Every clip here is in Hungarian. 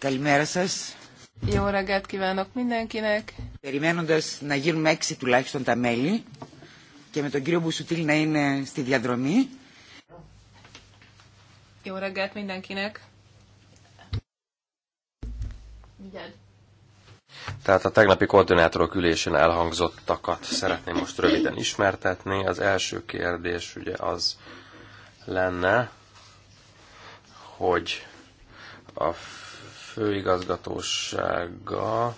Καλημέρα σας. Jó reggelt kívánok mindenkinek. Περιμένοντας να γίνουμε έξι τουλάχιστον τα μέλη και με τον κύριο Μπουσουτήλ να είναι στη διαδρομή. Jó reggelt mindenkinek. Igen. Tehát a tegnapi koordinátorok ülésén elhangzottakat szeretném most röviden ismertetni. Az első kérdés ugye az lenne, hogy a főigazgatósága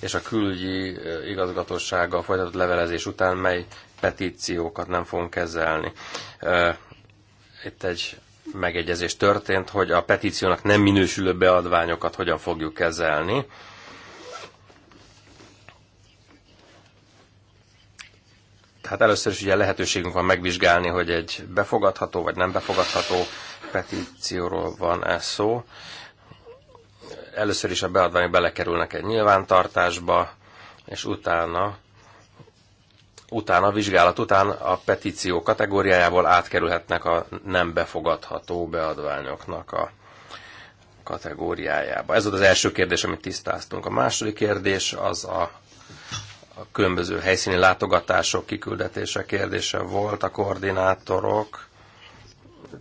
és a külügyi igazgatósága folytatott levelezés után mely petíciókat nem fogunk kezelni. Itt egy megegyezés történt, hogy a petíciónak nem minősülő beadványokat hogyan fogjuk kezelni. Tehát először is ugye lehetőségünk van megvizsgálni, hogy egy befogadható vagy nem befogadható petícióról van ez szó, először is a beadványok belekerülnek egy nyilvántartásba, és utána utána, a vizsgálat után a petíció kategóriájából átkerülhetnek a nem befogadható beadványoknak a kategóriájába. Ez volt az első kérdés, amit tisztáztunk. A második kérdés az a, a különböző helyszíni látogatások kiküldetése kérdése volt. A koordinátorok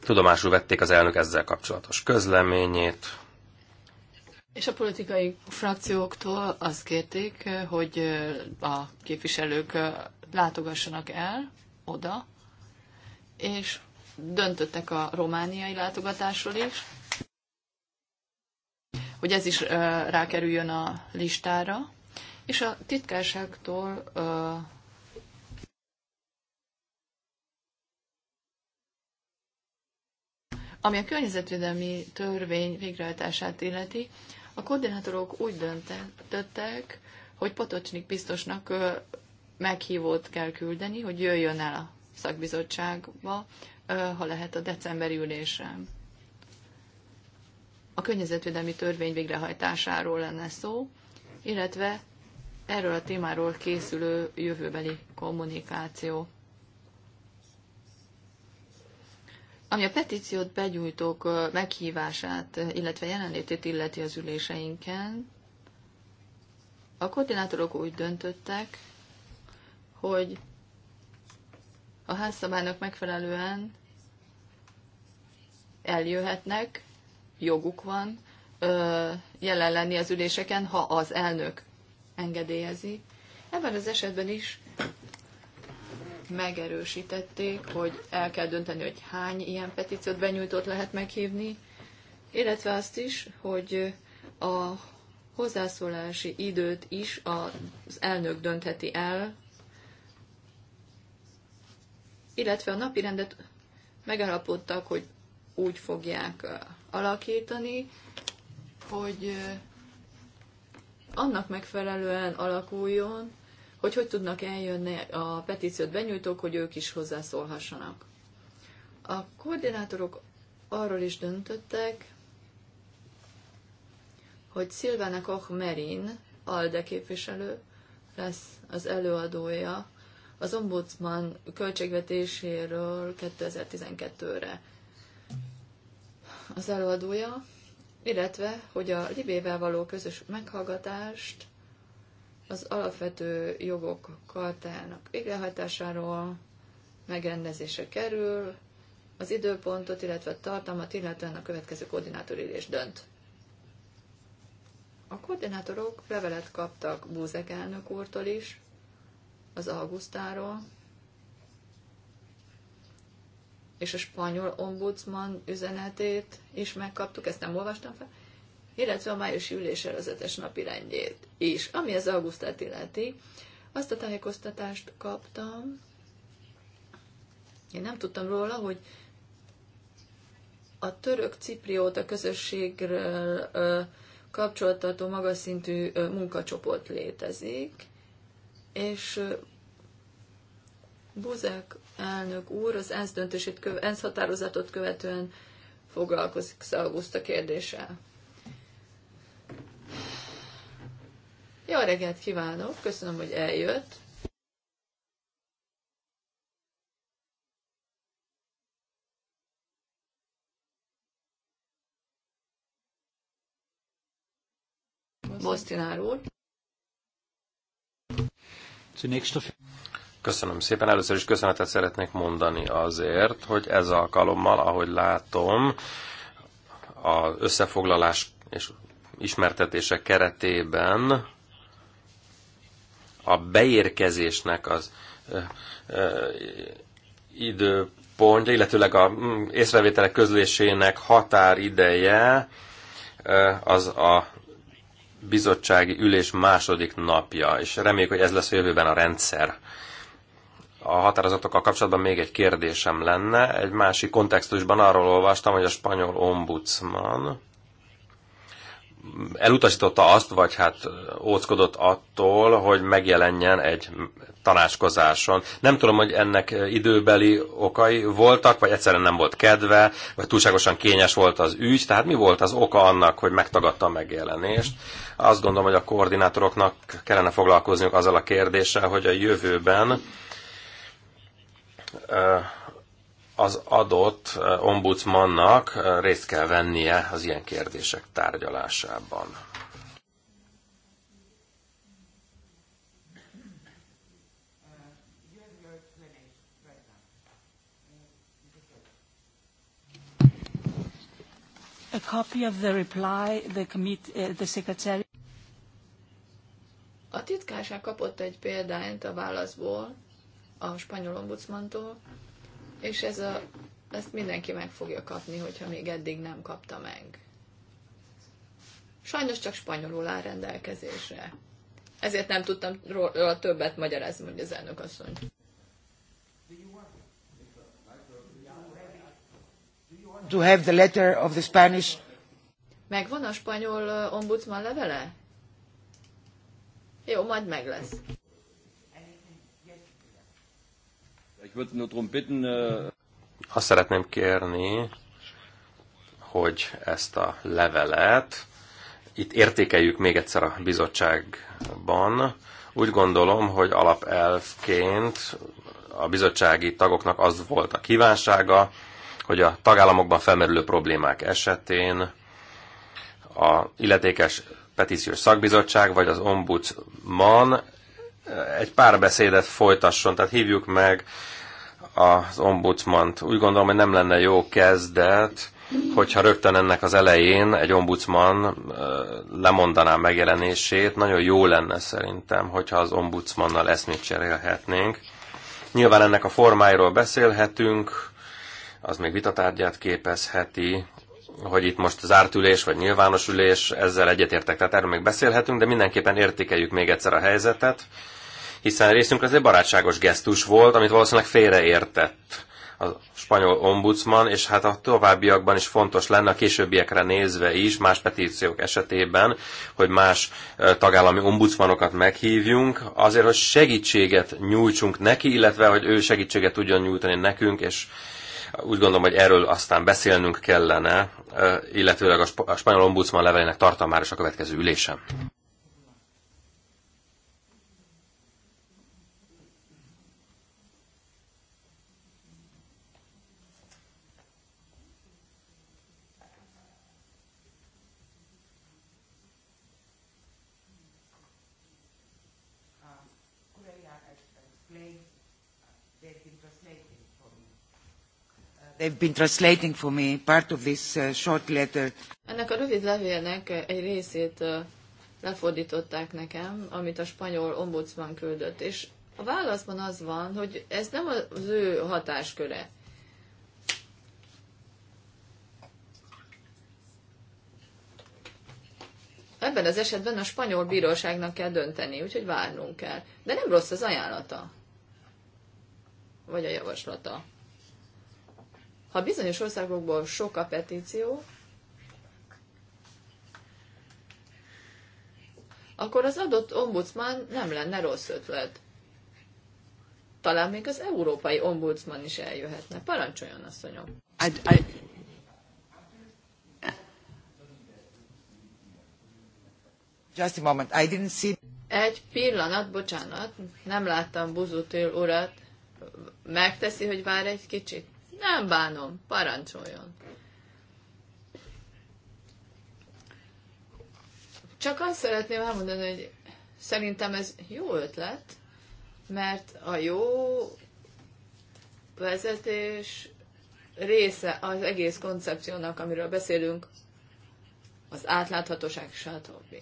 tudomásul vették az elnök ezzel kapcsolatos közleményét, és a politikai frakcióktól azt kérték, hogy a képviselők látogassanak el oda, és döntöttek a romániai látogatásról is, hogy ez is rákerüljön a listára, és a titkárságtól ami a környezetvédelmi törvény végrehajtását illeti, a koordinátorok úgy döntöttek, hogy Potocsnik biztosnak meghívót kell küldeni, hogy jöjjön el a szakbizottságba, ha lehet a decemberi ülésre. A környezetvédelmi törvény végrehajtásáról lenne szó, illetve erről a témáról készülő jövőbeli kommunikáció. Ami a petíciót begyújtók meghívását, illetve jelenlétét illeti az üléseinken, a koordinátorok úgy döntöttek, hogy a házszabálynak megfelelően eljöhetnek, joguk van jelen lenni az üléseken, ha az elnök engedélyezi. Ebben az esetben is megerősítették, hogy el kell dönteni, hogy hány ilyen petíciót benyújtott lehet meghívni, illetve azt is, hogy a hozzászólási időt is az elnök döntheti el, illetve a napi rendet megállapodtak, hogy úgy fogják alakítani, hogy annak megfelelően alakuljon, hogy hogy tudnak eljönni a petíciót benyújtók, hogy ők is hozzászólhassanak. A koordinátorok arról is döntöttek, hogy Szilvána Koch Merin, ALDE képviselő, lesz az előadója az ombudsman költségvetéséről 2012-re. Az előadója, illetve, hogy a Libével való közös meghallgatást az alapvető jogok kartájának végrehajtásáról megrendezése kerül, az időpontot, illetve a tartalmat, illetően a következő koordinátorülés dönt. A koordinátorok levelet kaptak Búzek elnök úrtól is, az augusztáról, és a spanyol ombudsman üzenetét is megkaptuk, ezt nem olvastam fel, illetve a májusi ülés előzetes napirendjét is. Ami az augusztát illeti, azt a tájékoztatást kaptam, én nem tudtam róla, hogy a török a közösségről kapcsolattartó magas szintű munkacsoport létezik, és Buzek elnök úr az ENSZ, döntését, ENSZ határozatot követően foglalkozik Szauguszta kérdéssel. Jó reggelt kívánok, köszönöm, hogy eljött. Bosztinár úr. Köszönöm szépen. Először is köszönetet szeretnék mondani azért, hogy ez alkalommal, ahogy látom, az összefoglalás és ismertetése keretében a beérkezésnek az ö, ö, időpontja, illetőleg a mm, észrevételek közlésének határideje ö, az a bizottsági ülés második napja, és reméljük, hogy ez lesz a jövőben a rendszer. A határozatokkal kapcsolatban még egy kérdésem lenne. Egy másik kontextusban arról olvastam, hogy a spanyol ombudsman elutasította azt, vagy hát óckodott attól, hogy megjelenjen egy tanácskozáson. Nem tudom, hogy ennek időbeli okai voltak, vagy egyszerűen nem volt kedve, vagy túlságosan kényes volt az ügy, tehát mi volt az oka annak, hogy megtagadta a megjelenést. Azt gondolom, hogy a koordinátoroknak kellene foglalkozniuk azzal a kérdéssel, hogy a jövőben az adott ombudsmannak részt kell vennie az ilyen kérdések tárgyalásában. A copy of the reply, the committee, uh, the secretary. A titkárság kapott egy példányt a válaszból, a spanyol ombudsmantól, és ez a, ezt mindenki meg fogja kapni, hogyha még eddig nem kapta meg. Sajnos csak spanyolul áll rendelkezésre. Ezért nem tudtam róla többet magyarázni, mondja az elnök asszony. To have the letter of the Spanish. Megvan a spanyol ombudsman levele? Jó, majd meg lesz. Äh, Azt szeretném kérni, hogy ezt a levelet itt értékeljük még egyszer a bizottságban. Úgy gondolom, hogy alapelvként a bizottsági tagoknak az volt a kívánsága, hogy a tagállamokban felmerülő problémák esetén a illetékes petíciós szakbizottság vagy az ombudsman egy pár beszédet folytasson, tehát hívjuk meg az ombudsmant. Úgy gondolom, hogy nem lenne jó kezdet, hogyha rögtön ennek az elején egy ombudsman lemondaná megjelenését. Nagyon jó lenne szerintem, hogyha az ombudsmannal eszmét cserélhetnénk. Nyilván ennek a formáiról beszélhetünk, az még vitatárgyát képezheti, hogy itt most zárt ülés vagy nyilvános ülés, ezzel egyetértek, tehát erről még beszélhetünk, de mindenképpen értékeljük még egyszer a helyzetet, hiszen részünk ez egy barátságos gesztus volt, amit valószínűleg félreértett a spanyol ombudsman, és hát a továbbiakban is fontos lenne a későbbiekre nézve is, más petíciók esetében, hogy más tagállami ombudsmanokat meghívjunk, azért, hogy segítséget nyújtsunk neki, illetve, hogy ő segítséget tudjon nyújtani nekünk, és úgy gondolom, hogy erről aztán beszélnünk kellene, illetőleg a spanyol ombudsman levelének tartalmára is a következő ülésem. They've been translating for me part of this uh, short letter. Ennek a rövid levélnek egy részét lefordították nekem, amit a spanyol ombudsman küldött, és a válaszban az van, hogy ez nem az ő hatásköre. Ebben az esetben a spanyol bíróságnak kell dönteni, úgyhogy várnunk kell. De nem rossz az ajánlata. Vagy a javaslata. Ha bizonyos országokból sok a petíció, akkor az adott ombudsman nem lenne rossz ötlet. Talán még az európai ombudsman is eljöhetne. Parancsoljon, asszonyom! I'd, I'd... Just a moment, I didn't see... Egy pillanat, bocsánat, nem láttam Buzutil urat. Megteszi, hogy vár egy kicsit? Nem bánom, parancsoljon. Csak azt szeretném elmondani, hogy szerintem ez jó ötlet, mert a jó vezetés része az egész koncepciónak, amiről beszélünk, az átláthatóság, stb.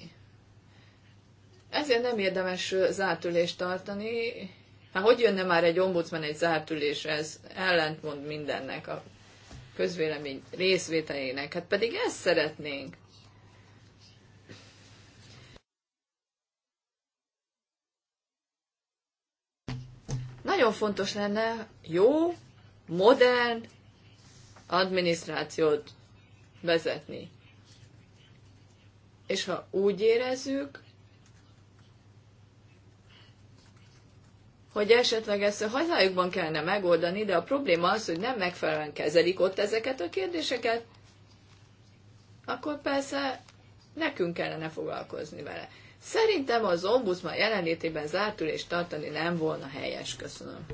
Ezért nem érdemes zártülést tartani, Hát hogy jönne már egy ombudsman egy zárt ülés, Ez ellentmond mindennek a közvélemény részvételének. Hát pedig ezt szeretnénk. Nagyon fontos lenne jó, modern adminisztrációt vezetni. És ha úgy érezzük, hogy esetleg ezt a hazájukban kellene megoldani, de a probléma az, hogy nem megfelelően kezelik ott ezeket a kérdéseket, akkor persze nekünk kellene foglalkozni vele. Szerintem az ombudsman jelenlétében zárt ülést tartani nem volna helyes. Köszönöm.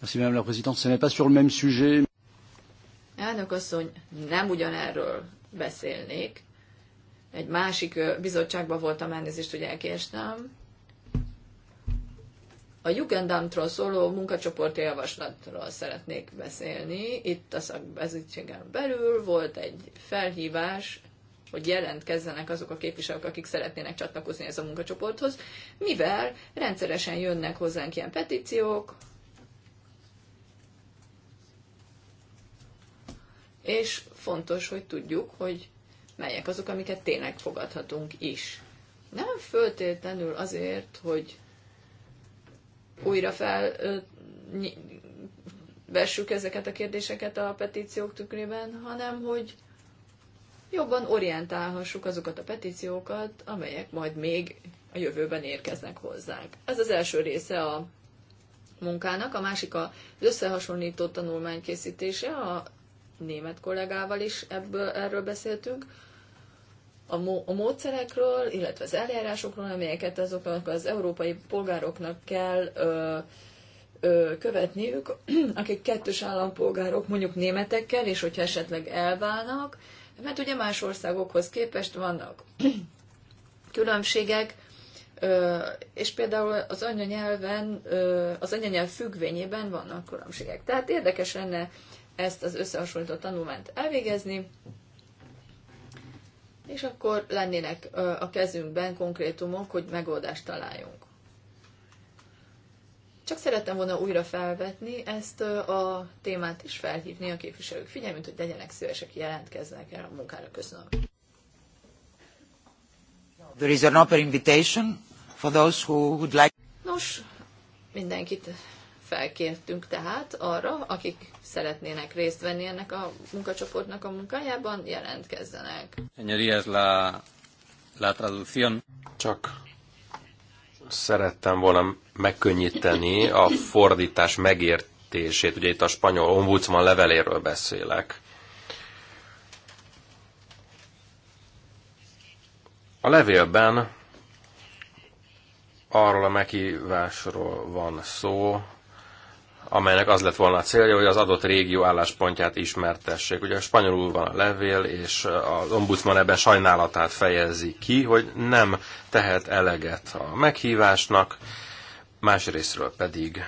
Merci Madame la Présidente. Ce n'est pas sur le même sujet. Elnök asszony, nem ugyanerről beszélnék, egy másik bizottságban voltam, elnézést, hogy elkéstem. A Jugendamtról szóló munkacsoporti javaslatról szeretnék beszélni. Itt a szakbezítségen belül volt egy felhívás, hogy jelentkezzenek azok a képviselők, akik szeretnének csatlakozni ez a munkacsoporthoz, mivel rendszeresen jönnek hozzánk ilyen petíciók, és fontos, hogy tudjuk, hogy melyek azok, amiket tényleg fogadhatunk is. Nem föltétlenül azért, hogy újra fel vessük ezeket a kérdéseket a petíciók tükrében, hanem hogy jobban orientálhassuk azokat a petíciókat, amelyek majd még a jövőben érkeznek hozzánk. Ez az első része a munkának, a másik az összehasonlító tanulmány készítése, a német kollégával is ebből, erről beszéltünk, a, mó- a módszerekről, illetve az eljárásokról, amelyeket azoknak az európai polgároknak kell ö, ö, követniük, akik kettős állampolgárok, mondjuk németekkel, és hogyha esetleg elválnak, mert ugye más országokhoz képest vannak különbségek, és például az anyanyelven, az anyanyelv függvényében vannak különbségek. Tehát érdekes lenne ezt az összehasonlított tanulmányt elvégezni, és akkor lennének a kezünkben konkrétumok, hogy megoldást találjunk. Csak szerettem volna újra felvetni ezt a témát is felhívni a képviselők figyelmét, hogy legyenek szívesek, jelentkeznek el a munkára. Köszönöm. There is an open invitation for those who would like... Nos, mindenkit felkértünk tehát arra, akik szeretnének részt venni ennek a munkacsoportnak a munkájában, jelentkezzenek. Señorías, la, la traducción. Csak szerettem volna megkönnyíteni a fordítás megértését. Ugye itt a spanyol ombudsman leveléről beszélek. A levélben arról a meghívásról van szó, amelynek az lett volna a célja, hogy az adott régió álláspontját ismertessék. Ugye a spanyolul van a levél, és az ombudsman ebben sajnálatát fejezi ki, hogy nem tehet eleget a meghívásnak, másrésztről pedig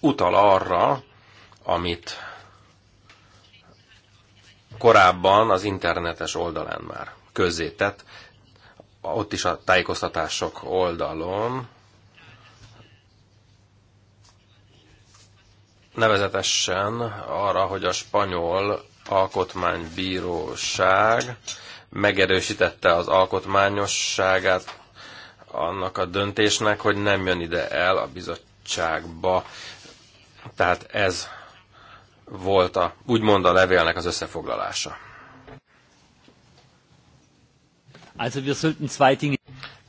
utal arra, amit korábban az internetes oldalán már közzétett, ott is a tájékoztatások oldalon, nevezetesen arra, hogy a spanyol alkotmánybíróság megerősítette az alkotmányosságát annak a döntésnek, hogy nem jön ide el a bizottságba. Tehát ez volt a, úgymond a levélnek az összefoglalása. Also wir sollten zwei Dinge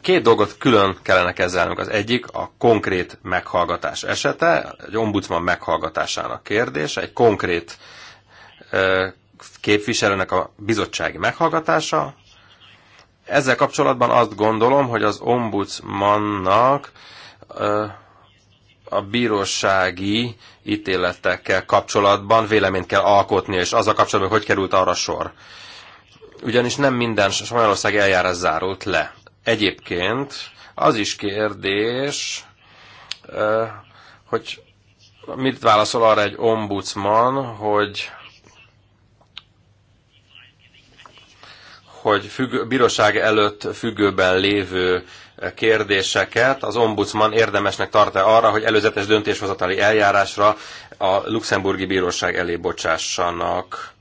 Két dolgot külön kellene kezelnünk. Az egyik a konkrét meghallgatás esete, egy ombudsman meghallgatásának kérdése, egy konkrét képviselőnek a bizottsági meghallgatása. Ezzel kapcsolatban azt gondolom, hogy az ombudsmannak a bírósági ítéletekkel kapcsolatban véleményt kell alkotni, és az a kapcsolatban, hogy került arra sor. Ugyanis nem minden Magyarország eljárás zárult le. Egyébként az is kérdés, hogy mit válaszol arra egy ombudsman, hogy hogy függ, bíróság előtt függőben lévő kérdéseket az ombudsman érdemesnek tart-e arra, hogy előzetes döntéshozatali eljárásra a luxemburgi bíróság elé bocsássanak.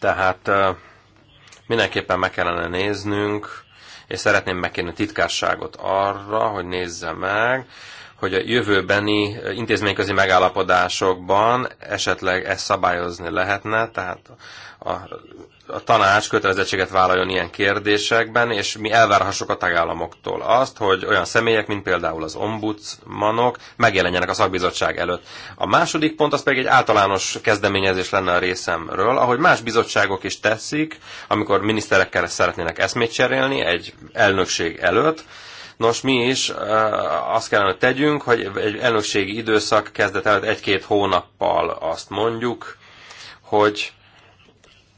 Tehát mindenképpen meg kellene néznünk, és szeretném megkérni a titkárságot arra, hogy nézze meg, hogy a jövőbeni intézményközi megállapodásokban esetleg ezt szabályozni lehetne, tehát a a tanács kötelezettséget vállaljon ilyen kérdésekben, és mi elvárhassuk a tagállamoktól azt, hogy olyan személyek, mint például az ombudsmanok megjelenjenek a szakbizottság előtt. A második pont az pedig egy általános kezdeményezés lenne a részemről, ahogy más bizottságok is teszik, amikor miniszterekkel szeretnének eszmét cserélni egy elnökség előtt, Nos, mi is azt kellene, hogy tegyünk, hogy egy elnökségi időszak kezdet előtt egy-két hónappal azt mondjuk, hogy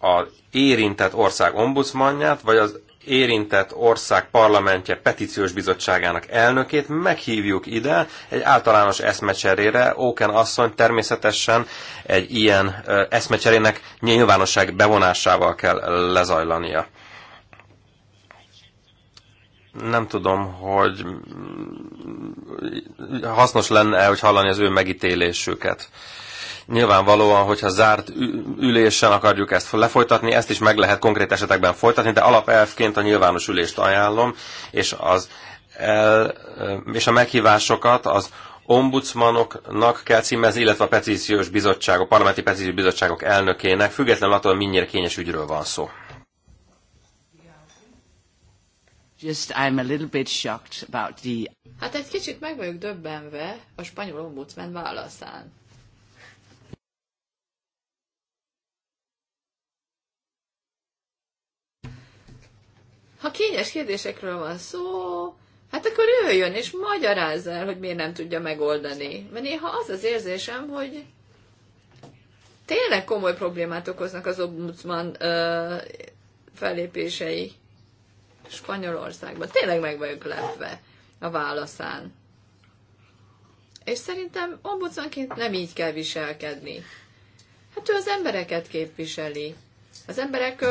az érintett ország ombudsmanját, vagy az érintett ország parlamentje petíciós bizottságának elnökét meghívjuk ide egy általános eszmecserére. Óken asszony természetesen egy ilyen eszmecserének nyilvánosság bevonásával kell lezajlania. Nem tudom, hogy mm, hasznos lenne, hogy hallani az ő megítélésüket Nyilvánvalóan, hogyha zárt ülésen akarjuk ezt lefolytatni, ezt is meg lehet konkrét esetekben folytatni, de alapelvként a nyilvános ülést ajánlom, és, az el, és a meghívásokat az ombudsmanoknak kell címezni, illetve a petíciós bizottságok, parlamenti petíciós bizottságok elnökének, függetlenül attól, hogy kényes ügyről van szó. Just I'm a little bit shocked about the... Hát egy kicsit meg vagyok döbbenve a spanyol ombudsman válaszán. Ha kényes kérdésekről van szó, hát akkor ő jön és magyarázza el, hogy miért nem tudja megoldani. Mert néha az az érzésem, hogy tényleg komoly problémát okoznak az ombudsman ö, fellépései Spanyolországban. Tényleg meg vagyok lepve a válaszán. És szerintem ombudsmanként nem így kell viselkedni. Hát ő az embereket képviseli. Az emberek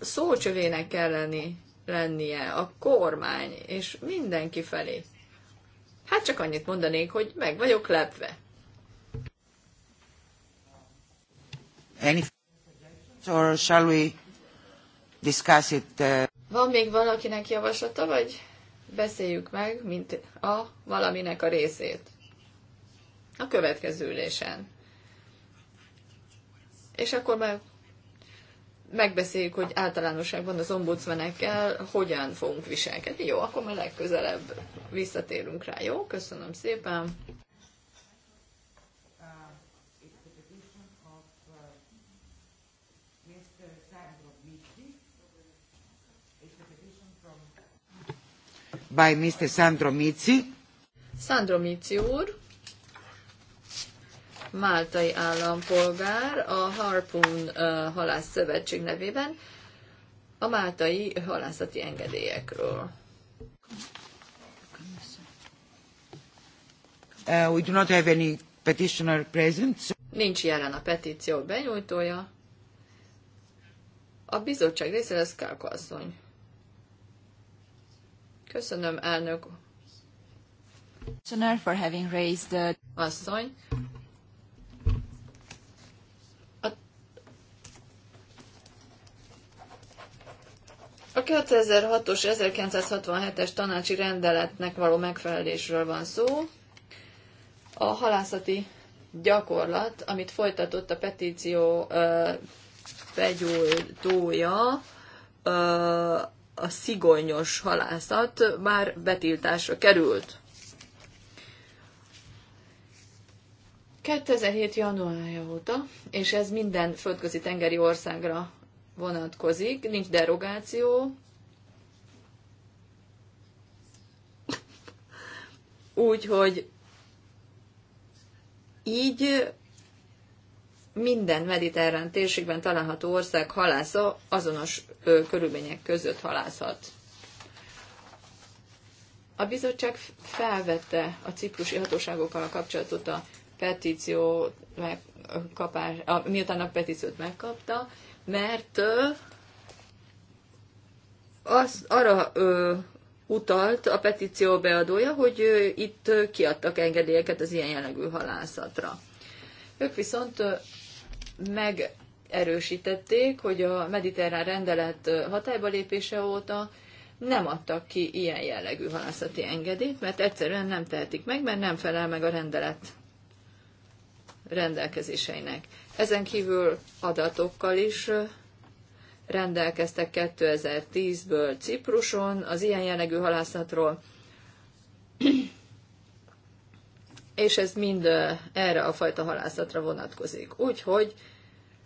szócsövének kell lenni lennie a kormány és mindenki felé. Hát csak annyit mondanék, hogy meg vagyok lepve. Any or shall we discuss it? Uh... Van még valakinek javaslata, vagy beszéljük meg, mint a valaminek a részét? A következő ülésen. És akkor már megbeszéljük, hogy általánosságban az ombudsmanekkel hogyan fogunk viselkedni. Jó, akkor már legközelebb visszatérünk rá. Jó, köszönöm szépen. By Mr. Sandro Mizzi. Sandro Mizzi úr máltai állampolgár a Harpoon Halász Szövetség nevében a máltai halászati engedélyekről. Uh, we do not have any petitioner present. So... Nincs jelen a petíció benyújtója. A bizottság részéről Szkálka asszony. Köszönöm, elnök. For having raised the... Asszony, 2006-os 1967-es tanácsi rendeletnek való megfelelésről van szó. A halászati gyakorlat, amit folytatott a petíció begyújtója, a szigonyos halászat már betiltásra került. 2007. januárja óta, és ez minden földközi tengeri országra vonatkozik, nincs derogáció, úgy, hogy így minden mediterrán térségben található ország halásza azonos ö, körülmények között halászhat. A bizottság felvette a ciprusi hatóságokkal a kapcsolatot a petíció megkapás, a, miután a petíciót megkapta, mert ö, az, arra ö, utalt a petíció beadója, hogy itt kiadtak engedélyeket az ilyen jellegű halászatra. Ők viszont megerősítették, hogy a mediterrán rendelet hatályba lépése óta nem adtak ki ilyen jellegű halászati engedélyt, mert egyszerűen nem tehetik meg, mert nem felel meg a rendelet rendelkezéseinek. Ezen kívül adatokkal is rendelkeztek 2010-ből Cipruson az ilyen jellegű halászatról, és ez mind erre a fajta halászatra vonatkozik. Úgyhogy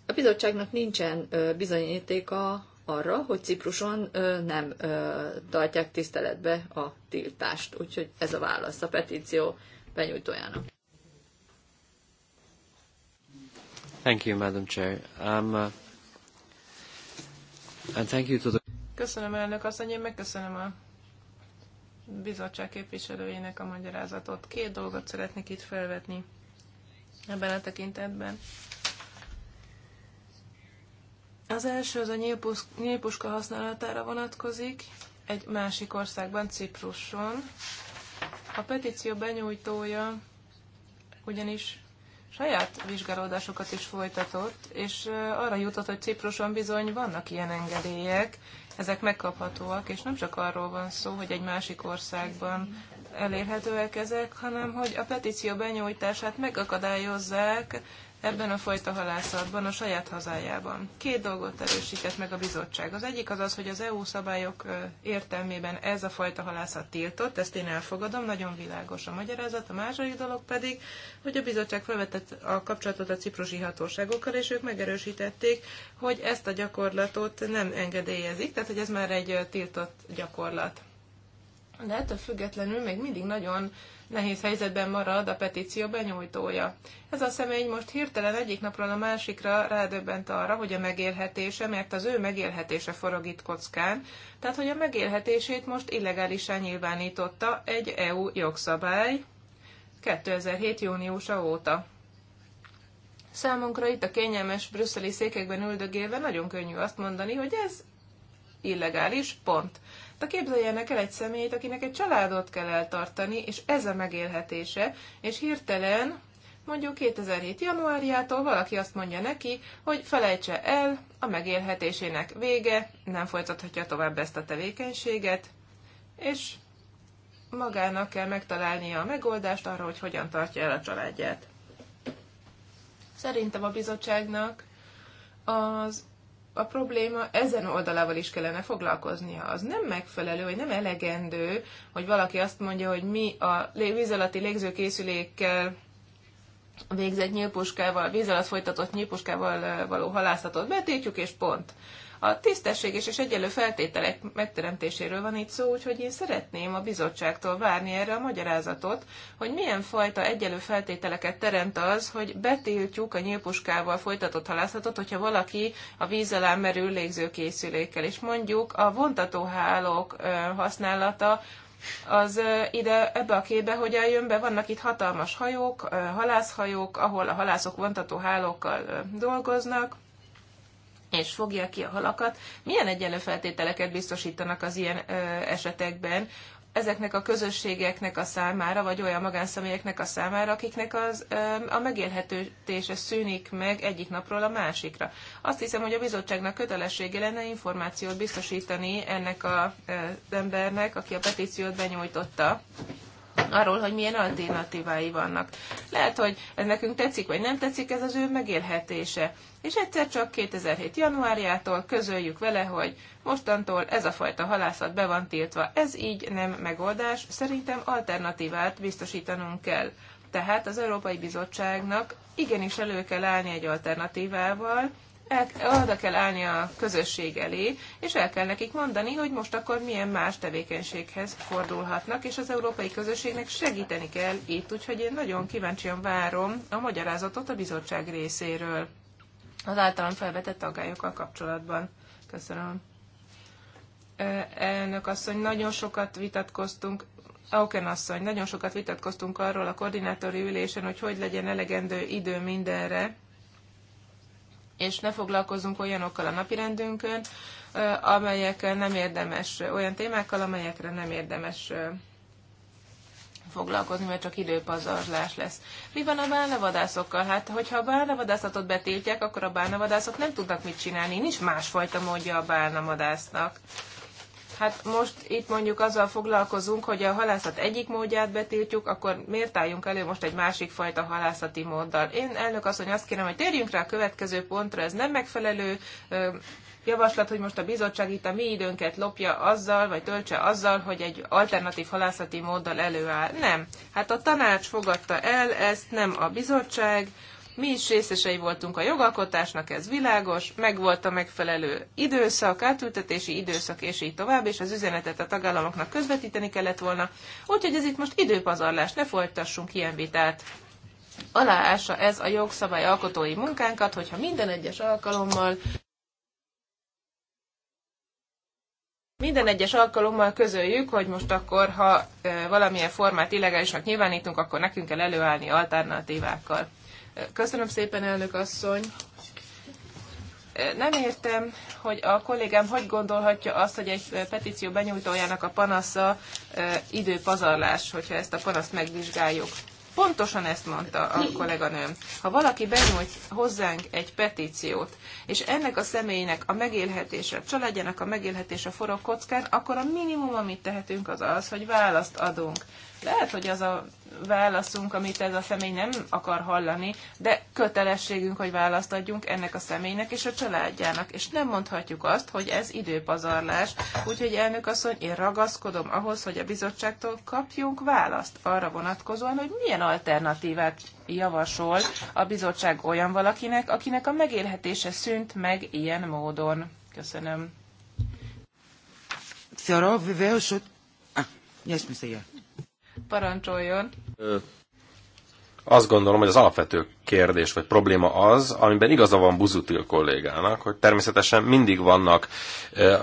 a bizottságnak nincsen bizonyítéka arra, hogy Cipruson nem tartják tiszteletbe a tiltást. Úgyhogy ez a válasz a petíció benyújtójának. Thank you, Madam Chair. Um, uh... And thank you to the... Köszönöm elnök asszony, én megköszönöm a bizottság képviselőjének a magyarázatot. Két dolgot szeretnék itt felvetni ebben a tekintetben. Az első az a nyílpusz, nyílpuska használatára vonatkozik, egy másik országban, Cipruson. A petíció benyújtója ugyanis saját vizsgálódásokat is folytatott, és arra jutott, hogy Cipruson bizony vannak ilyen engedélyek, ezek megkaphatóak, és nem csak arról van szó, hogy egy másik országban elérhetőek ezek, hanem hogy a petíció benyújtását megakadályozzák ebben a fajta halászatban, a saját hazájában. Két dolgot erősített meg a bizottság. Az egyik az az, hogy az EU szabályok értelmében ez a fajta halászat tiltott, ezt én elfogadom, nagyon világos a magyarázat. A második dolog pedig, hogy a bizottság felvetett a kapcsolatot a ciprusi hatóságokkal, és ők megerősítették, hogy ezt a gyakorlatot nem engedélyezik, tehát hogy ez már egy tiltott gyakorlat. De ettől függetlenül még mindig nagyon nehéz helyzetben marad a petíció benyújtója. Ez a személy most hirtelen egyik napról a másikra rádöbbent arra, hogy a megélhetése, mert az ő megélhetése forog itt kockán, tehát hogy a megélhetését most illegálisan nyilvánította egy EU jogszabály 2007. júniusa óta. Számunkra itt a kényelmes brüsszeli székekben üldögélve nagyon könnyű azt mondani, hogy ez illegális, pont. De képzeljenek el egy személyt, akinek egy családot kell eltartani, és ez a megélhetése, és hirtelen mondjuk 2007. januárjától valaki azt mondja neki, hogy felejtse el, a megélhetésének vége, nem folytathatja tovább ezt a tevékenységet, és magának kell megtalálnia a megoldást arra, hogy hogyan tartja el a családját. Szerintem a bizottságnak az a probléma ezen oldalával is kellene foglalkoznia. Az nem megfelelő, vagy nem elegendő, hogy valaki azt mondja, hogy mi a víz alatti légzőkészülékkel végzett nyílpuskával, víz alatt folytatott nyílpuskával való halászatot betiltjuk, és pont. A tisztességes és egyenlő feltételek megteremtéséről van itt szó, úgyhogy én szeretném a bizottságtól várni erre a magyarázatot, hogy milyen fajta egyenlő feltételeket teremt az, hogy betiltjuk a nyílpuskával folytatott halászatot, hogyha valaki a víz alá merül légzőkészülékkel, és mondjuk a vontatóhálók használata az ide ebbe a képbe hogy jön be. Vannak itt hatalmas hajók, halászhajók, ahol a halászok vontató hálókkal dolgoznak, és fogja ki a halakat. Milyen egyenlő feltételeket biztosítanak az ilyen ö, esetekben ezeknek a közösségeknek a számára, vagy olyan magánszemélyeknek a számára, akiknek az, ö, a megélhetőtése szűnik meg egyik napról a másikra. Azt hiszem, hogy a bizottságnak kötelessége lenne információt biztosítani ennek az embernek, aki a petíciót benyújtotta arról, hogy milyen alternatívái vannak. Lehet, hogy ez nekünk tetszik, vagy nem tetszik, ez az ő megélhetése. És egyszer csak 2007. januárjától közöljük vele, hogy mostantól ez a fajta halászat be van tiltva. Ez így nem megoldás, szerintem alternatívát biztosítanunk kell. Tehát az Európai Bizottságnak igenis elő kell állni egy alternatívával, el, arra kell állni a közösség elé, és el kell nekik mondani, hogy most akkor milyen más tevékenységhez fordulhatnak, és az európai közösségnek segíteni kell itt, úgyhogy én nagyon kíváncsian várom a magyarázatot a bizottság részéről az általam felvetett aggályokkal kapcsolatban. Köszönöm. Elnök asszony, nagyon sokat vitatkoztunk, Auken asszony, nagyon sokat vitatkoztunk arról a koordinátori ülésen, hogy hogy legyen elegendő idő mindenre, és ne foglalkozunk olyanokkal a napirendünkön, amelyek nem érdemes, olyan témákkal, amelyekre nem érdemes foglalkozni, mert csak időpazarlás lesz. Mi van a bálnavadászokkal? Hát, hogyha a bálnavadászatot betiltják, akkor a bálnavadászok nem tudnak mit csinálni. Nincs másfajta módja a bálnavadásznak hát most itt mondjuk azzal foglalkozunk, hogy a halászat egyik módját betiltjuk, akkor miért álljunk elő most egy másik fajta halászati móddal? Én elnök asszony azt kérem, hogy térjünk rá a következő pontra, ez nem megfelelő javaslat, hogy most a bizottság itt a mi időnket lopja azzal, vagy töltse azzal, hogy egy alternatív halászati móddal előáll. Nem. Hát a tanács fogadta el, ezt nem a bizottság, mi is részesei voltunk a jogalkotásnak, ez világos, megvolt a megfelelő időszak, átültetési időszak, és így tovább, és az üzenetet a tagállamoknak közvetíteni kellett volna. Úgyhogy ez itt most időpazarlás, ne folytassunk ilyen vitát. Aláása ez a jogszabály alkotói munkánkat, hogyha minden egyes alkalommal Minden egyes alkalommal közöljük, hogy most akkor, ha valamilyen formát illegálisnak nyilvánítunk, akkor nekünk kell előállni alternatívákkal. Köszönöm szépen, elnök asszony. Nem értem, hogy a kollégám hogy gondolhatja azt, hogy egy petíció benyújtójának a panasza időpazarlás, hogyha ezt a panaszt megvizsgáljuk. Pontosan ezt mondta a kolléganőm. Ha valaki benyújt hozzánk egy petíciót, és ennek a személynek a megélhetése, a családjának a megélhetése forog kockán, akkor a minimum, amit tehetünk, az az, hogy választ adunk. Lehet, hogy az a válaszunk, amit ez a személy nem akar hallani, de kötelességünk, hogy választ adjunk ennek a személynek és a családjának, és nem mondhatjuk azt, hogy ez időpazarlás. Úgyhogy elnök asszony, én ragaszkodom ahhoz, hogy a bizottságtól kapjunk választ arra vonatkozóan, hogy milyen alternatívát javasol a bizottság olyan valakinek, akinek a megélhetése szűnt meg ilyen módon. Köszönöm. Θεωρώ βεβαίως ότι... Ah, μια szia. Parancsoljon! Azt gondolom, hogy az alapvető kérdés vagy probléma az, amiben igaza van Buzutil kollégának, hogy természetesen mindig vannak,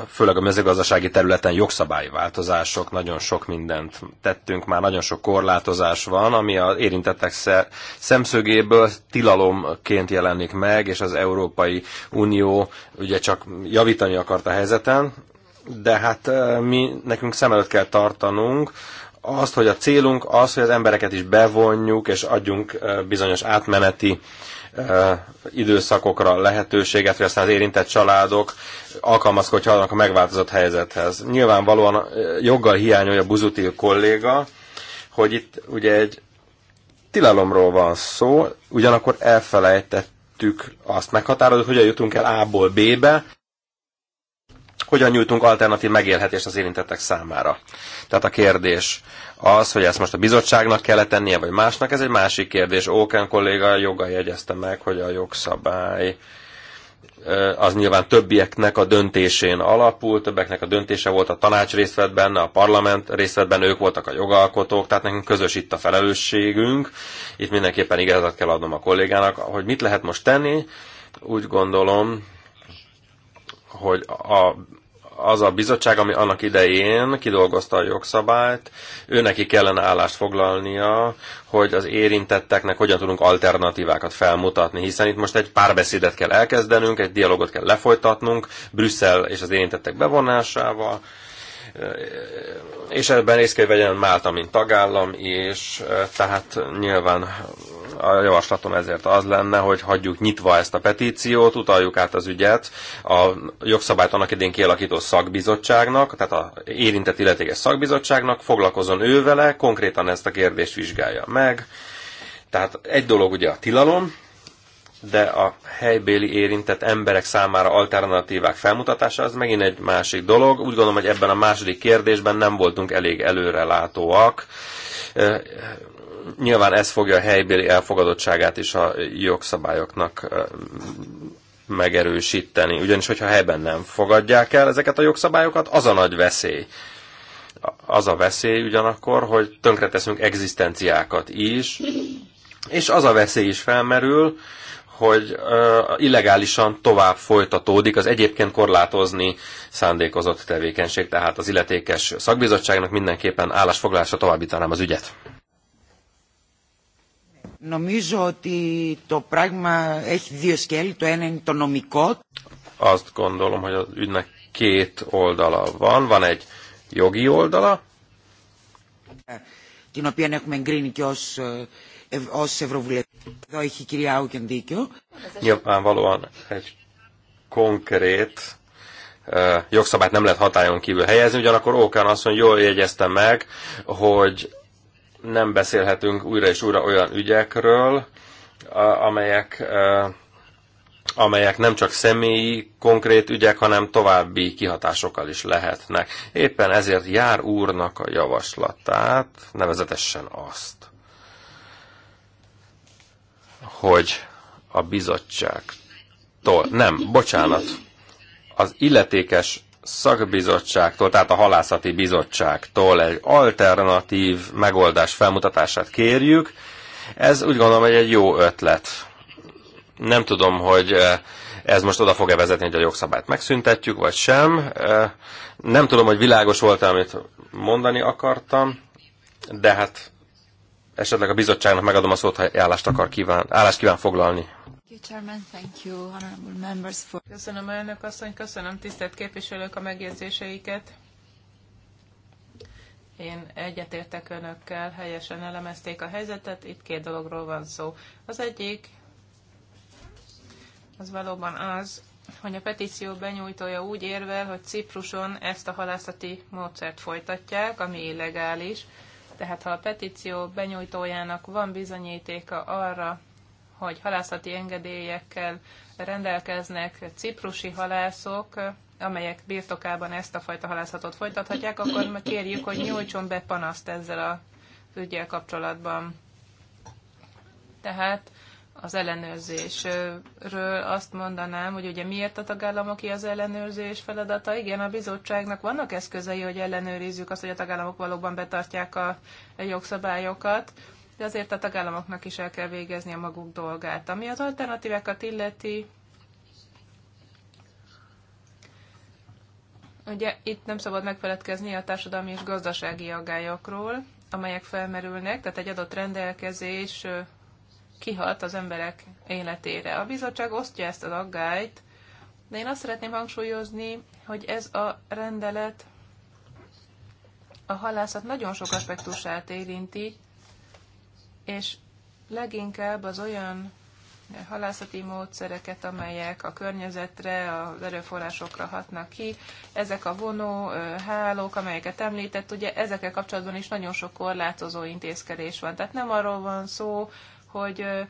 főleg a mezőgazdasági területen jogszabályi változások, nagyon sok mindent tettünk, már nagyon sok korlátozás van, ami az érintettek szemszögéből tilalomként jelenik meg, és az Európai Unió ugye csak javítani akart a helyzeten, de hát mi nekünk szem előtt kell tartanunk, azt, hogy a célunk az, hogy az embereket is bevonjuk, és adjunk bizonyos átmeneti időszakokra lehetőséget, hogy aztán az érintett családok alkalmazkodjanak a megváltozott helyzethez. Nyilvánvalóan joggal hiányolja Buzutil kolléga, hogy itt ugye egy tilalomról van szó, ugyanakkor elfelejtettük azt meghatározni, hogy hogyan jutunk el A-ból B-be, hogyan nyújtunk alternatív megélhetést az érintettek számára. Tehát a kérdés az, hogy ezt most a bizottságnak kell -e tennie, vagy másnak, ez egy másik kérdés. Óken kolléga joga jegyezte meg, hogy a jogszabály az nyilván többieknek a döntésén alapul, többeknek a döntése volt, a tanács részt vett benne, a parlament részt vett benne, ők voltak a jogalkotók, tehát nekünk közös itt a felelősségünk. Itt mindenképpen igazat kell adnom a kollégának, hogy mit lehet most tenni. Úgy gondolom, hogy a az a bizottság, ami annak idején kidolgozta a jogszabályt, neki kellene állást foglalnia, hogy az érintetteknek hogyan tudunk alternatívákat felmutatni, hiszen itt most egy párbeszédet kell elkezdenünk, egy dialogot kell lefolytatnunk, Brüsszel és az érintettek bevonásával, és ebben részt kell vegyen Málta, mint tagállam, és tehát nyilván a javaslatom ezért az lenne, hogy hagyjuk nyitva ezt a petíciót, utaljuk át az ügyet a jogszabályt annak idén kialakító szakbizottságnak, tehát a érintett illetékes szakbizottságnak, foglalkozon ő vele, konkrétan ezt a kérdést vizsgálja meg. Tehát egy dolog ugye a tilalom, de a helybéli érintett emberek számára alternatívák felmutatása az megint egy másik dolog. Úgy gondolom, hogy ebben a második kérdésben nem voltunk elég előrelátóak. Nyilván ez fogja a helybéli elfogadottságát is a jogszabályoknak megerősíteni. Ugyanis, hogyha helyben nem fogadják el ezeket a jogszabályokat, az a nagy veszély. Az a veszély ugyanakkor, hogy tönkreteszünk egzisztenciákat is, és az a veszély is felmerül, hogy illegálisan tovább folytatódik az egyébként korlátozni szándékozott tevékenység, tehát az illetékes szakbizottságnak mindenképpen állásfoglalásra továbbítanám az ügyet. Azt gondolom, hogy az ügynek két oldala van. Van egy jogi oldala. Την οποία έχουμε εγκρίνει και ως Nyilvánvalóan egy konkrét uh, jogszabályt nem lehet hatályon kívül helyezni, ugyanakkor Ókán azt mondja, jól jegyezte meg, hogy nem beszélhetünk újra és újra olyan ügyekről, uh, amelyek uh, amelyek nem csak személyi, konkrét ügyek, hanem további kihatásokkal is lehetnek. Éppen ezért jár úrnak a javaslatát, nevezetesen azt, hogy a bizottságtól, nem, bocsánat, az illetékes szakbizottságtól, tehát a halászati bizottságtól egy alternatív megoldás felmutatását kérjük. Ez úgy gondolom, hogy egy jó ötlet. Nem tudom, hogy eh, ez most oda fog-e vezetni, hogy a jogszabályt megszüntetjük, vagy sem. Eh, nem tudom, hogy világos volt amit mondani akartam, de hát esetleg a bizottságnak megadom a szót, ha állást akar kíván, állást kíván foglalni. Köszönöm elnök asszony, köszönöm tisztelt képviselők a megjegyzéseiket. Én egyetértek önökkel, helyesen elemezték a helyzetet, itt két dologról van szó. Az egyik, az valóban az, hogy a petíció benyújtója úgy érvel, hogy Cipruson ezt a halászati módszert folytatják, ami illegális, tehát ha a petíció benyújtójának van bizonyítéka arra, hogy halászati engedélyekkel rendelkeznek ciprusi halászok, amelyek birtokában ezt a fajta halászatot folytathatják, akkor kérjük, hogy nyújtson be panaszt ezzel a ügyel kapcsolatban. Tehát az ellenőrzésről azt mondanám, hogy ugye miért a tagállamoki az ellenőrzés feladata? Igen, a bizottságnak vannak eszközei, hogy ellenőrizzük azt, hogy a tagállamok valóban betartják a jogszabályokat, de azért a tagállamoknak is el kell végezni a maguk dolgát. Ami az alternatívákat illeti, ugye itt nem szabad megfeledkezni a társadalmi és gazdasági aggályokról, amelyek felmerülnek, tehát egy adott rendelkezés kihat az emberek életére. A bizottság osztja ezt az aggályt, de én azt szeretném hangsúlyozni, hogy ez a rendelet a halászat nagyon sok aspektusát érinti, és leginkább az olyan halászati módszereket, amelyek a környezetre, az erőforrásokra hatnak ki. Ezek a vonó hálók, amelyeket említett, ugye ezekkel kapcsolatban is nagyon sok korlátozó intézkedés van. Tehát nem arról van szó, hogy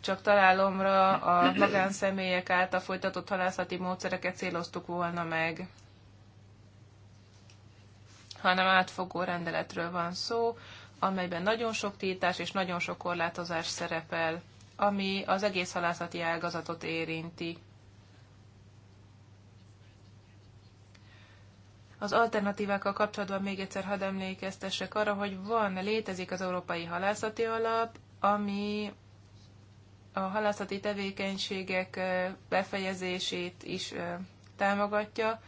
csak találomra a magánszemélyek által folytatott halászati módszereket céloztuk volna meg, hanem átfogó rendeletről van szó, amelyben nagyon sok tiltás és nagyon sok korlátozás szerepel, ami az egész halászati ágazatot érinti. Az alternatívákkal kapcsolatban még egyszer hadd emlékeztessek arra, hogy van, létezik az Európai Halászati Alap, ami a halászati tevékenységek befejezését is támogatja,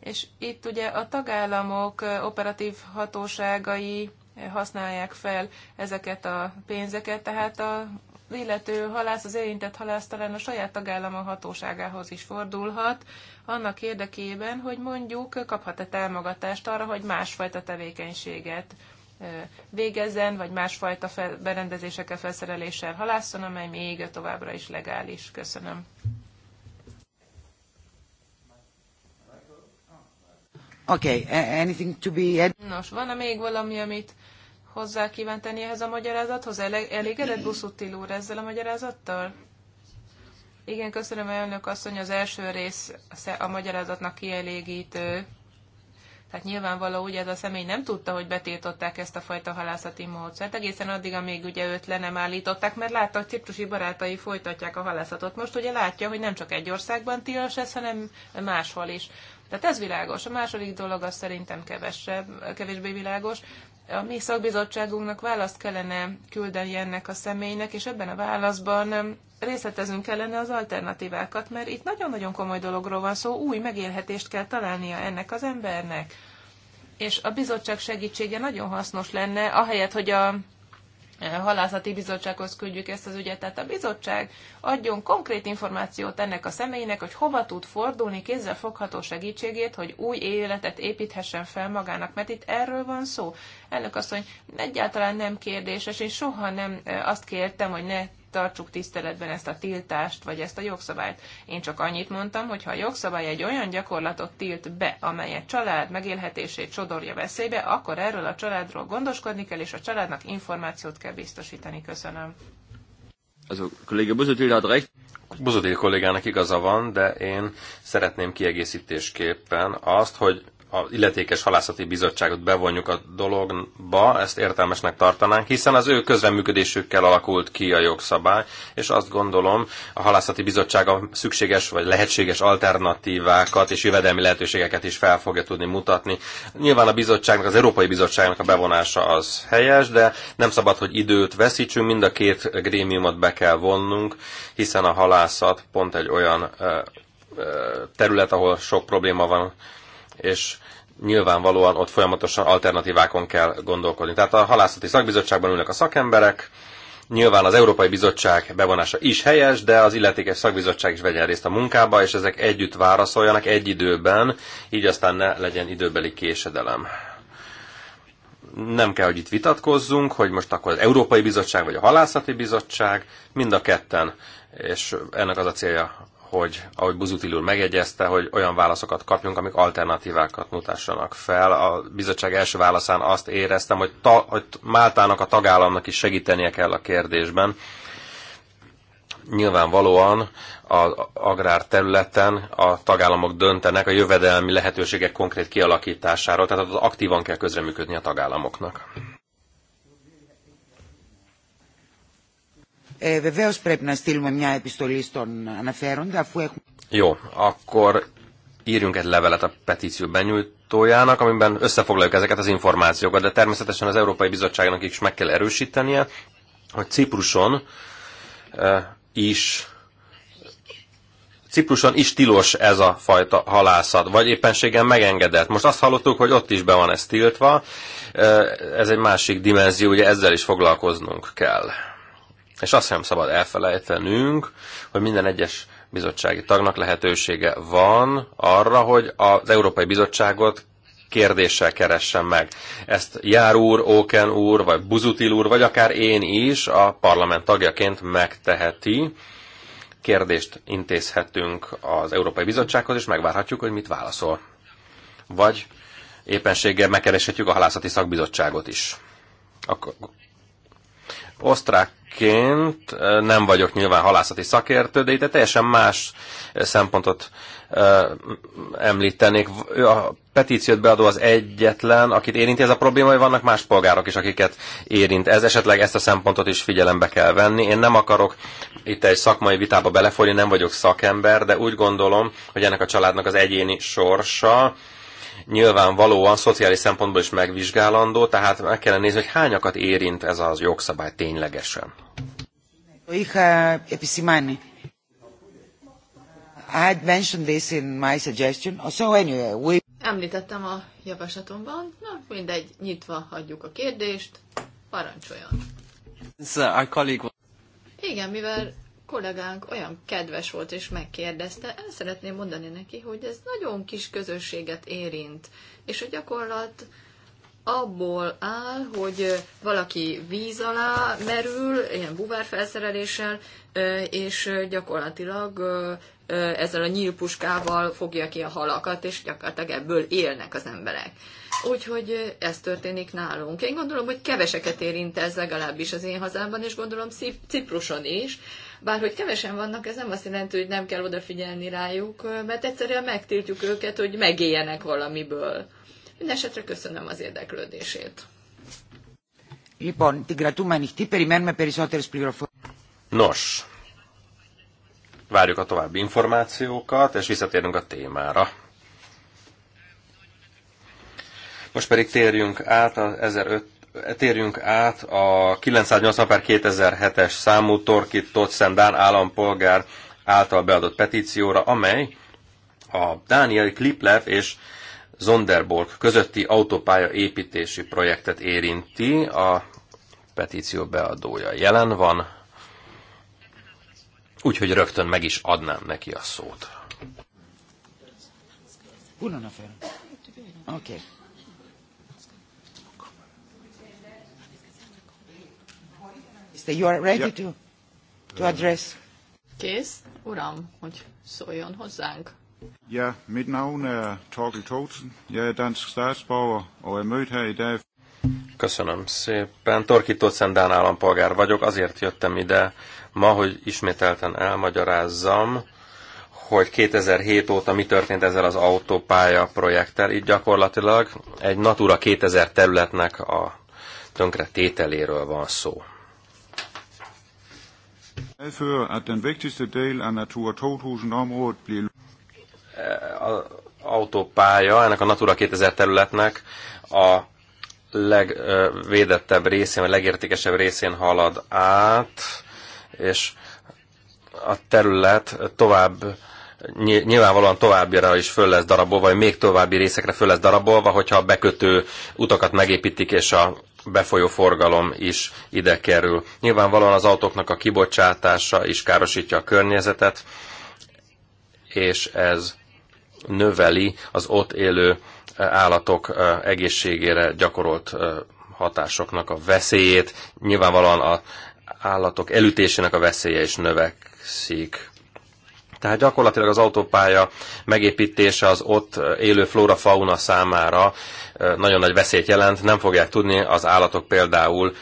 és itt ugye a tagállamok operatív hatóságai használják fel ezeket a pénzeket, tehát a az illető halász, az érintett halász talán a saját tagállama hatóságához is fordulhat, annak érdekében, hogy mondjuk kaphat-e támogatást arra, hogy másfajta tevékenységet végezzen, vagy másfajta fel, berendezésekkel, felszereléssel halászon, amely még továbbra is legális. Köszönöm. Okay, anything to be Nos, van-e még valami, amit hozzá kíván tenni ehhez a magyarázathoz? elégedett Buszutil úr ezzel a magyarázattal? Igen, köszönöm elnök asszony, az első rész a magyarázatnak kielégítő tehát nyilvánvaló, ugye ez a személy nem tudta, hogy betiltották ezt a fajta halászati módszert, egészen addig, amíg ugye őt le nem állították, mert látta, hogy ciprusi barátai folytatják a halászatot. Most ugye látja, hogy nem csak egy országban tilos ez, hanem máshol is. Tehát ez világos. A második dolog az szerintem kevesebb, kevésbé világos. A mi szakbizottságunknak választ kellene küldeni ennek a személynek, és ebben a válaszban részletezünk kellene az alternatívákat, mert itt nagyon-nagyon komoly dologról van szó, új megélhetést kell találnia ennek az embernek és a bizottság segítsége nagyon hasznos lenne, ahelyett, hogy a eh, halászati bizottsághoz küldjük ezt az ügyet. Tehát a bizottság adjon konkrét információt ennek a személynek, hogy hova tud fordulni kézzel fogható segítségét, hogy új életet építhessen fel magának, mert itt erről van szó. Ennek Elnök hogy egyáltalán nem kérdéses, én soha nem eh, azt kértem, hogy ne tartsuk tiszteletben ezt a tiltást, vagy ezt a jogszabályt. Én csak annyit mondtam, hogy ha a jogszabály egy olyan gyakorlatot tilt be, amely a család megélhetését sodorja veszélybe, akkor erről a családról gondoskodni kell, és a családnak információt kell biztosítani. Köszönöm. Also, Kollege Buzotil hat recht. Buzotil kollégának igaza van, de én szeretném kiegészítésképpen azt, hogy az illetékes halászati bizottságot bevonjuk a dologba, ezt értelmesnek tartanánk, hiszen az ő közreműködésükkel alakult ki a jogszabály, és azt gondolom, a halászati bizottság a szükséges vagy lehetséges alternatívákat és jövedelmi lehetőségeket is fel fogja tudni mutatni. Nyilván a bizottságnak, az Európai Bizottságnak a bevonása az helyes, de nem szabad, hogy időt veszítsünk, mind a két grémiumot be kell vonnunk, hiszen a halászat pont egy olyan terület, ahol sok probléma van, és nyilvánvalóan ott folyamatosan alternatívákon kell gondolkodni. Tehát a halászati szakbizottságban ülnek a szakemberek, Nyilván az Európai Bizottság bevonása is helyes, de az illetékes szakbizottság is vegyen részt a munkába, és ezek együtt válaszoljanak egy időben, így aztán ne legyen időbeli késedelem. Nem kell, hogy itt vitatkozzunk, hogy most akkor az Európai Bizottság vagy a Halászati Bizottság, mind a ketten, és ennek az a célja, hogy, ahogy buzutilul úr megjegyezte, hogy olyan válaszokat kapjunk, amik alternatívákat mutassanak fel. A bizottság első válaszán azt éreztem, hogy, ta, hogy Máltának, a tagállamnak is segítenie kell a kérdésben. Nyilvánvalóan az területen a tagállamok döntenek a jövedelmi lehetőségek konkrét kialakításáról, tehát az aktívan kell közreműködni a tagállamoknak. Ε, πρέπει να στείλουμε μια επιστολή στον αναφέροντα αφού έχουμε... Jó, akkor írjunk egy levelet a petíció benyújtójának, amiben összefoglaljuk ezeket az információkat, de természetesen az Európai Bizottságnak is meg kell erősítenie, hogy Cipruson is Cipruson is tilos ez a fajta halászat, vagy éppenséggel megengedett. Most azt hallottuk, hogy ott is be van ez tiltva, ez egy másik dimenzió, ugye ezzel is foglalkoznunk kell. És azt sem szabad elfelejtenünk, hogy minden egyes bizottsági tagnak lehetősége van arra, hogy az Európai Bizottságot kérdéssel keressen meg. Ezt Jár úr, Óken úr, vagy Buzutil úr, vagy akár én is a parlament tagjaként megteheti. Kérdést intézhetünk az Európai Bizottsághoz, és megvárhatjuk, hogy mit válaszol. Vagy éppenséggel megkereshetjük a halászati szakbizottságot is. A Osztrákként nem vagyok nyilván halászati szakértő, de itt teljesen más szempontot említenék. A petíciót beadó az egyetlen, akit érinti ez a probléma, hogy vannak más polgárok is, akiket érint. Ez esetleg ezt a szempontot is figyelembe kell venni. Én nem akarok itt egy szakmai vitába belefolyni, nem vagyok szakember, de úgy gondolom, hogy ennek a családnak az egyéni sorsa, nyilvánvalóan szociális szempontból is megvizsgálandó, tehát meg kellene nézni, hogy hányakat érint ez az jogszabály ténylegesen. Említettem a javaslatomban, na mindegy, nyitva hagyjuk a kérdést, parancsoljon. Uh, Igen, mivel kollégánk olyan kedves volt és megkérdezte, el szeretném mondani neki, hogy ez nagyon kis közösséget érint, és a gyakorlat abból áll, hogy valaki víz alá merül, ilyen buvárfelszereléssel, és gyakorlatilag ezzel a nyílpuskával fogja ki a halakat, és gyakorlatilag ebből élnek az emberek. Úgyhogy ez történik nálunk. Én gondolom, hogy keveseket érint ez legalábbis az én hazámban, és gondolom Cipruson is, bár hogy kevesen vannak, ez nem azt jelenti, hogy nem kell odafigyelni rájuk, mert egyszerűen megtiltjuk őket, hogy megéljenek valamiből. Mindenesetre köszönöm az érdeklődését. Nos, várjuk a további információkat, és visszatérünk a témára. Most pedig térjünk át az 1500 térjünk át a 980 per 2007-es számú Torki Totsen Dán állampolgár által beadott petícióra, amely a Dániai Kliplev és Zonderborg közötti autópálya építési projektet érinti. A petíció beadója jelen van, úgyhogy rögtön meg is adnám neki a szót. Oké. Okay. Mr. You are ready to, to address? Kész? Uram, hogy szóljon hozzánk. Ja, mit navn er Torkel Thorsen. Jeg er dansk statsborger og er mødt her i dag. Köszönöm szépen. Torki Tócen Dán állampolgár vagyok, azért jöttem ide ma, hogy ismételten elmagyarázzam, hogy 2007 óta mi történt ezzel az autópálya projekttel. Itt gyakorlatilag egy Natura 2000 területnek a tönkre tételéről van szó at den vigtigste del a Natura 2000 området bliver... A autópálya ennek a Natura 2000 területnek a legvédettebb részén, vagy legértékesebb részén halad át, és a terület tovább nyilvánvalóan továbbira is föl lesz darabolva, vagy még további részekre föl lesz darabolva, hogyha a bekötő utakat megépítik, és a befolyó forgalom is ide kerül. Nyilvánvalóan az autóknak a kibocsátása is károsítja a környezetet, és ez növeli az ott élő eh, állatok eh, egészségére gyakorolt eh, hatásoknak a veszélyét. Nyilvánvalóan az állatok elütésének a veszélye is növekszik. Tehát gyakorlatilag az autópálya megépítése az ott élő flóra-fauna számára nagyon nagy veszélyt jelent. Nem fogják tudni az állatok például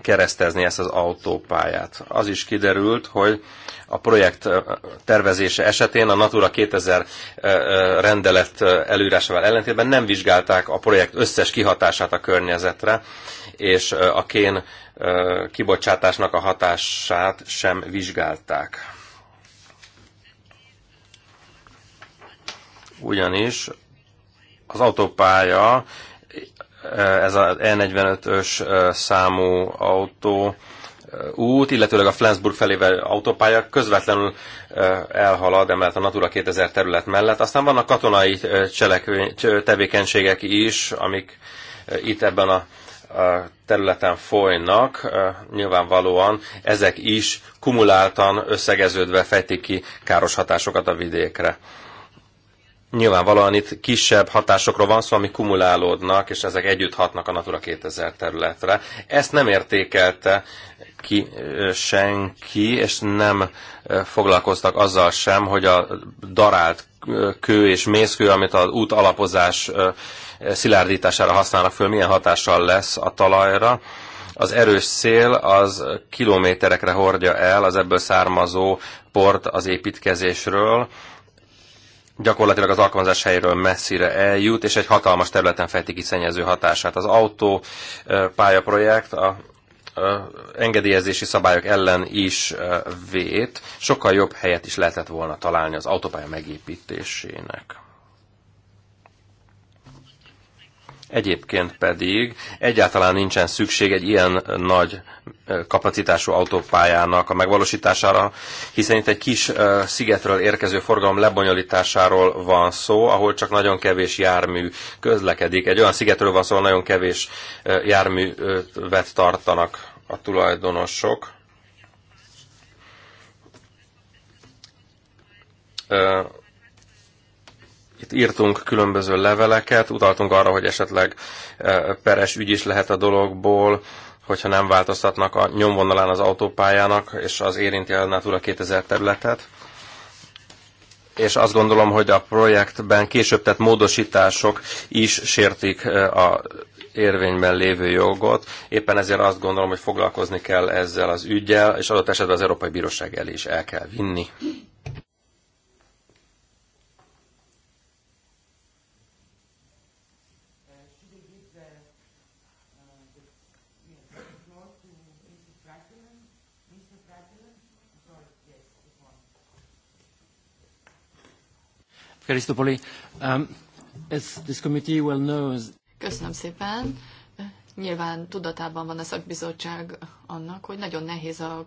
keresztezni ezt az autópályát. Az is kiderült, hogy a projekt tervezése esetén a Natura 2000 rendelet előírásával ellentétben nem vizsgálták a projekt összes kihatását a környezetre, és a kén kibocsátásnak a hatását sem vizsgálták. Ugyanis az autópálya, ez az E45-ös számú autó, út, illetőleg a Flensburg felével autópálya közvetlenül elhalad emellett a Natura 2000 terület mellett. Aztán vannak katonai cselekvény, tevékenységek is, amik itt ebben a területen folynak, nyilvánvalóan ezek is kumuláltan, összegeződve fejtik ki káros hatásokat a vidékre. Nyilvánvalóan itt kisebb hatásokról van szó, ami kumulálódnak, és ezek együtt hatnak a Natura 2000 területre. Ezt nem értékelte ki senki, és nem foglalkoztak azzal sem, hogy a darált kő és mészkő, amit az út alapozás szilárdítására használnak föl, milyen hatással lesz a talajra. Az erős szél az kilométerekre hordja el az ebből származó port az építkezésről, gyakorlatilag az alkalmazás helyről messzire eljut, és egy hatalmas területen fejti ki szennyező hatását. Az autó pályaprojekt a engedélyezési szabályok ellen is vét, sokkal jobb helyet is lehetett volna találni az autópálya megépítésének. Egyébként pedig egyáltalán nincsen szükség egy ilyen nagy kapacitású autópályának a megvalósítására, hiszen itt egy kis szigetről érkező forgalom lebonyolításáról van szó, ahol csak nagyon kevés jármű közlekedik. Egy olyan szigetről van szó, ahol nagyon kevés járművet tartanak a tulajdonosok itt írtunk különböző leveleket, utaltunk arra, hogy esetleg e, peres ügy is lehet a dologból, hogyha nem változtatnak a nyomvonalán az autópályának, és az érinti a Natura 2000 területet. És azt gondolom, hogy a projektben később tett módosítások is sértik e, a érvényben lévő jogot. Éppen ezért azt gondolom, hogy foglalkozni kell ezzel az ügyel, és adott esetben az Európai Bíróság elé is el kell vinni. Um, Köszönöm szépen. Nyilván tudatában van a szakbizottság annak, hogy nagyon nehéz a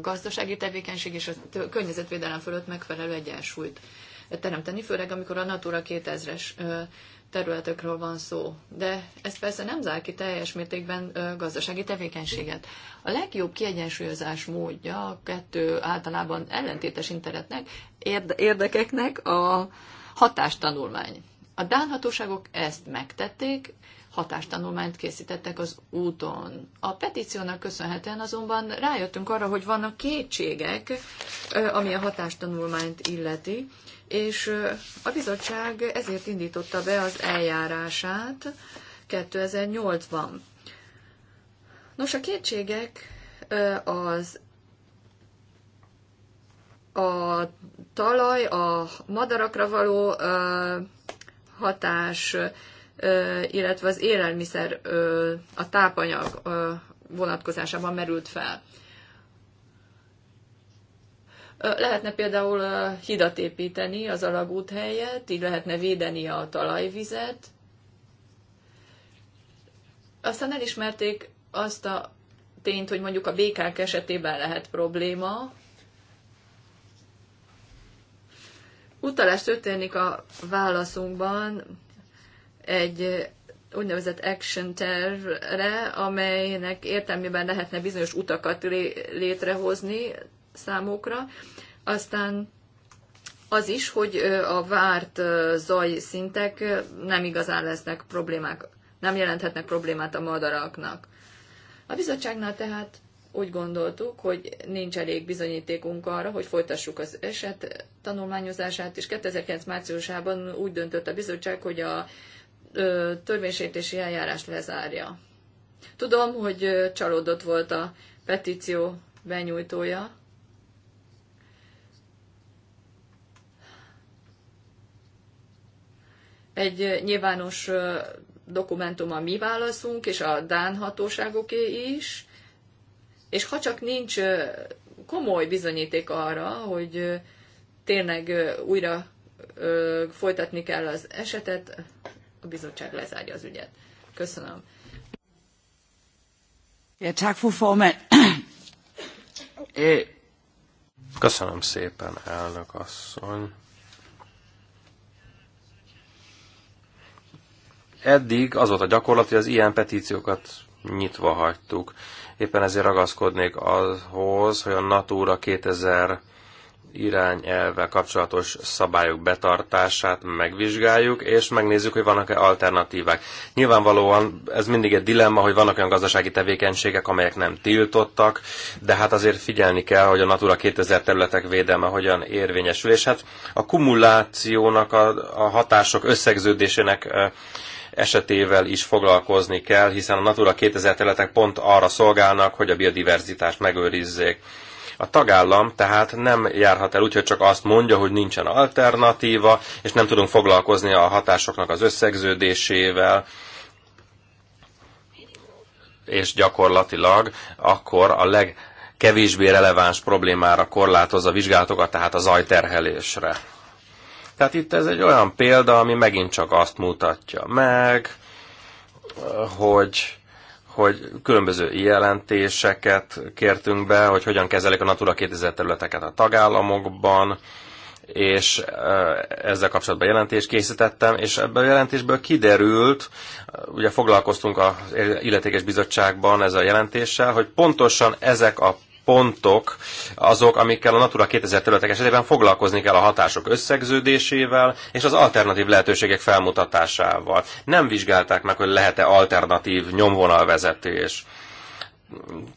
gazdasági tevékenység és a környezetvédelem fölött megfelelő egyensúlyt teremteni, főleg amikor a Natura 2000-es területekről van szó. De ez persze nem zár ki teljes mértékben gazdasági tevékenységet. A legjobb kiegyensúlyozás módja a kettő általában ellentétes internetnek, érdekeknek a hatástanulmány. A dán hatóságok ezt megtették, hatástanulmányt készítettek az úton. A petíciónak köszönhetően azonban rájöttünk arra, hogy vannak kétségek, ami a hatástanulmányt illeti, és a bizottság ezért indította be az eljárását 2008-ban. Nos, a kétségek az a talaj, a madarakra való hatás, illetve az élelmiszer, a tápanyag vonatkozásában merült fel. Lehetne például hidat építeni az alagút helyett, így lehetne védeni a talajvizet. Aztán elismerték azt a tényt, hogy mondjuk a békák esetében lehet probléma. Utalás történik a válaszunkban egy úgynevezett action tervre, amelynek értelmében lehetne bizonyos utakat létrehozni, számukra. Aztán az is, hogy a várt szintek nem igazán lesznek problémák, nem jelenthetnek problémát a madaraknak. A bizottságnál tehát úgy gondoltuk, hogy nincs elég bizonyítékunk arra, hogy folytassuk az eset tanulmányozását, és 2009 márciusában úgy döntött a bizottság, hogy a törvénysértési eljárást lezárja. Tudom, hogy csalódott volt a petíció benyújtója, egy nyilvános dokumentum a mi válaszunk, és a Dán hatóságoké is, és ha csak nincs komoly bizonyíték arra, hogy tényleg újra folytatni kell az esetet, a bizottság lezárja az ügyet. Köszönöm. Köszönöm szépen, elnök asszony. eddig az volt a gyakorlat, hogy az ilyen petíciókat nyitva hagytuk. Éppen ezért ragaszkodnék ahhoz, hogy a Natura 2000 irányelvvel kapcsolatos szabályok betartását megvizsgáljuk, és megnézzük, hogy vannak-e alternatívák. Nyilvánvalóan ez mindig egy dilemma, hogy vannak olyan gazdasági tevékenységek, amelyek nem tiltottak, de hát azért figyelni kell, hogy a Natura 2000 területek védelme hogyan érvényesül, és hát a kumulációnak, a, a hatások összegződésének esetével is foglalkozni kell, hiszen a Natura 2000 területek pont arra szolgálnak, hogy a biodiverzitást megőrizzék. A tagállam tehát nem járhat el úgy, hogy csak azt mondja, hogy nincsen alternatíva, és nem tudunk foglalkozni a hatásoknak az összegződésével, és gyakorlatilag akkor a legkevésbé releváns problémára korlátozza vizsgálatokat, tehát a zajterhelésre. Tehát itt ez egy olyan példa, ami megint csak azt mutatja meg, hogy, hogy különböző jelentéseket kértünk be, hogy hogyan kezelik a Natura 2000 területeket a tagállamokban, és eh, ezzel kapcsolatban jelentést készítettem, és ebből a jelentésből kiderült, ugye foglalkoztunk az illetékes bizottságban ezzel a jelentéssel, hogy pontosan ezek a pontok azok, amikkel a Natura 2000 területek esetében foglalkozni kell a hatások összegződésével és az alternatív lehetőségek felmutatásával. Nem vizsgálták meg, hogy lehet-e alternatív nyomvonalvezetés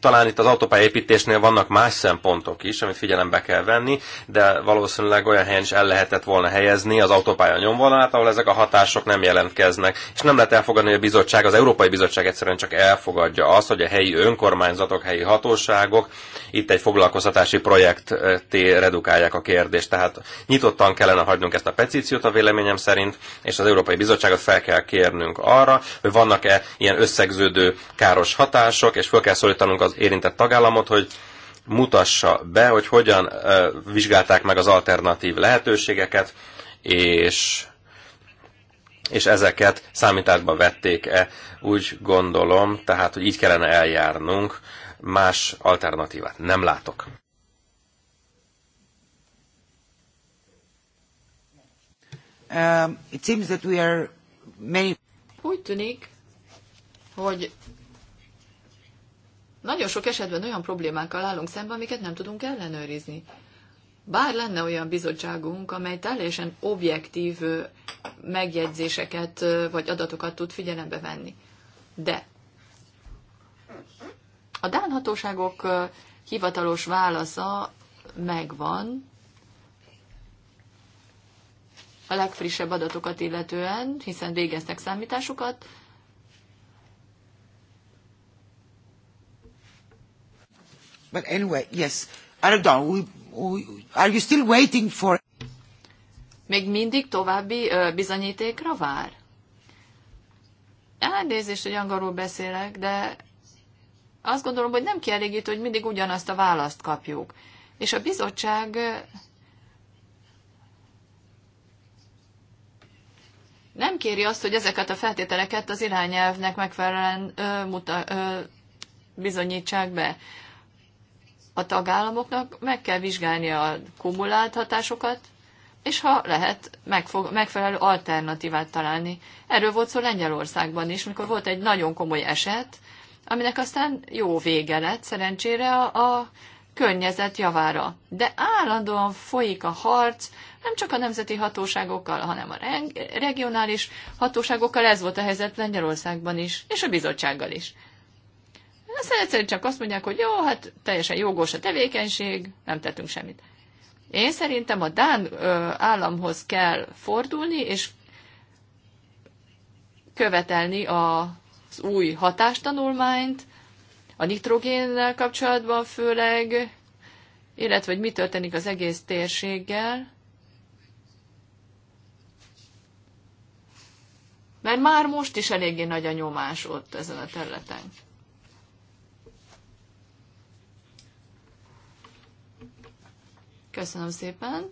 talán itt az építésnél vannak más szempontok is, amit figyelembe kell venni, de valószínűleg olyan helyen is el lehetett volna helyezni az autópálya nyomvonalát, ahol ezek a hatások nem jelentkeznek. És nem lehet elfogadni, hogy a bizottság, az Európai Bizottság egyszerűen csak elfogadja azt, hogy a helyi önkormányzatok, helyi hatóságok itt egy foglalkoztatási projekt redukálják a kérdést. Tehát nyitottan kellene hagynunk ezt a petíciót a véleményem szerint, és az Európai Bizottságot fel kell kérnünk arra, hogy vannak-e ilyen összegződő káros hatások, és föl kell megszólítanunk az érintett tagállamot, hogy mutassa be, hogy hogyan vizsgálták meg az alternatív lehetőségeket, és, és ezeket számításba vették-e. Úgy gondolom, tehát, hogy így kellene eljárnunk, más alternatívát nem látok. Um, it seems that we are many... Úgy tűnik, hogy nagyon sok esetben olyan problémákkal állunk szemben, amiket nem tudunk ellenőrizni. Bár lenne olyan bizottságunk, amely teljesen objektív megjegyzéseket vagy adatokat tud figyelembe venni. De a Dán hatóságok hivatalos válasza megvan a legfrissebb adatokat illetően, hiszen végeztek számításokat, But anyway, yes. I don't know. We, we, are you still waiting for... Még mindig további uh, bizonyítékra vár? Elnézést, hogy angolul beszélek, de azt gondolom, hogy nem kielégít, hogy mindig ugyanazt a választ kapjuk. És a bizottság nem kéri azt, hogy ezeket a feltételeket az irányelvnek megfelelően ö, muta, ö, bizonyítsák be a tagállamoknak meg kell vizsgálni a kumulált hatásokat, és ha lehet, megfog, megfelelő alternatívát találni. Erről volt szó Lengyelországban is, mikor volt egy nagyon komoly eset, aminek aztán jó vége lett, szerencsére a, a környezet javára. De állandóan folyik a harc, nem csak a nemzeti hatóságokkal, hanem a regionális hatóságokkal, ez volt a helyzet Lengyelországban is, és a bizottsággal is. Aztán egyszerűen csak azt mondják, hogy jó, hát teljesen jogos a tevékenység, nem tettünk semmit. Én szerintem a Dán ö, államhoz kell fordulni, és követelni a, az új hatástanulmányt, a nitrogénnel kapcsolatban főleg, illetve hogy mi történik az egész térséggel. Mert már most is eléggé nagy a nyomás ott ezen a területen. Köszönöm szépen.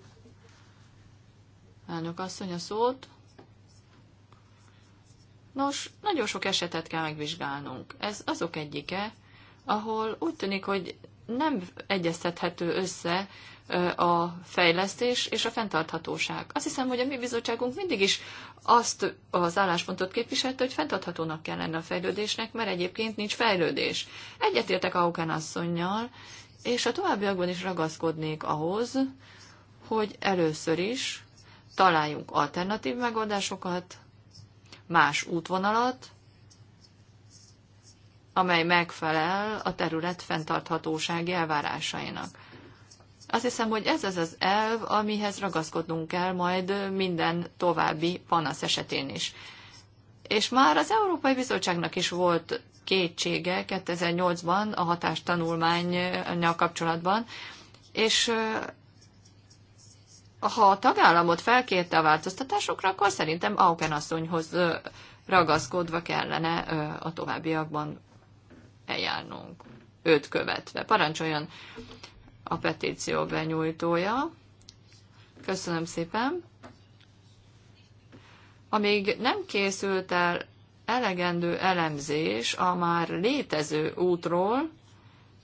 Elnök asszony a szót. Nos, nagyon sok esetet kell megvizsgálnunk. Ez azok egyike, ahol úgy tűnik, hogy nem egyeztethető össze a fejlesztés és a fenntarthatóság. Azt hiszem, hogy a mi bizottságunk mindig is azt az álláspontot képviselte, hogy fenntarthatónak kell lenni a fejlődésnek, mert egyébként nincs fejlődés. Egyetértek Aukán asszonynal, és a továbbiakban is ragaszkodnék ahhoz, hogy először is találjunk alternatív megoldásokat, más útvonalat, amely megfelel a terület fenntarthatósági elvárásainak. Azt hiszem, hogy ez az az elv, amihez ragaszkodnunk kell majd minden további panasz esetén is. És már az Európai Bizottságnak is volt kétsége 2008-ban a hatástanulmányjal kapcsolatban, és ha a tagállamot felkérte a változtatásokra, akkor szerintem Auken asszonyhoz ragaszkodva kellene a továbbiakban eljárnunk, őt követve. Parancsoljon a petíció benyújtója. Köszönöm szépen. Amíg nem készült el elegendő elemzés a már létező útról,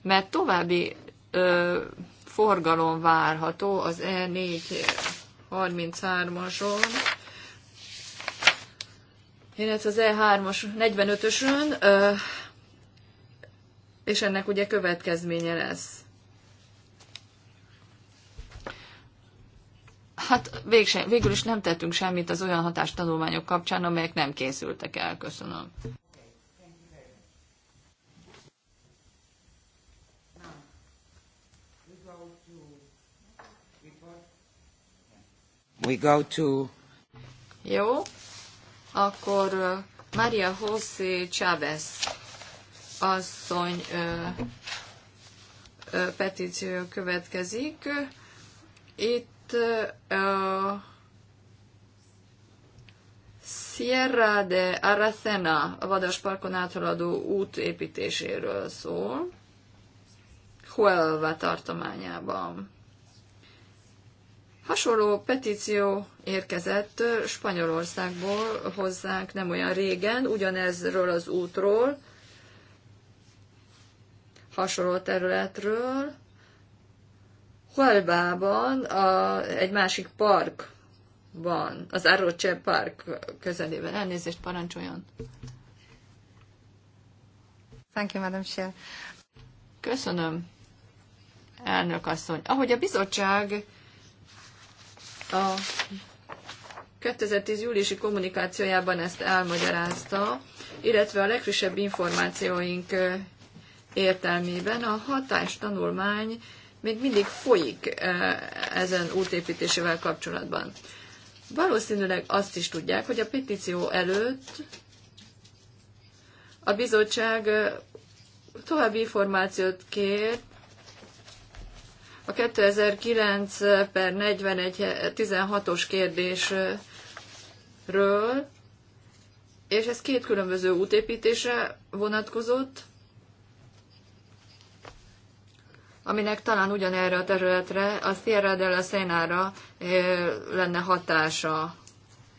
mert további ö, forgalom várható az e 33 ason illetve az E3-as 45-ösön, és ennek ugye következménye lesz. hát végse, végül is nem tettünk semmit az olyan hatástanulmányok kapcsán, amelyek nem készültek el. Köszönöm. We go to... Jó, akkor Maria José Chávez asszony uh, uh, petíció következik. Itt a Sierra de Aracena vadasparkon áthaladó út építéséről szól, Huelva tartományában. Hasonló petíció érkezett Spanyolországból hozzánk nem olyan régen, ugyanezről az útról, hasonló területről, Valbában, a, egy másik parkban, az Arroche Park közelében. Elnézést parancsoljon. Thank you, Madam Chair. Köszönöm, elnök asszony. Ahogy a bizottság a 2010 júliusi kommunikációjában ezt elmagyarázta, illetve a legfrissebb információink értelmében a hatástanulmány még mindig folyik eh, ezen útépítésével kapcsolatban. Valószínűleg azt is tudják, hogy a petíció előtt a bizottság eh, további információt kért a 2009 per 41 16-os kérdésről, és ez két különböző útépítésre vonatkozott, aminek talán ugyanerre a területre, a Sierra de la Senára lenne hatása,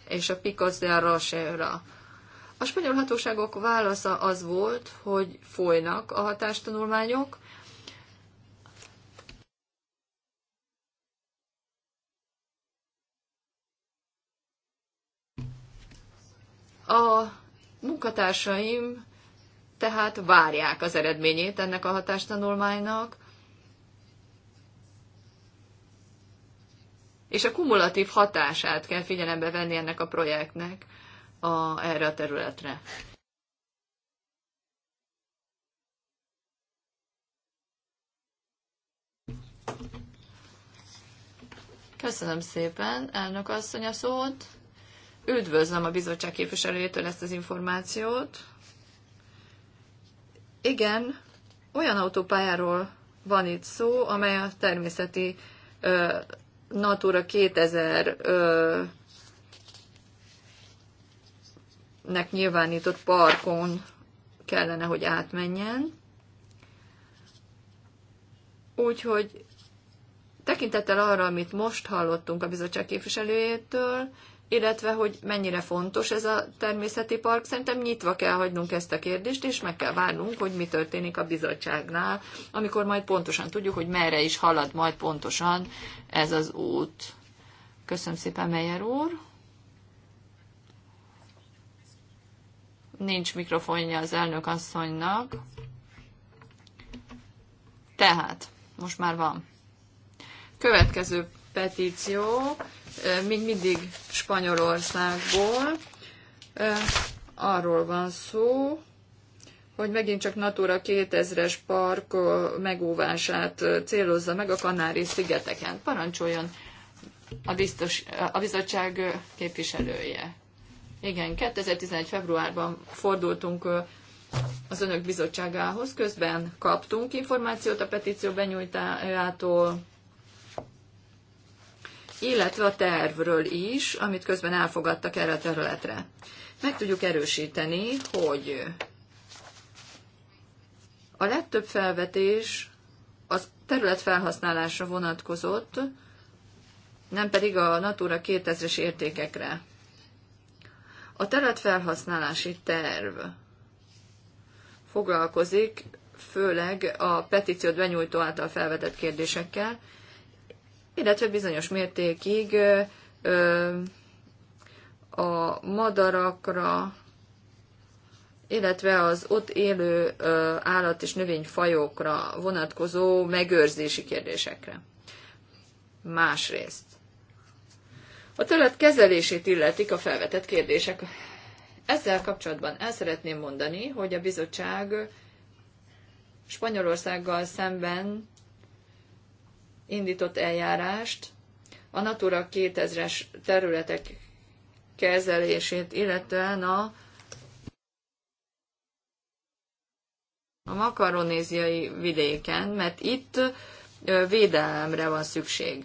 és a Picos de Arroche-ra. A spanyol hatóságok válasza az volt, hogy folynak a hatástanulmányok, A munkatársaim tehát várják az eredményét ennek a hatástanulmánynak, és a kumulatív hatását kell figyelembe venni ennek a projektnek a, erre a területre. Köszönöm szépen, elnök asszony a szót. Üdvözlöm a bizottság képviselőjétől ezt az információt. Igen, olyan autópályáról van itt szó, amely a természeti ö, Natura 2000 ö, nek nyilvánított parkon kellene, hogy átmenjen. Úgyhogy Tekintettel arra, amit most hallottunk a bizottság képviselőjétől, illetve hogy mennyire fontos ez a természeti park. Szerintem nyitva kell hagynunk ezt a kérdést, és meg kell várnunk, hogy mi történik a bizottságnál, amikor majd pontosan tudjuk, hogy merre is halad majd pontosan ez az út. Köszönöm szépen, Meyer úr. Nincs mikrofonja az elnök asszonynak. Tehát, most már van. Következő petíció, még mindig Spanyolországból, arról van szó, hogy megint csak Natura 2000-es park megóvását célozza meg a Kanári-szigeteken. Parancsoljon a, biztos, a bizottság képviselője. Igen, 2011. februárban fordultunk az önök bizottságához, közben kaptunk információt a petíció benyújtájától, illetve a tervről is, amit közben elfogadtak erre a területre. Meg tudjuk erősíteni, hogy a legtöbb felvetés az terület felhasználásra vonatkozott, nem pedig a Natura 2000-es értékekre. A területfelhasználási terv foglalkozik főleg a petíciót benyújtó által felvetett kérdésekkel, illetve bizonyos mértékig a madarakra, illetve az ott élő állat és növényfajokra vonatkozó megőrzési kérdésekre. Másrészt. A terület kezelését illetik a felvetett kérdések. Ezzel kapcsolatban el szeretném mondani, hogy a bizottság Spanyolországgal szemben indított eljárást a Natura 2000-es területek kezelését, illetően a, a makaronéziai vidéken, mert itt védelemre van szükség.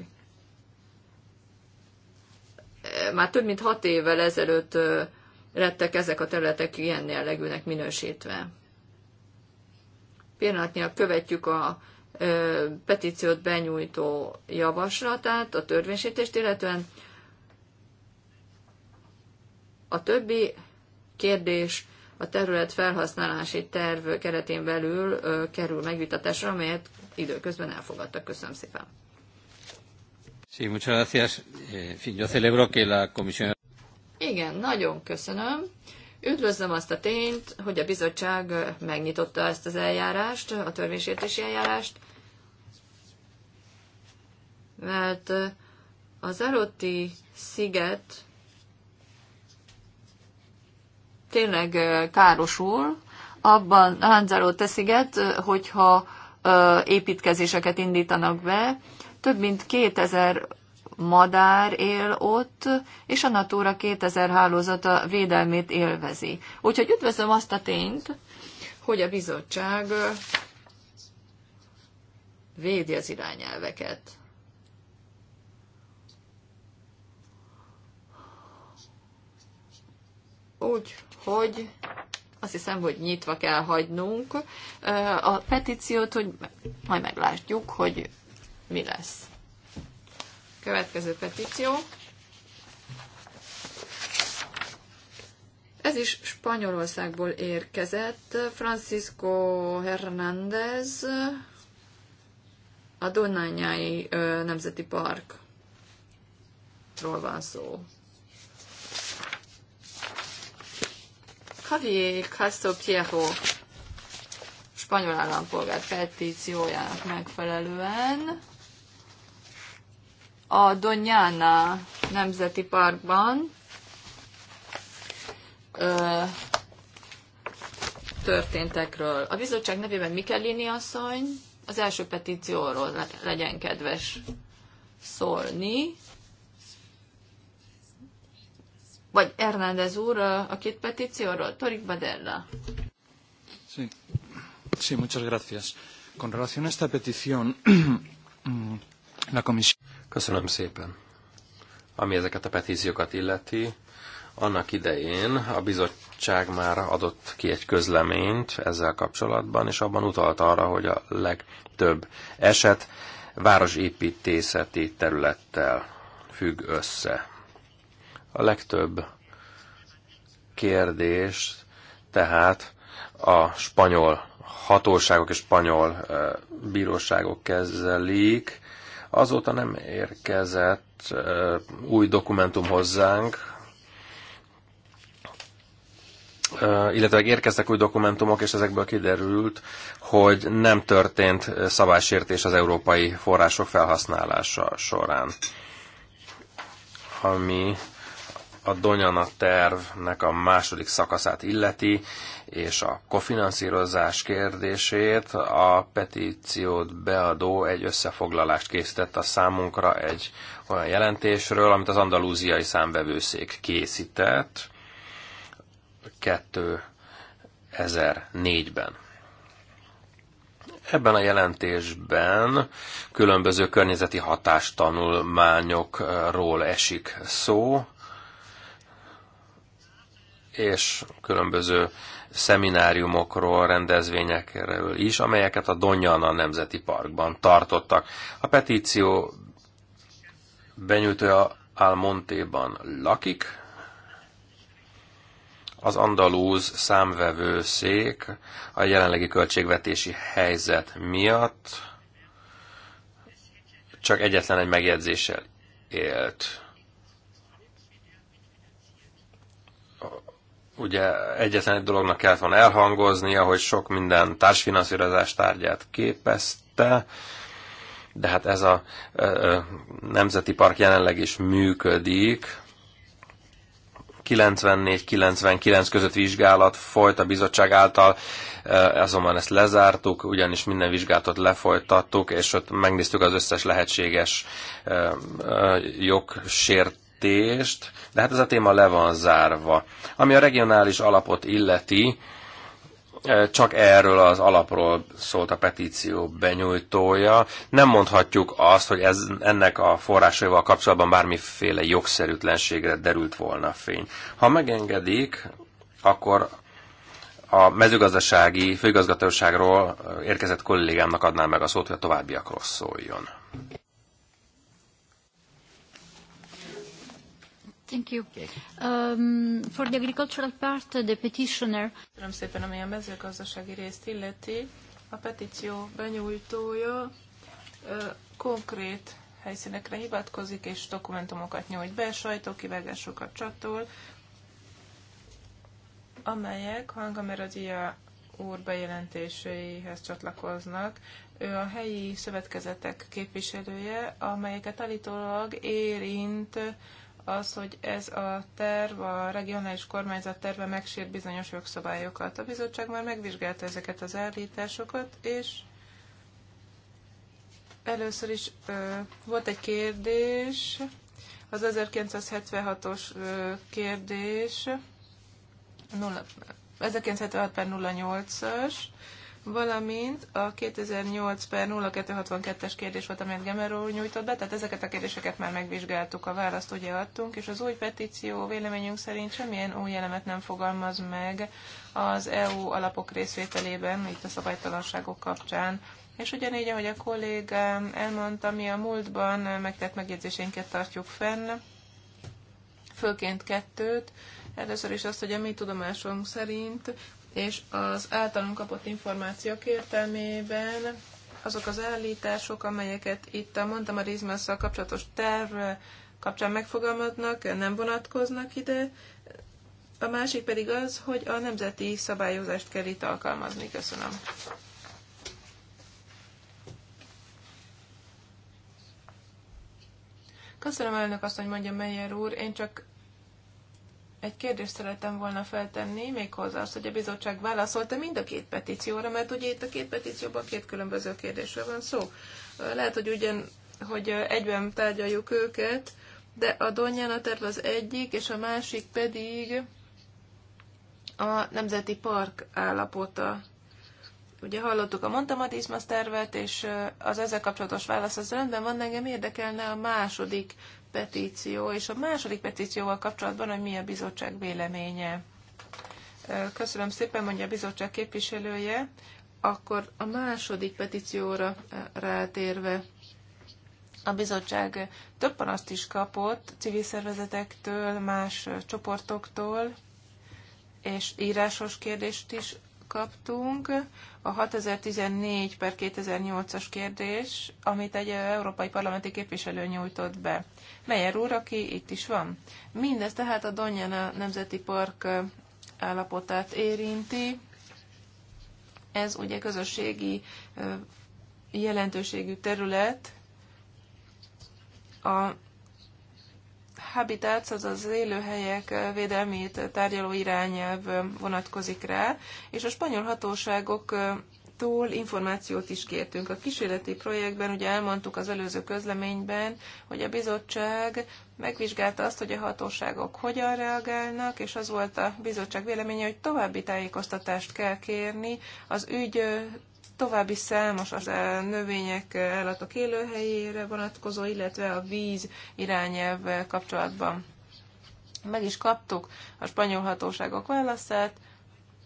Már több mint hat évvel ezelőtt lettek ezek a területek ilyen jellegűnek minősítve. Pillanatnyilag követjük a petíciót benyújtó javaslatát a törvénysítést, illetően a többi kérdés a terület felhasználási terv keretén belül ö, kerül megvitatásra, amelyet időközben elfogadtak. Köszönöm szépen. Sí, muchas gracias. Eh, yo celebro que la comisión... Igen, nagyon köszönöm. Üdvözlöm azt a tényt, hogy a bizottság megnyitotta ezt az eljárást, a törvénysértési eljárást, mert az előtti sziget tényleg károsul, abban Lanzarote sziget, hogyha építkezéseket indítanak be, több mint 2000 madár él ott, és a Natura 2000 hálózata védelmét élvezi. Úgyhogy üdvözlöm azt a tényt, hogy a bizottság védi az irányelveket. Úgy, hogy azt hiszem, hogy nyitva kell hagynunk eh, a petíciót, hogy majd meglátjuk, hogy mi lesz. Következő petíció. Ez is Spanyolországból érkezett. Francisco Hernández, a Donányai eh, Nemzeti Parkról van szó. Javier Castro Piero spanyol állampolgár petíciójának megfelelően a Donyana Nemzeti Parkban ö, történtekről. A bizottság nevében Mikelini asszony az első petícióról legyen kedves szólni vagy Hernández úr a két petícióról, Torik Badella. Sí. sí, muchas gracias. Con relación a esta petición, la comisión... Köszönöm szépen. Ami ezeket a petíciókat illeti, annak idején a bizottság már adott ki egy közleményt ezzel kapcsolatban, és abban utalt arra, hogy a legtöbb eset városépítészeti területtel függ össze. A legtöbb kérdés tehát a spanyol hatóságok és spanyol bíróságok kezelik. Azóta nem érkezett új dokumentum hozzánk, illetve érkeztek új dokumentumok, és ezekből kiderült, hogy nem történt szabálysértés az európai források felhasználása során. Ami a Donyana tervnek a második szakaszát illeti, és a kofinanszírozás kérdését, a petíciót beadó egy összefoglalást készített a számunkra egy olyan jelentésről, amit az andalúziai Számvevőszék készített 2004-ben. Ebben a jelentésben különböző környezeti hatástanulmányokról esik szó, és különböző szemináriumokról, rendezvényekről is, amelyeket a Donjana Nemzeti Parkban tartottak. A petíció benyújtója Almontéban lakik, az andalúz szék a jelenlegi költségvetési helyzet miatt csak egyetlen egy megjegyzéssel élt Ugye egyetlen egy dolognak kellett volna elhangoznia, hogy sok minden társfinanszírozás tárgyát képezte, de hát ez a ö, nemzeti park jelenleg is működik. 94-99 között vizsgálat folyt a bizottság által, azonban ezt lezártuk, ugyanis minden vizsgálatot lefolytattuk, és ott megnéztük az összes lehetséges jogsért jelentést, de hát ez a téma le van zárva. Ami a regionális alapot illeti, e, csak erről az alapról szólt a petíció benyújtója. Nem mondhatjuk azt, hogy ez, ennek a forrásaival kapcsolatban bármiféle jogszerűtlenségre derült volna fény. Ha megengedik, akkor a mezőgazdasági főigazgatóságról érkezett kollégámnak adnám meg a szót, hogy a továbbiakról szóljon. Thank you. Um, for the agricultural part, the petitioner. Köszönöm szépen, ami a mezőgazdasági részt illeti. A petíció benyújtója ö, konkrét helyszínekre hivatkozik, és dokumentumokat nyújt be, sajtókivágásokat csatol, amelyek Hangameradia úr bejelentéseihez csatlakoznak. Ő a helyi szövetkezetek képviselője, amelyeket állítólag érint az, hogy ez a terv, a regionális kormányzat terve megsért bizonyos jogszabályokat. A bizottság már megvizsgálta ezeket az állításokat, és először is ö, volt egy kérdés, az 1976-os kérdés, 0, 1976 per 08-as, valamint a 2008 per 0262-es kérdés volt, amelyet Gemero nyújtott be, tehát ezeket a kérdéseket már megvizsgáltuk, a választ ugye adtunk, és az új petíció véleményünk szerint semmilyen új elemet nem fogalmaz meg az EU alapok részvételében, itt a szabálytalanságok kapcsán. És ugyanígy, ahogy a kollégám elmondta, mi a múltban megtett megjegyzésénket tartjuk fenn, főként kettőt, Először is azt, hogy a mi tudomásunk szerint és az általunk kapott információk értelmében azok az állítások, amelyeket itt a mondtam a rizmasszal kapcsolatos terv kapcsán megfogalmaznak, nem vonatkoznak ide, a másik pedig az, hogy a nemzeti szabályozást kell itt alkalmazni. Köszönöm. Köszönöm elnök azt, hogy mondja Meyer úr, én csak egy kérdést szerettem volna feltenni, méghozzá azt, hogy a bizottság válaszolta mind a két petícióra, mert ugye itt a két petícióban két különböző kérdésről van szó. Lehet, hogy ugyan, hogy egyben tárgyaljuk őket, de a Donjana terv az egyik, és a másik pedig a Nemzeti Park állapota. Ugye hallottuk a Montamatismas tervet, és az ezzel kapcsolatos válasz az rendben van, engem érdekelne a második petíció és a második petícióval kapcsolatban, hogy mi a bizottság véleménye. Köszönöm szépen, mondja a bizottság képviselője. Akkor a második petícióra rátérve a bizottság több panaszt is kapott civil szervezetektől, más csoportoktól, és írásos kérdést is kaptunk. A 6014 per 2008-as kérdés, amit egy európai parlamenti képviselő nyújtott be. Melyer úr, aki itt is van. Mindez tehát a Donjana Nemzeti Park állapotát érinti. Ez ugye közösségi jelentőségű terület, a habitats, az élőhelyek védelmét tárgyaló irányelv vonatkozik rá, és a spanyol hatóságok túl információt is kértünk. A kísérleti projektben ugye elmondtuk az előző közleményben, hogy a bizottság megvizsgálta azt, hogy a hatóságok hogyan reagálnak, és az volt a bizottság véleménye, hogy további tájékoztatást kell kérni az ügy további számos az növények, állatok élőhelyére vonatkozó, illetve a víz irányelv kapcsolatban. Meg is kaptuk a spanyol hatóságok válaszát,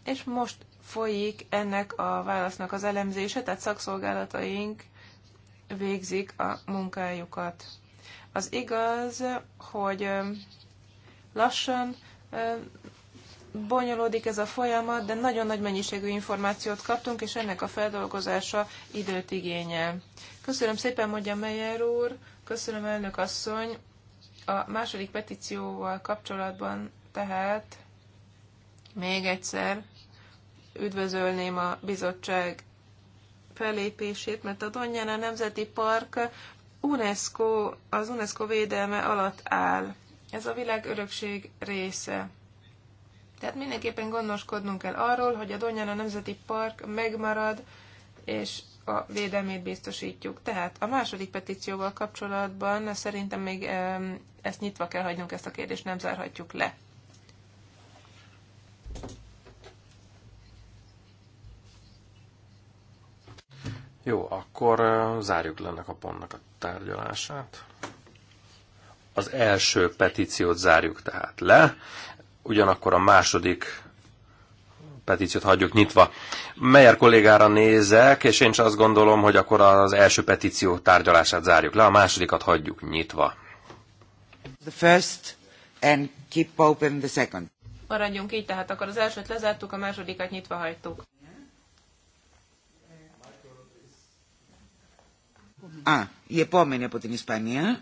és most folyik ennek a válasznak az elemzése, tehát szakszolgálataink végzik a munkájukat. Az igaz, hogy lassan bonyolódik ez a folyamat, de nagyon nagy mennyiségű információt kaptunk, és ennek a feldolgozása időt igényel. Köszönöm szépen, mondja Meyer úr, köszönöm elnök asszony. A második petícióval kapcsolatban tehát még egyszer üdvözölném a bizottság felépését, mert a Donjana Nemzeti Park UNESCO, az UNESCO védelme alatt áll. Ez a világ része. Tehát mindenképpen gondoskodnunk kell arról, hogy a Donyana Nemzeti Park megmarad, és a védelmét biztosítjuk. Tehát a második petícióval kapcsolatban szerintem még ezt nyitva kell hagynunk, ezt a kérdést nem zárhatjuk le. Jó, akkor zárjuk le ennek a pontnak a tárgyalását. Az első petíciót zárjuk tehát le ugyanakkor a második petíciót hagyjuk nyitva. Meyer kollégára nézek, és én is azt gondolom, hogy akkor az első petíció tárgyalását zárjuk le, a másodikat hagyjuk nyitva. The first and keep open the second. Maradjunk így, tehát akkor az elsőt lezártuk, a másodikat nyitva hagytuk. Ah, η επόμενη από την Ισπανία.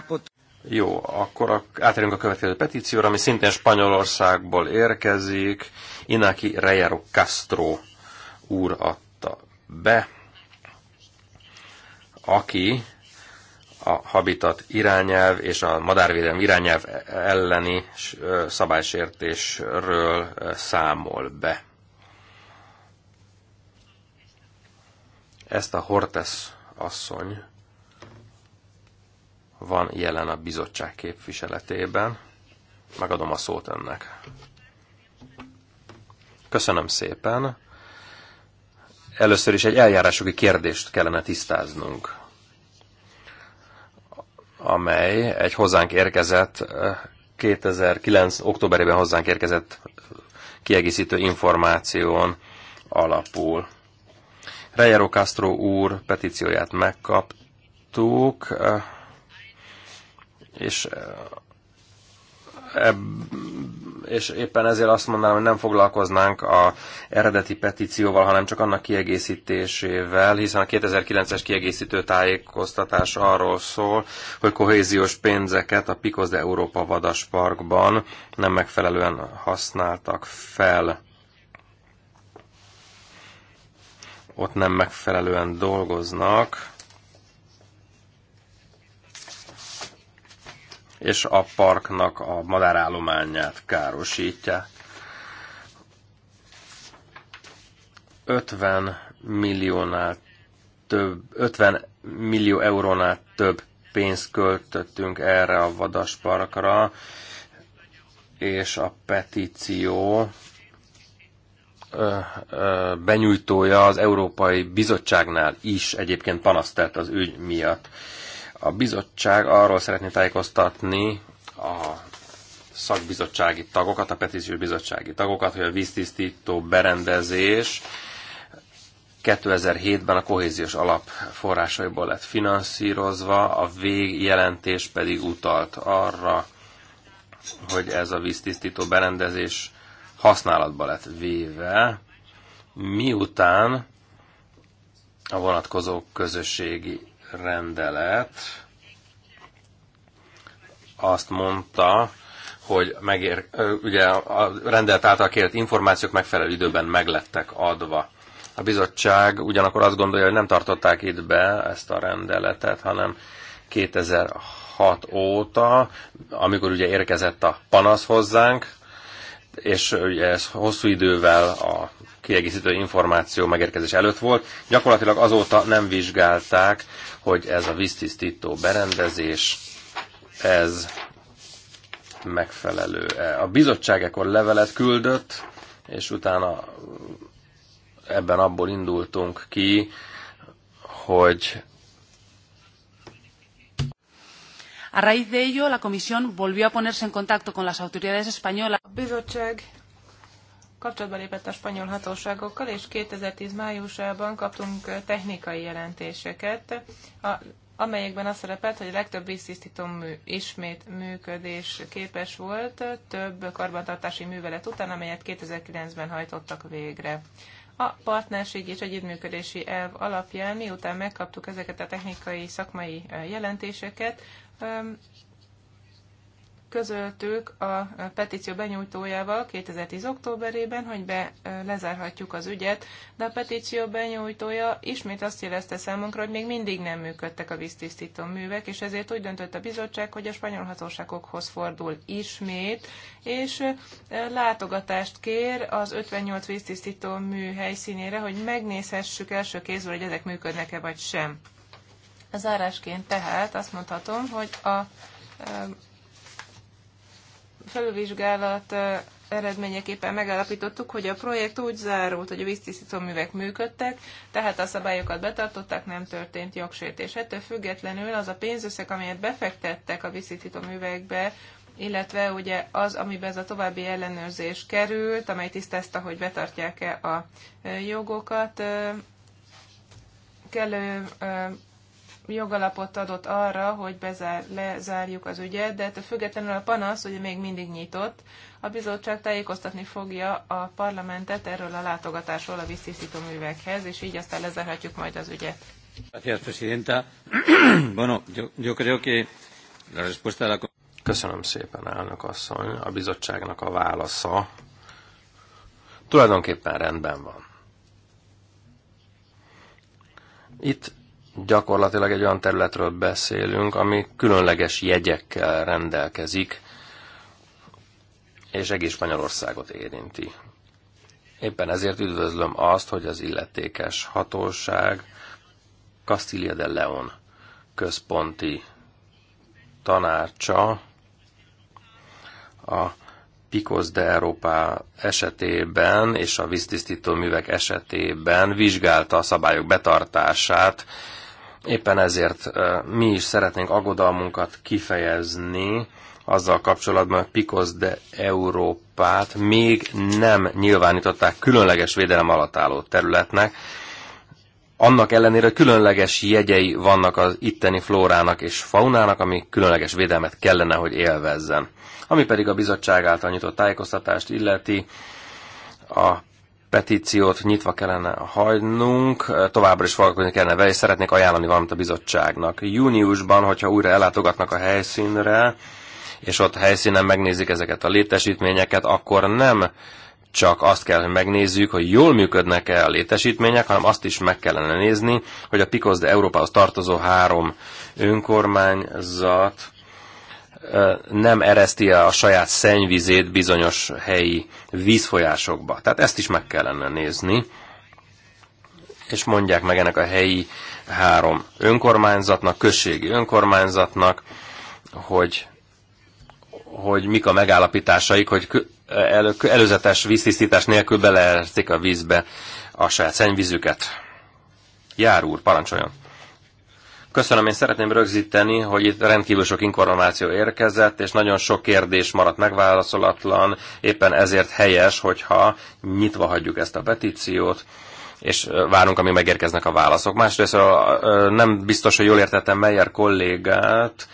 Από... Jó, akkor átérünk a következő petícióra, ami szintén Spanyolországból érkezik. Inaki Reyero Castro úr adta be, aki a habitat irányelv és a madárvédelmi irányelv elleni szabálysértésről számol be. Ezt a Hortes asszony van jelen a bizottság képviseletében. Megadom a szót önnek. Köszönöm szépen. Először is egy eljárásoki kérdést kellene tisztáznunk, amely egy hozzánk érkezett 2009. Eh, októberében hozzánk érkezett kiegészítő információn alapul. Rejero Castro úr petícióját megkaptuk, eh, és eh, és éppen ezért azt mondanám, hogy nem foglalkoznánk a eredeti petícióval, hanem csak annak kiegészítésével, hiszen a 2009-es kiegészítő tájékoztatás arról szól, hogy kohéziós pénzeket a Pikoz de Európa Vadasparkban nem megfelelően használtak fel. Ott nem megfelelően dolgoznak és a parknak a madárállományát károsítja. 50 milliónál több, 50 millió eurónál több pénzt költöttünk erre a vadasparkra, és a petíció benyújtója az Európai Bizottságnál is egyébként panasztelt az ügy miatt. A bizottság arról szeretné tájékoztatni a szakbizottsági tagokat, a petíciós bizottsági tagokat, hogy a víztisztító berendezés 2007-ben a kohéziós alap forrásaiból lett finanszírozva, a végjelentés pedig utalt arra, hogy ez a víztisztító berendezés használatba lett véve, miután a vonatkozó közösségi rendelet azt mondta, hogy megér, ugye a rendelet által kért információk megfelelő időben meglettek adva. A bizottság ugyanakkor azt gondolja, hogy nem tartották itt be ezt a rendeletet, hanem 2006 óta, amikor ugye érkezett a panasz hozzánk, és ugye ez hosszú idővel a kiegészítő információ megérkezés előtt volt. Gyakorlatilag azóta nem vizsgálták, hogy ez a víztisztító berendezés, ez megfelelő. -e. A bizottság ekkor levelet küldött, és utána ebben abból indultunk ki, hogy A raíz de ello, la Comisión volvió a ponerse en contacto con las autoridades españolas. bizottság kapcsolatba lépett a spanyol hatóságokkal, és 2010 májusában kaptunk technikai jelentéseket, a, amelyekben az szerepelt, hogy a legtöbb víztisztító mű ismét működés képes volt több karbantartási művelet után, amelyet 2009-ben hajtottak végre. A partnerség és együttműködési elv alapján, miután megkaptuk ezeket a technikai szakmai jelentéseket, közöltük a petíció benyújtójával 2010. októberében, hogy be lezárhatjuk az ügyet, de a petíció benyújtója ismét azt jelezte számunkra, hogy még mindig nem működtek a víztisztító művek, és ezért úgy döntött a bizottság, hogy a spanyol hatóságokhoz fordul ismét, és látogatást kér az 58 víztisztító mű helyszínére, hogy megnézhessük első kézből, hogy ezek működnek-e vagy sem. zárásként tehát azt mondhatom, hogy a felülvizsgálat eredményeképpen megállapítottuk, hogy a projekt úgy zárult, hogy a víztisztító művek működtek, tehát a szabályokat betartották, nem történt jogsértés. Ettől függetlenül az a pénzösszeg, amelyet befektettek a víztisztító művekbe, illetve ugye az, amiben ez a további ellenőrzés került, amely tisztázta, hogy betartják-e a jogokat, kellő jogalapot adott arra, hogy bezár, lezárjuk az ügyet, de ettől hát függetlenül a panasz ugye még mindig nyitott. A bizottság tájékoztatni fogja a parlamentet erről a látogatásról a visszisztító művekhez, és így aztán lezárhatjuk majd az ügyet. Köszönöm szépen, elnök asszony. A bizottságnak a válasza tulajdonképpen rendben van. Itt gyakorlatilag egy olyan területről beszélünk, ami különleges jegyekkel rendelkezik, és egész Spanyolországot érinti. Éppen ezért üdvözlöm azt, hogy az illetékes hatóság Castilla de Leon központi tanácsa a Picos de Európa esetében és a víztisztító művek esetében vizsgálta a szabályok betartását Éppen ezért mi is szeretnénk aggodalmunkat kifejezni azzal kapcsolatban, hogy Picos de Európát még nem nyilvánították különleges védelem alatt álló területnek, annak ellenére különleges jegyei vannak az itteni flórának és faunának, ami különleges védelmet kellene, hogy élvezzen. Ami pedig a bizottság által nyitott tájékoztatást illeti, a petíciót nyitva kellene hagynunk, továbbra is foglalkozni kellene vele, és szeretnék ajánlani valamit a bizottságnak. Júniusban, hogyha újra ellátogatnak a helyszínre, és ott helyszínen megnézik ezeket a létesítményeket, akkor nem csak azt kell, hogy megnézzük, hogy jól működnek-e a létesítmények, hanem azt is meg kellene nézni, hogy a PICOS de Európához tartozó három önkormányzat nem ereszti a saját szennyvizét bizonyos helyi vízfolyásokba. Tehát ezt is meg kellene nézni, és mondják meg ennek a helyi három önkormányzatnak, községi önkormányzatnak, hogy, hogy mik a megállapításaik, hogy elő, előzetes víztisztítás nélkül beleerzik a vízbe a saját szennyvízüket. Jár úr, parancsoljon! Köszönöm, én szeretném rögzíteni, hogy itt rendkívül sok információ érkezett, és nagyon sok kérdés maradt megválaszolatlan, éppen ezért helyes, hogyha nyitva hagyjuk ezt a petíciót, és várunk, amíg megérkeznek a válaszok. Másrészt nem biztos, hogy jól értettem Meyer kollégát,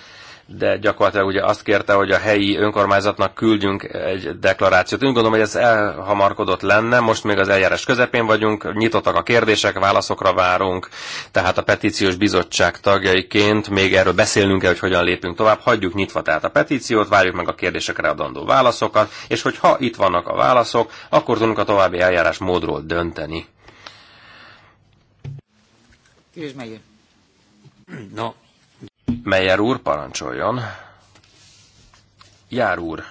de gyakorlatilag ugye azt kérte, hogy a helyi önkormányzatnak küldjünk egy deklarációt. Úgy gondolom, hogy ez elhamarkodott lenne, most még az eljárás közepén vagyunk, nyitottak a kérdések, válaszokra várunk, tehát a petíciós bizottság tagjaiként még erről beszélnünk el hogy hogyan lépünk tovább. Hagyjuk nyitva tehát a petíciót, várjuk meg a kérdésekre adandó válaszokat, és hogyha itt vannak a válaszok, akkor tudunk a további eljárás módról dönteni. Kérdés No, Melyer úr, parancsoljon. Jár úr.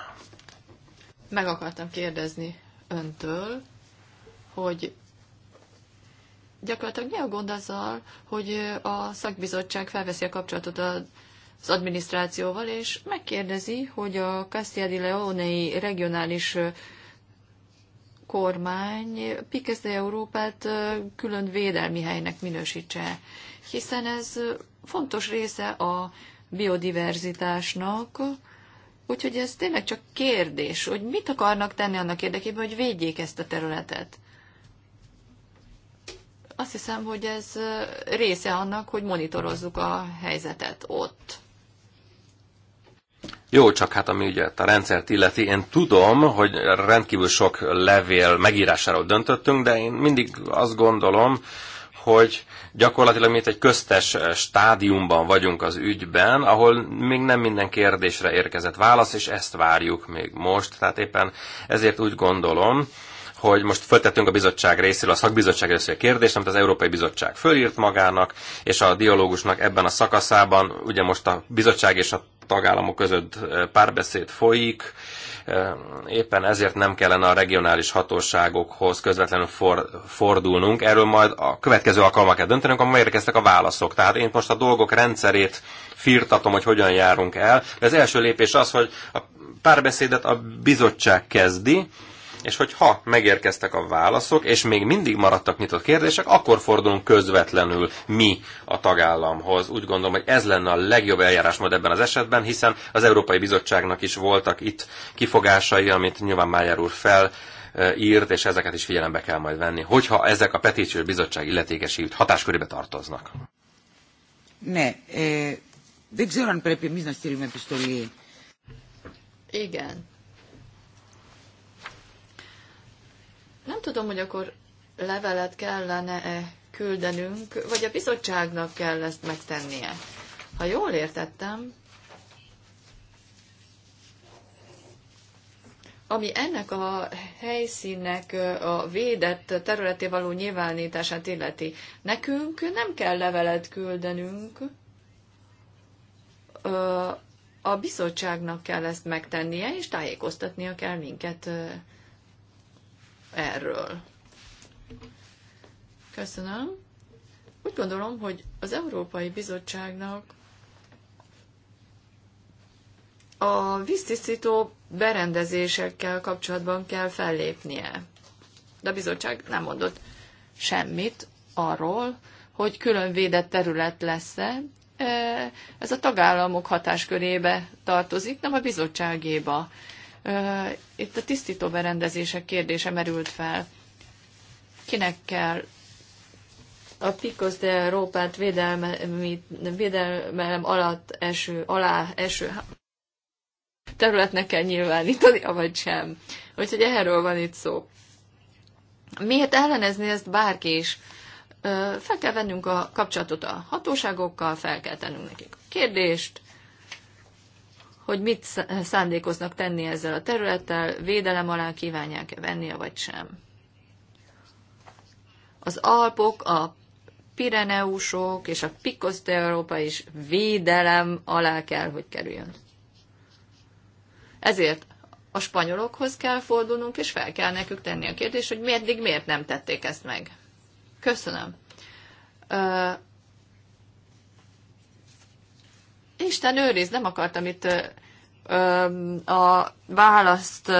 Meg akartam kérdezni öntől, hogy gyakorlatilag mi a gond azzal, hogy a szakbizottság felveszi a kapcsolatot az adminisztrációval, és megkérdezi, hogy a Castiadi Leonei regionális kormány Pikesz Európát külön védelmi helynek minősítse, hiszen ez fontos része a biodiverzitásnak, úgyhogy ez tényleg csak kérdés, hogy mit akarnak tenni annak érdekében, hogy védjék ezt a területet. Azt hiszem, hogy ez része annak, hogy monitorozzuk a helyzetet ott. Jó, csak hát ami ugye a rendszert illeti, én tudom, hogy rendkívül sok levél megírásáról döntöttünk, de én mindig azt gondolom, hogy gyakorlatilag mint egy köztes stádiumban vagyunk az ügyben, ahol még nem minden kérdésre érkezett válasz, és ezt várjuk még most. Tehát éppen ezért úgy gondolom, hogy most föltettünk a bizottság részéről, a szakbizottság részéről a kérdést, amit az Európai Bizottság fölírt magának, és a dialógusnak ebben a szakaszában, ugye most a bizottság és a tagállamok között eh, párbeszéd folyik, Éppen ezért nem kellene a regionális hatóságokhoz közvetlenül for, fordulnunk. Erről majd a következő alkalommal kell döntenünk, amikor érkeztek a válaszok. Tehát én most a dolgok rendszerét firtatom, hogy hogyan járunk el. De az első lépés az, hogy a párbeszédet a bizottság kezdi, és hogy ha megérkeztek a válaszok, és még mindig maradtak nyitott kérdések, akkor fordulunk közvetlenül mi a tagállamhoz. Úgy gondolom, hogy ez lenne a legjobb eljárás majd ebben az esetben, hiszen az Európai Bizottságnak is voltak itt kifogásai, amit nyilván Májár úr fel e, írt, és ezeket is figyelembe kell majd venni, hogyha ezek a petíciós bizottság illetékesi hatáskörébe tartoznak. Ne, eh, de ξέρω αν πρέπει Igen. Nem tudom, hogy akkor levelet kellene -e küldenünk, vagy a bizottságnak kell ezt megtennie. Ha jól értettem, ami ennek a helyszínnek a védett területé való nyilvánítását illeti, nekünk nem kell levelet küldenünk, a bizottságnak kell ezt megtennie, és tájékoztatnia kell minket erről. Köszönöm. Úgy gondolom, hogy az Európai Bizottságnak a víztisztító berendezésekkel kapcsolatban kell fellépnie. De a bizottság nem mondott semmit arról, hogy külön védett terület lesz-e. Ez a tagállamok hatáskörébe tartozik, nem a bizottságéba. Itt a tisztító berendezések kérdése merült fel. Kinek kell a Picos de Európát védelmem, védelmelem alatt eső, alá eső területnek kell nyilvánítani, vagy sem. Úgyhogy erről van itt szó. Miért ellenezni ezt bárki is? Fel kell vennünk a kapcsolatot a hatóságokkal, fel kell tennünk nekik a kérdést, hogy mit szándékoznak tenni ezzel a területtel, védelem alá kívánják-e venni vagy sem. Az Alpok, a Pireneusok és a Picos Európa is védelem alá kell, hogy kerüljön. Ezért a spanyolokhoz kell fordulnunk, és fel kell nekük tenni a kérdést, hogy miért, miért nem tették ezt meg. Köszönöm. Isten őriz, nem akartam itt a választ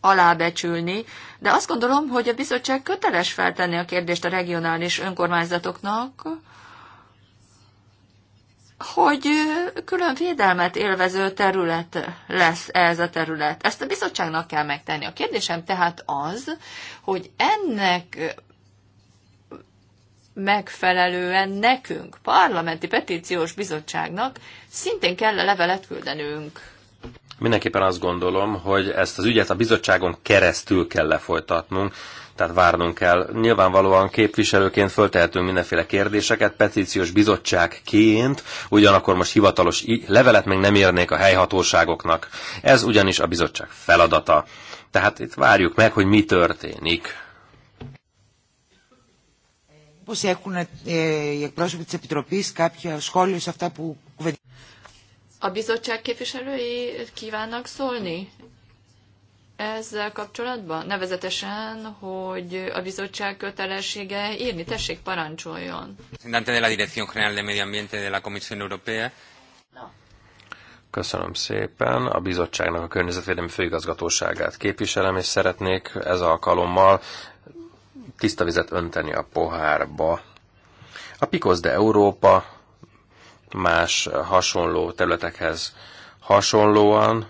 alábecsülni, de azt gondolom, hogy a bizottság köteles feltenni a kérdést a regionális önkormányzatoknak, hogy külön védelmet élvező terület lesz ez a terület. Ezt a bizottságnak kell megtenni. A kérdésem tehát az, hogy ennek megfelelően nekünk, parlamenti petíciós bizottságnak szintén kell a levelet küldenünk. Mindenképpen azt gondolom, hogy ezt az ügyet a bizottságon keresztül kell lefolytatnunk, tehát várnunk kell. Nyilvánvalóan képviselőként föltehetünk mindenféle kérdéseket, petíciós bizottságként, ugyanakkor most hivatalos levelet még nem érnék a helyhatóságoknak. Ez ugyanis a bizottság feladata. Tehát itt várjuk meg, hogy mi történik έχουν ε, οι εκπρόσωποι της Επιτροπής κάποια σχόλια σε αυτά που A bizottság képviselői kívánnak szólni ezzel kapcsolatban? Nevezetesen, hogy a bizottság kötelessége írni, tessék, parancsoljon. Köszönöm szépen. A bizottságnak a környezetvédelmi főigazgatóságát képviselem, és szeretnék ez alkalommal tiszta vizet önteni a pohárba. A Picos de Európa más hasonló területekhez hasonlóan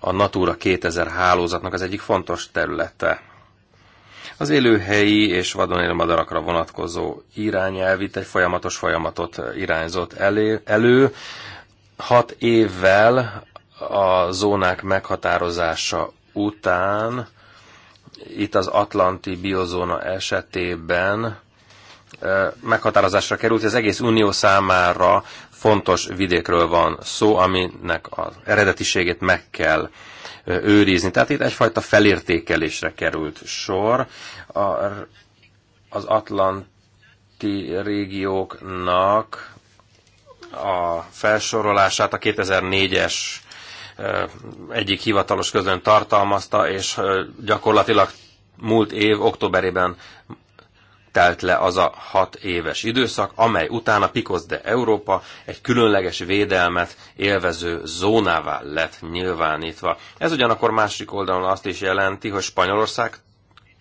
a Natura 2000 hálózatnak az egyik fontos területe. Az élőhelyi és vadon élő madarakra vonatkozó irányelvit egy folyamatos folyamatot irányzott elő. elő. Hat évvel a zónák meghatározása után itt az Atlanti biozóna esetében meghatározásra került, hogy az egész unió számára fontos vidékről van szó, aminek az eredetiségét meg kell őrizni. Tehát itt egyfajta felértékelésre került sor. A, az atlanti régióknak a felsorolását a 2004-es egyik hivatalos közön tartalmazta, és gyakorlatilag múlt év októberében telt le az a hat éves időszak, amely után a Picos de Európa egy különleges védelmet élvező zónává lett nyilvánítva. Ez ugyanakkor másik oldalon azt is jelenti, hogy Spanyolország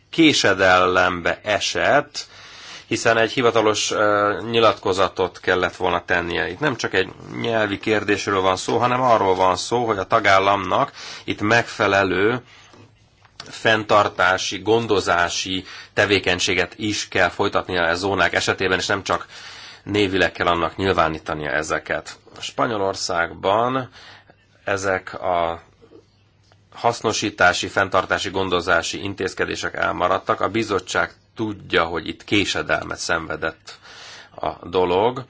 késedellembe esett hiszen egy hivatalos nyilatkozatot kellett volna tennie. Itt nem csak egy nyelvi kérdésről van szó, hanem arról van szó, hogy a tagállamnak itt megfelelő fenntartási, gondozási tevékenységet is kell folytatnia a e zónák esetében, és nem csak névileg kell annak nyilvánítania ezeket. Spanyolországban ezek a hasznosítási, fenntartási, gondozási intézkedések elmaradtak. A bizottság tudja, hogy itt késedelmet szenvedett a dolog,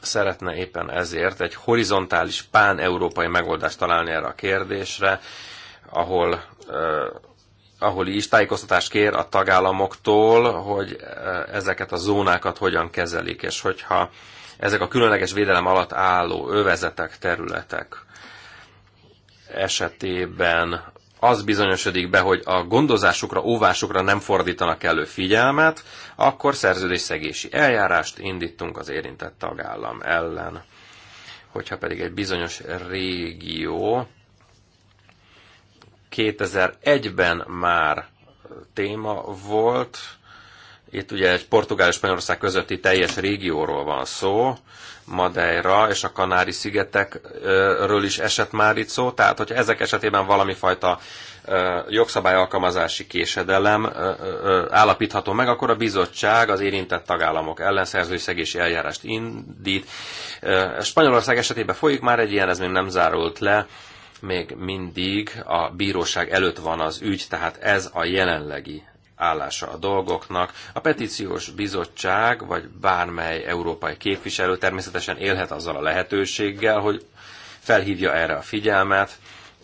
szeretne éppen ezért egy horizontális pán-európai megoldást találni erre a kérdésre, ahol, eh, ahol is tájékoztatást kér a tagállamoktól, hogy ezeket a zónákat hogyan kezelik, és hogyha ezek a különleges védelem alatt álló övezetek, területek esetében az bizonyosodik be, hogy a gondozásukra, óvásukra nem fordítanak elő figyelmet, akkor szerződésszegési eljárást indítunk az érintett tagállam ellen. Hogyha pedig egy bizonyos régió 2001-ben már téma volt, itt ugye egy Portugál és Spanyolország közötti teljes régióról van szó, Madeira és a Kanári-szigetekről is esett már itt szó, tehát hogyha ezek esetében valami fajta alkalmazási késedelem állapítható meg, akkor a bizottság az érintett tagállamok ellen szerzőszegési eljárást indít. Spanyolország esetében folyik már egy ilyen, ez még nem zárult le, még mindig a bíróság előtt van az ügy, tehát ez a jelenlegi állása a dolgoknak. A petíciós bizottság, vagy bármely európai képviselő természetesen élhet azzal a lehetőséggel, hogy felhívja erre a figyelmet,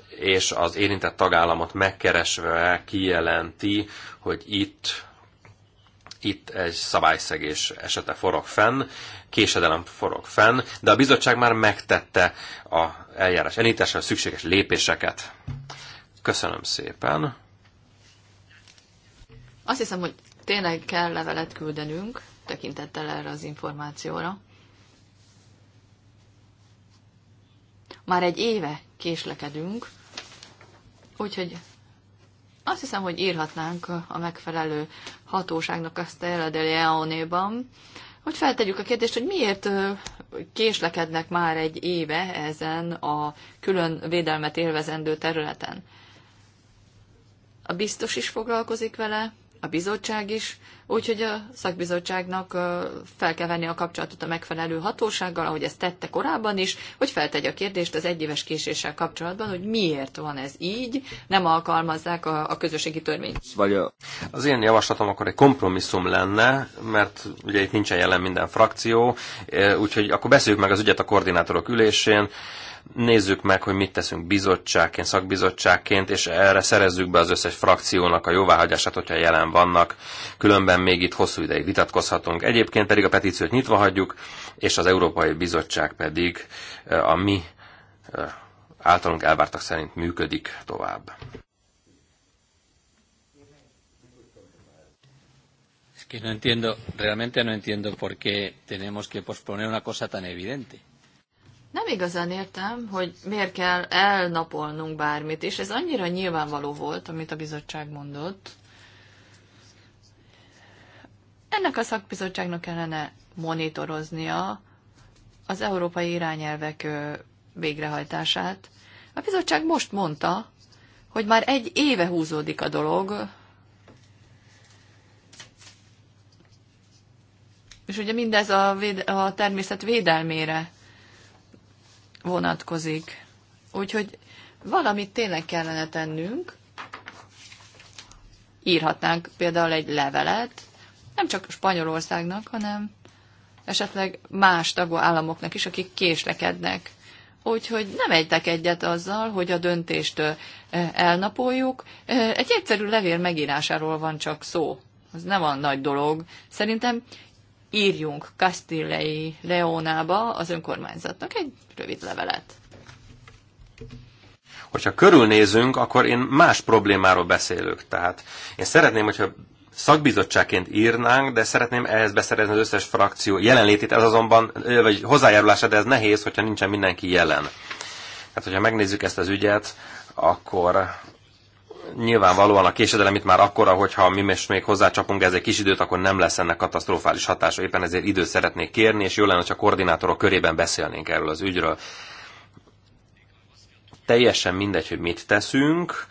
és az érintett tagállamot megkeresve kijelenti, hogy itt itt egy szabályszegés esete forog fenn, késedelem forog fenn, de a bizottság már megtette a eljárás elítésre szükséges lépéseket. Köszönöm szépen. Azt hiszem, hogy tényleg kell levelet küldenünk, tekintettel erre az információra. Már egy éve késlekedünk, úgyhogy azt hiszem, hogy írhatnánk a megfelelő hatóságnak azt a de Leonéban, hogy feltegyük a kérdést, hogy miért késlekednek már egy éve ezen a külön védelmet élvezendő területen. A biztos is foglalkozik vele, a bizottság is, úgyhogy a szakbizottságnak fel kell venni a kapcsolatot a megfelelő hatósággal, ahogy ezt tette korábban is, hogy feltegye a kérdést az egyéves késéssel kapcsolatban, hogy miért van ez így, nem alkalmazzák a, a közösségi törvényt. Vagy az én javaslatom akkor egy kompromisszum lenne, mert ugye itt nincsen jelen minden frakció, úgyhogy akkor beszéljük meg az ügyet a koordinátorok ülésén, nézzük meg, hogy mit teszünk bizottságként, szakbizottságként, és erre szerezzük be az összes frakciónak a jóváhagyását, hogyha jelen vannak. Különben még itt hosszú ideig vitatkozhatunk. Egyébként pedig a petíciót nyitva hagyjuk, és az Európai Bizottság pedig eh, a mi eh, általunk elvártak szerint működik tovább. que no entiendo, realmente no entiendo por qué tenemos que posponer una cosa tan evidente nem igazán értem, hogy miért kell elnapolnunk bármit, és ez annyira nyilvánvaló volt, amit a bizottság mondott. Ennek a szakbizottságnak kellene monitoroznia az európai irányelvek végrehajtását. A bizottság most mondta, hogy már egy éve húzódik a dolog, és ugye mindez a, véde- a természet védelmére vonatkozik. Úgyhogy valamit tényleg kellene tennünk. Írhatnánk például egy levelet, nem csak Spanyolországnak, hanem esetleg más tagó államoknak is, akik késlekednek. Úgyhogy nem egytek egyet azzal, hogy a döntést elnapoljuk. Egy egyszerű levél megírásáról van csak szó. Az nem a nagy dolog. Szerintem írjunk Kastillei Leónába az önkormányzatnak egy rövid levelet. Hogyha körülnézünk, akkor én más problémáról beszélök. Tehát én szeretném, hogyha szakbizottságként írnánk, de szeretném ehhez beszerezni az összes frakció jelenlétét, ez azonban, vagy hozzájárulása, de ez nehéz, hogyha nincsen mindenki jelen. Tehát, hogyha megnézzük ezt az ügyet, akkor nyilvánvalóan a késedelem itt már akkora, hogyha mi most még hozzácsapunk ez egy kis időt, akkor nem lesz ennek katasztrofális hatása. Éppen ezért időt szeretnék kérni, és jó lenne, ha koordinátorok körében beszélnénk erről az ügyről. Teljesen mindegy, hogy mit teszünk,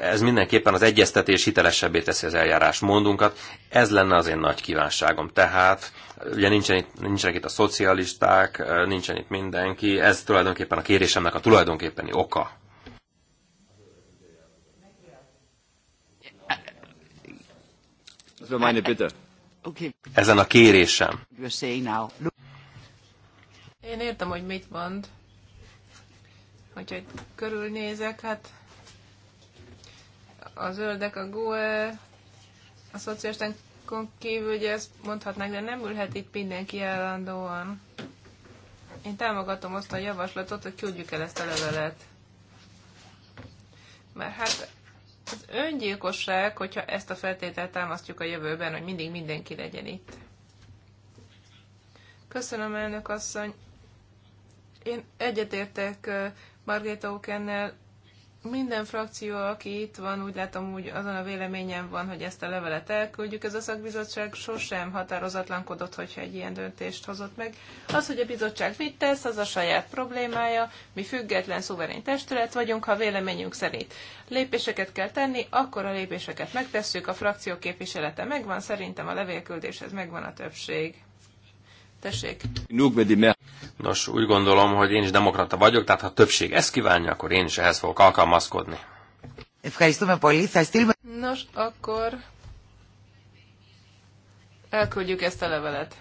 ez mindenképpen az egyeztetés hitelesebbé teszi az eljárás mondunkat. Ez lenne az én nagy kívánságom. Tehát ugye nincsen itt, nincsenek itt a szocialisták, nincsen itt mindenki, ez tulajdonképpen a kérésemnek a tulajdonképpeni oka. wäre meine Bitte. Okay. Ezen a kérésem. Én értem, hogy mit mond. Hogyha itt körülnézek, hát a zöldek, a GOE, a szocialistánkon kívül, ugye ezt mondhatnák, de nem ülhet itt mindenki állandóan. Én támogatom azt a javaslatot, hogy küldjük el ezt a levelet. Mert hát az öngyilkosság, hogyha ezt a feltételt támasztjuk a jövőben, hogy mindig mindenki legyen itt. Köszönöm, elnök asszony. Én egyetértek Margaret Okennel, minden frakció, aki itt van, úgy látom, úgy azon a véleményen van, hogy ezt a levelet elküldjük. Ez a szakbizottság sosem határozatlankodott, hogyha egy ilyen döntést hozott meg. Az, hogy a bizottság mit tesz, az a saját problémája. Mi független, szuverén testület vagyunk, ha véleményünk szerint lépéseket kell tenni, akkor a lépéseket megtesszük, a frakció képviselete megvan, szerintem a levélküldéshez megvan a többség. Tessék. Nos, úgy gondolom, hogy én is demokrata vagyok, tehát ha a többség ezt kívánja, akkor én is ehhez fogok alkalmazkodni. Nos, akkor elküldjük ezt a levelet,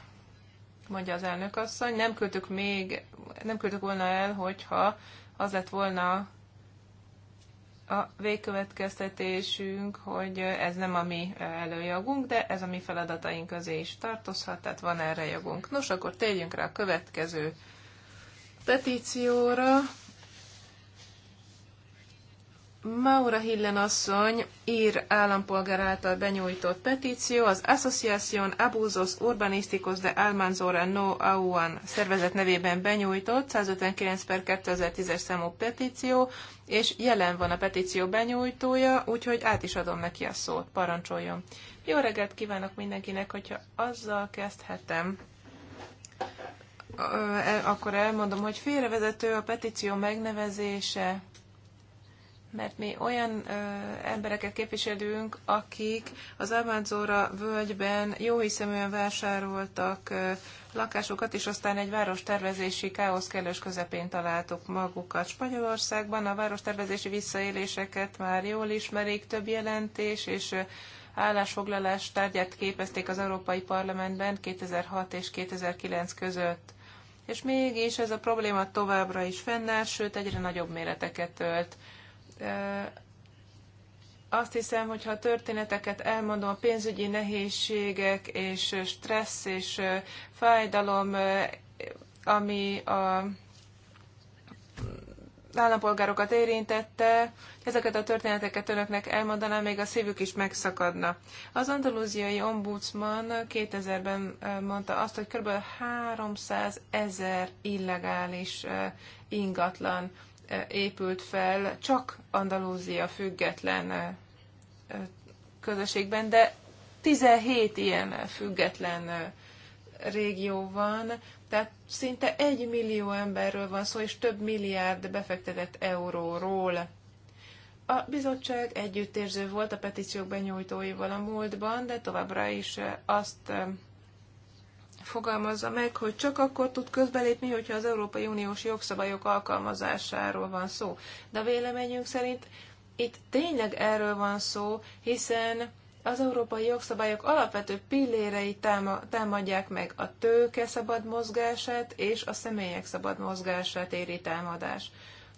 mondja az elnök asszony. Nem küldtük még, nem küldtük volna el, hogyha az lett volna a végkövetkeztetésünk, hogy ez nem a mi eh, előjogunk, de ez a mi feladataink közé is tartozhat, tehát van erre jogunk. Nos, akkor térjünk rá a következő petícióra. Maura Hillen asszony ír állampolgár által benyújtott petíció az Association Abusos Urbanisticos de Almanzora No Auan szervezet nevében benyújtott 159 per 2010-es számú petíció, és jelen van a petíció benyújtója, úgyhogy át is adom neki a szót. Parancsoljon! Jó reggelt kívánok mindenkinek, hogyha azzal kezdhetem, e, akkor elmondom, hogy félrevezető a petíció megnevezése, mert mi olyan ö, embereket képviselünk, akik az Almanzóra völgyben hiszeműen vásároltak ö, lakásokat, és aztán egy várostervezési káosz kellős közepén találtuk magukat. Spanyolországban a várostervezési visszaéléseket már jól ismerik, több jelentés és állásfoglalás tárgyát képezték az Európai Parlamentben 2006 és 2009 között. És mégis ez a probléma továbbra is fennáll, sőt egyre nagyobb méreteket ölt azt hiszem, hogy ha a történeteket elmondom, a pénzügyi nehézségek és stressz és fájdalom, ami a állampolgárokat érintette, ezeket a történeteket önöknek elmondaná, még a szívük is megszakadna. Az andalúziai ombudsman 2000-ben mondta azt, hogy kb. 300 ezer illegális ingatlan épült fel csak Andalúzia független közösségben, de 17 ilyen független régió van, tehát szinte egy millió emberről van szó, és több milliárd befektetett euróról. A bizottság együttérző volt a petíciók benyújtóival a múltban, de továbbra is azt fogalmazza meg, hogy csak akkor tud közbelépni, hogyha az Európai Uniós jogszabályok alkalmazásáról van szó. De a véleményünk szerint itt tényleg erről van szó, hiszen az európai jogszabályok alapvető pillérei támadják meg a tőke szabad mozgását és a személyek szabad mozgását éri támadás.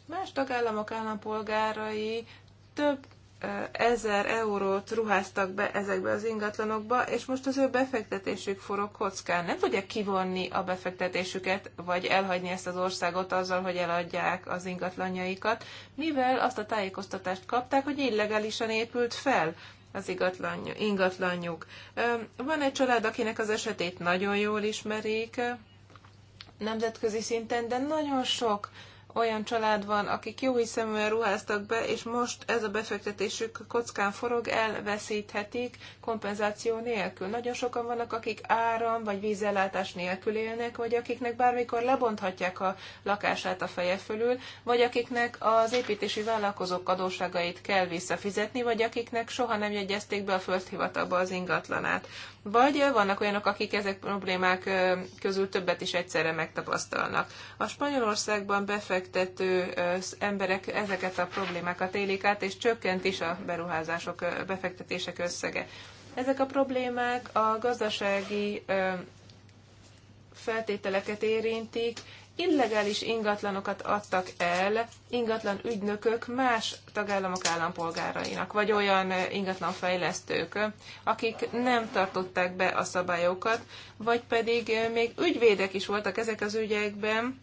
Más tagállamok állampolgárai több ezer eurót ruháztak be ezekbe az ingatlanokba, és most az ő befektetésük forog kockán. Nem tudják kivonni a befektetésüket, vagy elhagyni ezt az országot azzal, hogy eladják az ingatlanjaikat, mivel azt a tájékoztatást kapták, hogy illegálisan épült fel az ingatlanjuk. Van egy család, akinek az esetét nagyon jól ismerik nemzetközi szinten, de nagyon sok olyan család van, akik jó hiszeműen ruháztak be, és most ez a befektetésük kockán forog, elveszíthetik kompenzáció nélkül. Nagyon sokan vannak, akik áram vagy vízellátás nélkül élnek, vagy akiknek bármikor lebonthatják a lakását a feje fölül, vagy akiknek az építési vállalkozók adóságait kell visszafizetni, vagy akiknek soha nem jegyezték be a földhivatalba az ingatlanát. Vagy vannak olyanok, akik ezek problémák közül többet is egyszerre megtapasztalnak. A Spanyolországban befektetés befektető emberek ezeket a problémákat élik át, és csökkent is a beruházások, befektetések összege. Ezek a problémák a gazdasági feltételeket érintik, illegális ingatlanokat adtak el ingatlan ügynökök más tagállamok állampolgárainak, vagy olyan ingatlanfejlesztők, akik nem tartották be a szabályokat, vagy pedig még ügyvédek is voltak ezek az ügyekben,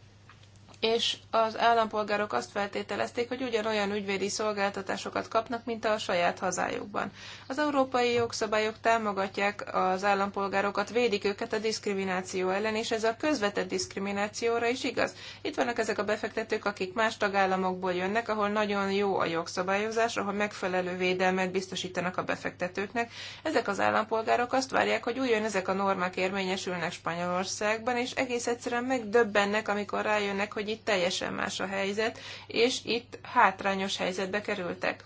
és az állampolgárok azt feltételezték, hogy ugyanolyan ügyvédi szolgáltatásokat kapnak, mint a saját hazájukban. Az európai jogszabályok támogatják az állampolgárokat, védik őket a diszkrimináció ellen, és ez a közvetett diszkriminációra is igaz. Itt vannak ezek a befektetők, akik más tagállamokból jönnek, ahol nagyon jó a jogszabályozás, ahol megfelelő védelmet biztosítanak a befektetőknek. Ezek az állampolgárok azt várják, hogy újon ezek a normák érvényesülnek Spanyolországban, és egész egyszerűen megdöbbennek, amikor rájönnek, hogy itt teljesen más a helyzet, és itt hátrányos helyzetbe kerültek.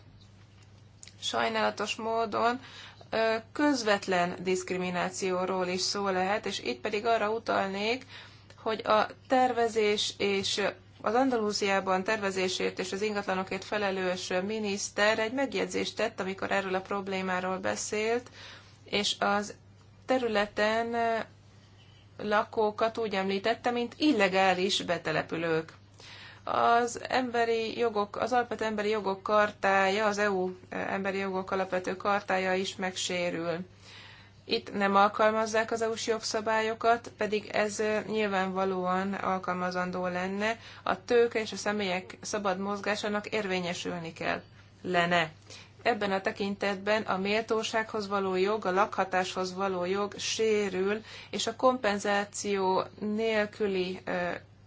Sajnálatos módon közvetlen diszkriminációról is szó lehet, és itt pedig arra utalnék, hogy a tervezés és az Andalúziában tervezésért és az ingatlanokért felelős miniszter egy megjegyzést tett, amikor erről a problémáról beszélt, és az területen lakókat úgy említette, mint illegális betelepülők. Az emberi jogok, az alapvető emberi jogok kartája, az EU emberi jogok alapvető kartája is megsérül. Itt nem alkalmazzák az EU-s jogszabályokat, pedig ez nyilvánvalóan alkalmazandó lenne. A tőke és a személyek szabad mozgásának érvényesülni kell lenne ebben a tekintetben a méltósághoz való jog, a lakhatáshoz való jog sérül, és a kompenzáció nélküli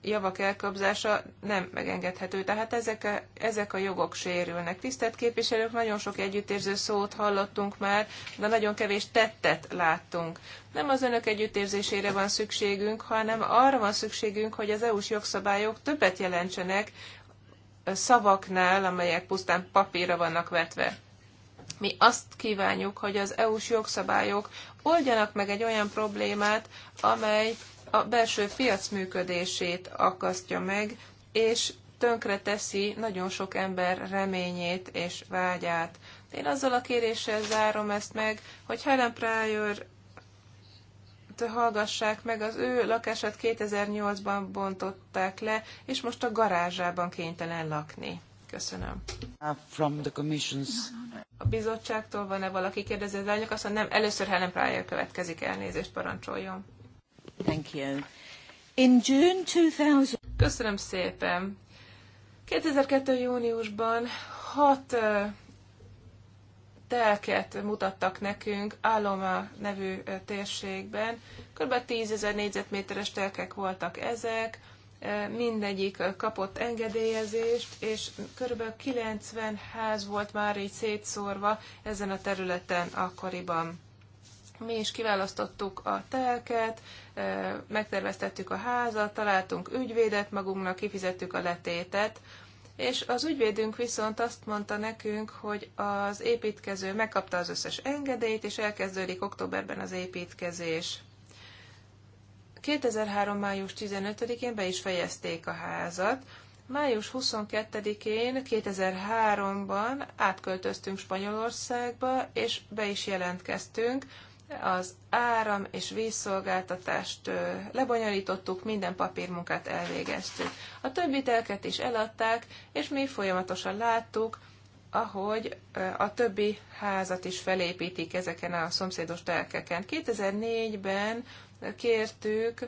javak elkapzása nem megengedhető. Tehát ezek a, ezek a jogok sérülnek. Tisztelt képviselők, nagyon sok együttérző szót hallottunk már, de nagyon kevés tettet láttunk. Nem az önök együttérzésére van szükségünk, hanem arra van szükségünk, hogy az EU-s jogszabályok többet jelentsenek szavaknál, amelyek pusztán papírra vannak vetve. Mi azt kívánjuk, hogy az EU-s jogszabályok oldjanak meg egy olyan problémát, amely a belső piac működését akasztja meg, és tönkre teszi nagyon sok ember reményét és vágyát. Én azzal a kéréssel zárom ezt meg, hogy Helen Pryor hallgassák meg, az ő lakását 2008-ban bontották le, és most a garázsában kénytelen lakni. Köszönöm. Uh, from the commissions. A bizottságtól van-e valaki kérdező az elnök? Azt mondja, nem, először Helen Pryor következik, elnézést parancsoljon. Thank you. In June 2000... Köszönöm szépen. 2002. júniusban hat telket mutattak nekünk Áloma nevű térségben. Kb. 10 ezer négyzetméteres telkek voltak ezek, mindegyik kapott engedélyezést, és körülbelül 90 ház volt már így szétszórva ezen a területen akkoriban. Mi is kiválasztottuk a telket, megterveztettük a házat, találtunk ügyvédet magunknak, kifizettük a letétet, és az ügyvédünk viszont azt mondta nekünk, hogy az építkező megkapta az összes engedélyt, és elkezdődik októberben az építkezés. 2003. május 15-én be is fejezték a házat, Május 22-én 2003-ban átköltöztünk Spanyolországba, és be is jelentkeztünk. Az áram és vízszolgáltatást lebonyolítottuk, minden papírmunkát elvégeztük. A többi telket is eladták, és mi folyamatosan láttuk, ahogy a többi házat is felépítik ezeken a szomszédos telkeken. 2004-ben kértük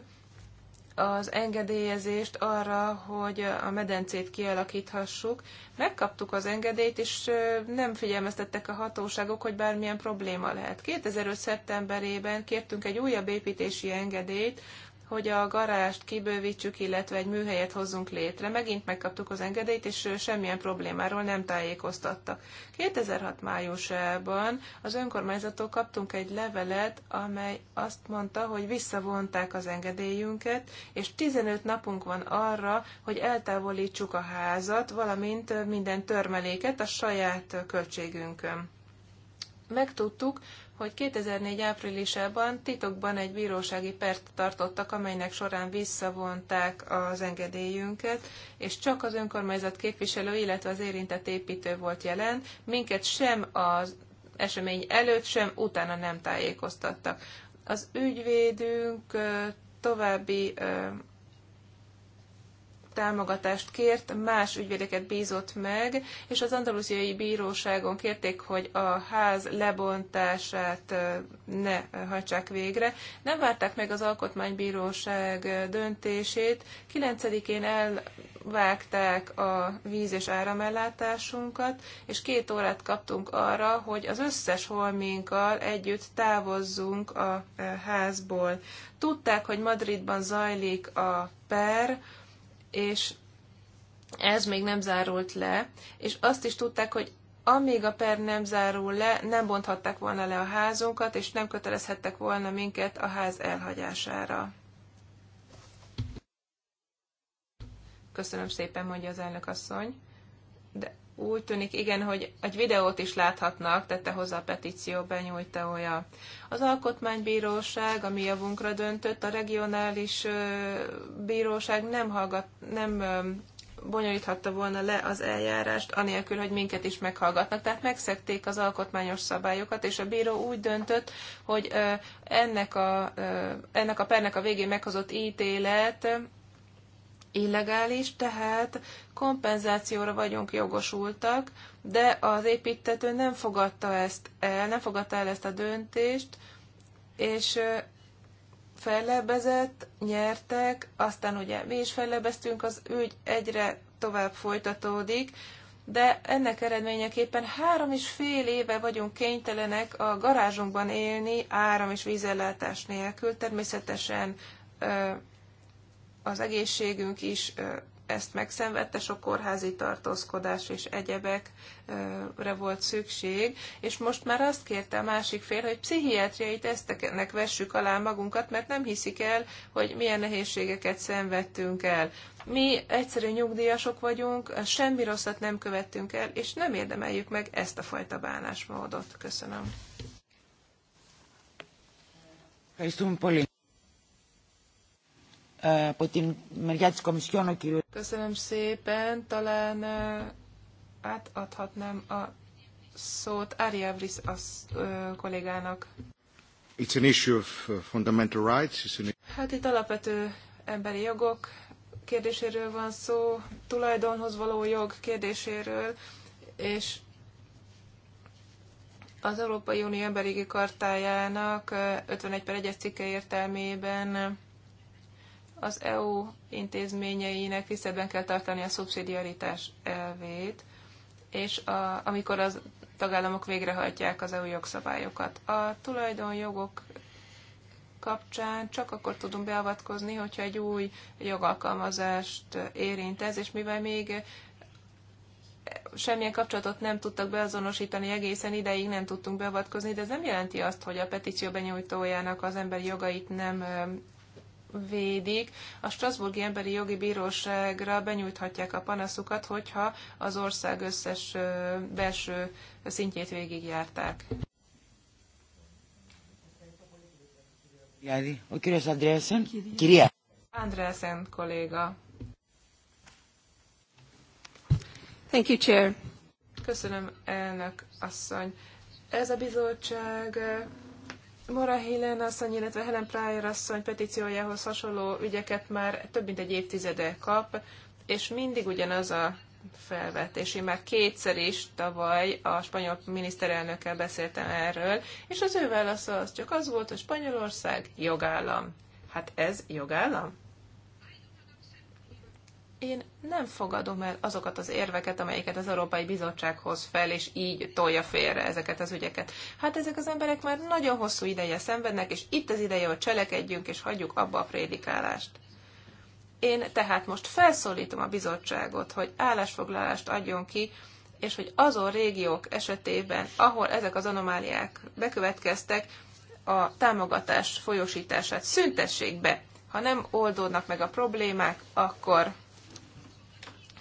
az engedélyezést arra, hogy a medencét kialakíthassuk. Megkaptuk az engedélyt, és nem figyelmeztettek a hatóságok, hogy bármilyen probléma lehet. 2005. szeptemberében kértünk egy újabb építési engedélyt hogy a garást kibővítsük, illetve egy műhelyet hozzunk létre. Megint megkaptuk az engedélyt, és semmilyen problémáról nem tájékoztattak. 2006 májusában az önkormányzattól kaptunk egy levelet, amely azt mondta, hogy visszavonták az engedélyünket, és 15 napunk van arra, hogy eltávolítsuk a házat, valamint minden törmeléket a saját költségünkön. Megtudtuk, hogy 2004 áprilisában titokban egy bírósági pert tartottak, amelynek során visszavonták az engedélyünket, és csak az önkormányzat képviselő, illetve az érintett építő volt jelen, minket sem az esemény előtt, sem utána nem tájékoztattak. Az ügyvédünk további támogatást kért, más ügyvédeket bízott meg, és az andaluziai bíróságon kérték, hogy a ház lebontását ne hajtsák végre. Nem várták meg az alkotmánybíróság döntését. 9-én elvágták a víz- és áramellátásunkat, és két órát kaptunk arra, hogy az összes holminkkal együtt távozzunk a házból. Tudták, hogy Madridban zajlik a per, és ez még nem zárult le, és azt is tudták, hogy amíg a per nem zárul le, nem bonthatták volna le a házunkat, és nem kötelezhettek volna minket a ház elhagyására. Köszönöm szépen, mondja az elnök asszony, de úgy tűnik, igen, hogy egy videót is láthatnak, tette hozzá a petíció benyújtója. Az Alkotmánybíróság, ami javunkra döntött, a regionális bíróság nem, hallgat, nem bonyolíthatta volna le az eljárást, anélkül, hogy minket is meghallgatnak. Tehát megszekték az alkotmányos szabályokat, és a bíró úgy döntött, hogy ennek a, ennek a pernek a végén meghozott ítélet illegális, tehát kompenzációra vagyunk jogosultak, de az építető nem fogadta ezt el, nem fogadta el ezt a döntést, és fellebezett, nyertek, aztán ugye mi is fellebeztünk, az ügy egyre tovább folytatódik, de ennek eredményeképpen három és fél éve vagyunk kénytelenek a garázsunkban élni áram és vízellátás nélkül. Természetesen az egészségünk is ezt megszenvedte, sok kórházi tartózkodás és egyebekre volt szükség, és most már azt kérte a másik fél, hogy pszichiátriai teszteknek vessük alá magunkat, mert nem hiszik el, hogy milyen nehézségeket szenvedtünk el. Mi egyszerű nyugdíjasok vagyunk, semmi rosszat nem követtünk el, és nem érdemeljük meg ezt a fajta bánásmódot. Köszönöm. Köszönöm, Poli από την μεριά της Κομισιόν ο κύριος... Köszönöm szépen, talán átadhatnám a szót Ariavris az kollégának. It's an issue of uh, fundamental rights. It's an... Hát itt alapvető emberi jogok kérdéséről van szó, tulajdonhoz való jog kérdéséről, és az Európai Unió emberi kartájának 51 per 1 cikke értelmében az EU intézményeinek tiszteletben kell tartani a szubszidiaritás elvét, és a, amikor az tagállamok végrehajtják az EU jogszabályokat. A tulajdonjogok kapcsán csak akkor tudunk beavatkozni, hogyha egy új jogalkalmazást érint ez, és mivel még semmilyen kapcsolatot nem tudtak beazonosítani egészen ideig, nem tudtunk beavatkozni, de ez nem jelenti azt, hogy a petíció benyújtójának az emberi jogait nem védik, a Strasburgi Emberi Jogi Bíróságra benyújthatják a panaszukat, hogyha az ország összes belső szintjét végigjárták. Jári, a Kiria. Andreasen kolléga. Thank you, Chair. Köszönöm, elnök asszony. Ez a bizottság Mora Hillen asszony, illetve Helen Pryor asszony petíciójához hasonló ügyeket már több mint egy évtizede kap, és mindig ugyanaz a felvetés. Én már kétszer is tavaly a spanyol miniszterelnökkel beszéltem erről, és az ő válasza az csak az volt, hogy Spanyolország jogállam. Hát ez jogállam? én nem fogadom el azokat az érveket, amelyeket az Európai hoz fel, és így tolja félre ezeket az ügyeket. Hát ezek az emberek már nagyon hosszú ideje szenvednek, és itt az ideje, hogy cselekedjünk, és hagyjuk abba a prédikálást. Én tehát most felszólítom a bizottságot, hogy állásfoglalást adjon ki, és hogy azon régiók esetében, ahol ezek az anomáliák bekövetkeztek, a támogatás folyosítását szüntessék be. Ha nem oldódnak meg a problémák, akkor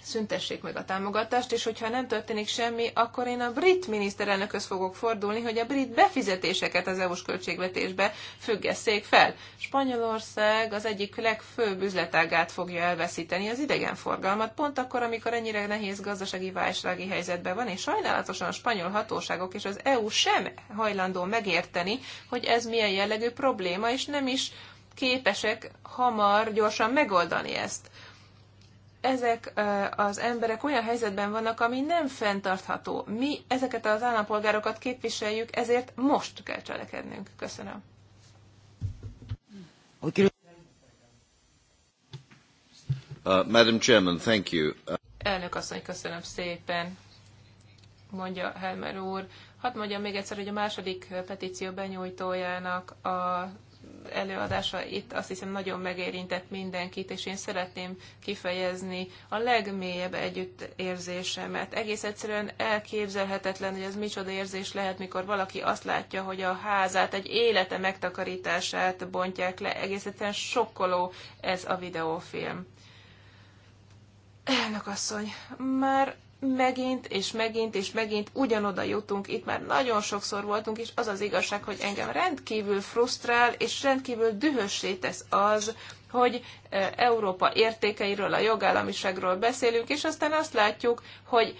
szüntessék meg a támogatást, és hogyha nem történik semmi, akkor én a brit miniszterelnökhöz fogok fordulni, hogy a brit befizetéseket az EU-s költségvetésbe függesszék fel. Spanyolország az egyik legfőbb üzletágát fogja elveszíteni, az idegenforgalmat, pont akkor, amikor ennyire nehéz gazdasági válsági helyzetben van, és sajnálatosan a spanyol hatóságok és az EU sem hajlandó megérteni, hogy ez milyen jellegű probléma, és nem is képesek hamar, gyorsan megoldani ezt ezek az emberek olyan helyzetben vannak, ami nem fenntartható. Mi ezeket az állampolgárokat képviseljük, ezért most kell cselekednünk. Köszönöm. Uh, Madam Chairman, thank you. Uh... Elnök asszony, köszönöm szépen, mondja Helmer úr. Hadd mondjam még egyszer, hogy a második petíció benyújtójának a előadása itt azt hiszem nagyon megérintett mindenkit, és én szeretném kifejezni a legmélyebb együttérzésemet. Egész egyszerűen elképzelhetetlen, hogy ez micsoda érzés lehet, mikor valaki azt látja, hogy a házát, egy élete megtakarítását bontják le. Egész egyszerűen sokkoló ez a videófilm. Elnök asszony, már megint, és megint, és megint ugyanoda jutunk. Itt már nagyon sokszor voltunk, és az az igazság, hogy engem rendkívül frusztrál, és rendkívül dühössé tesz az, hogy e, Európa értékeiről, a jogállamiságról beszélünk, és aztán azt látjuk, hogy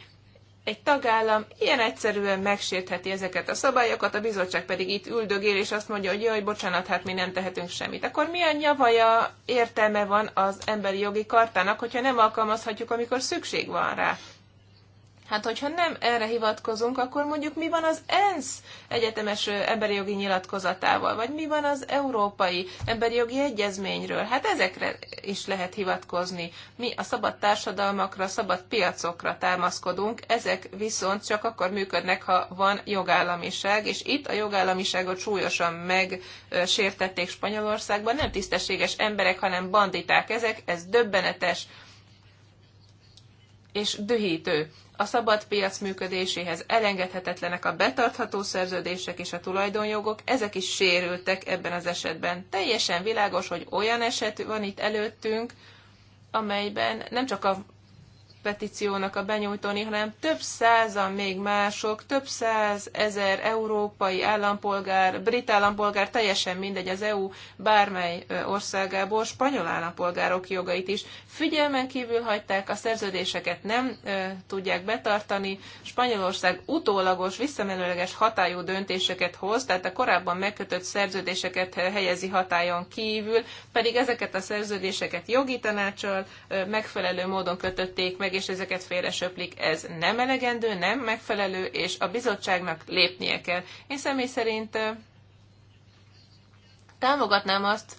egy tagállam ilyen egyszerűen megsértheti ezeket a szabályokat, a bizottság pedig itt üldögél, és azt mondja, hogy jaj, bocsánat, hát mi nem tehetünk semmit. Akkor milyen nyavaja értelme van az emberi jogi kartának, hogyha nem alkalmazhatjuk, amikor szükség van rá? Hát, hogyha nem erre hivatkozunk, akkor mondjuk mi van az ENSZ egyetemes emberi jogi nyilatkozatával, vagy mi van az Európai Emberi Jogi Egyezményről? Hát ezekre is lehet hivatkozni. Mi a szabad társadalmakra, szabad piacokra támaszkodunk, ezek viszont csak akkor működnek, ha van jogállamiság, és itt a jogállamiságot súlyosan megsértették Spanyolországban. Nem tisztességes emberek, hanem banditák ezek, ez döbbenetes és dühítő a szabad piac működéséhez elengedhetetlenek a betartható szerződések és a tulajdonjogok, ezek is sérültek ebben az esetben. Teljesen világos, hogy olyan eset van itt előttünk, amelyben nem csak a petíciónak a benyújtóni, hanem több százan még mások, több száz ezer európai állampolgár, brit állampolgár, teljesen mindegy az EU bármely országából, spanyol állampolgárok jogait is figyelmen kívül hagyták, a szerződéseket nem e, tudják betartani, Spanyolország utólagos, visszamenőleges hatályú döntéseket hoz, tehát a korábban megkötött szerződéseket helyezi hatályon kívül, pedig ezeket a szerződéseket jogi tanácsal e, megfelelő módon kötötték meg, meg, és ezeket félresöplik. Ez nem elegendő, nem megfelelő, és a bizottságnak lépnie kell. Én személy szerint támogatnám azt,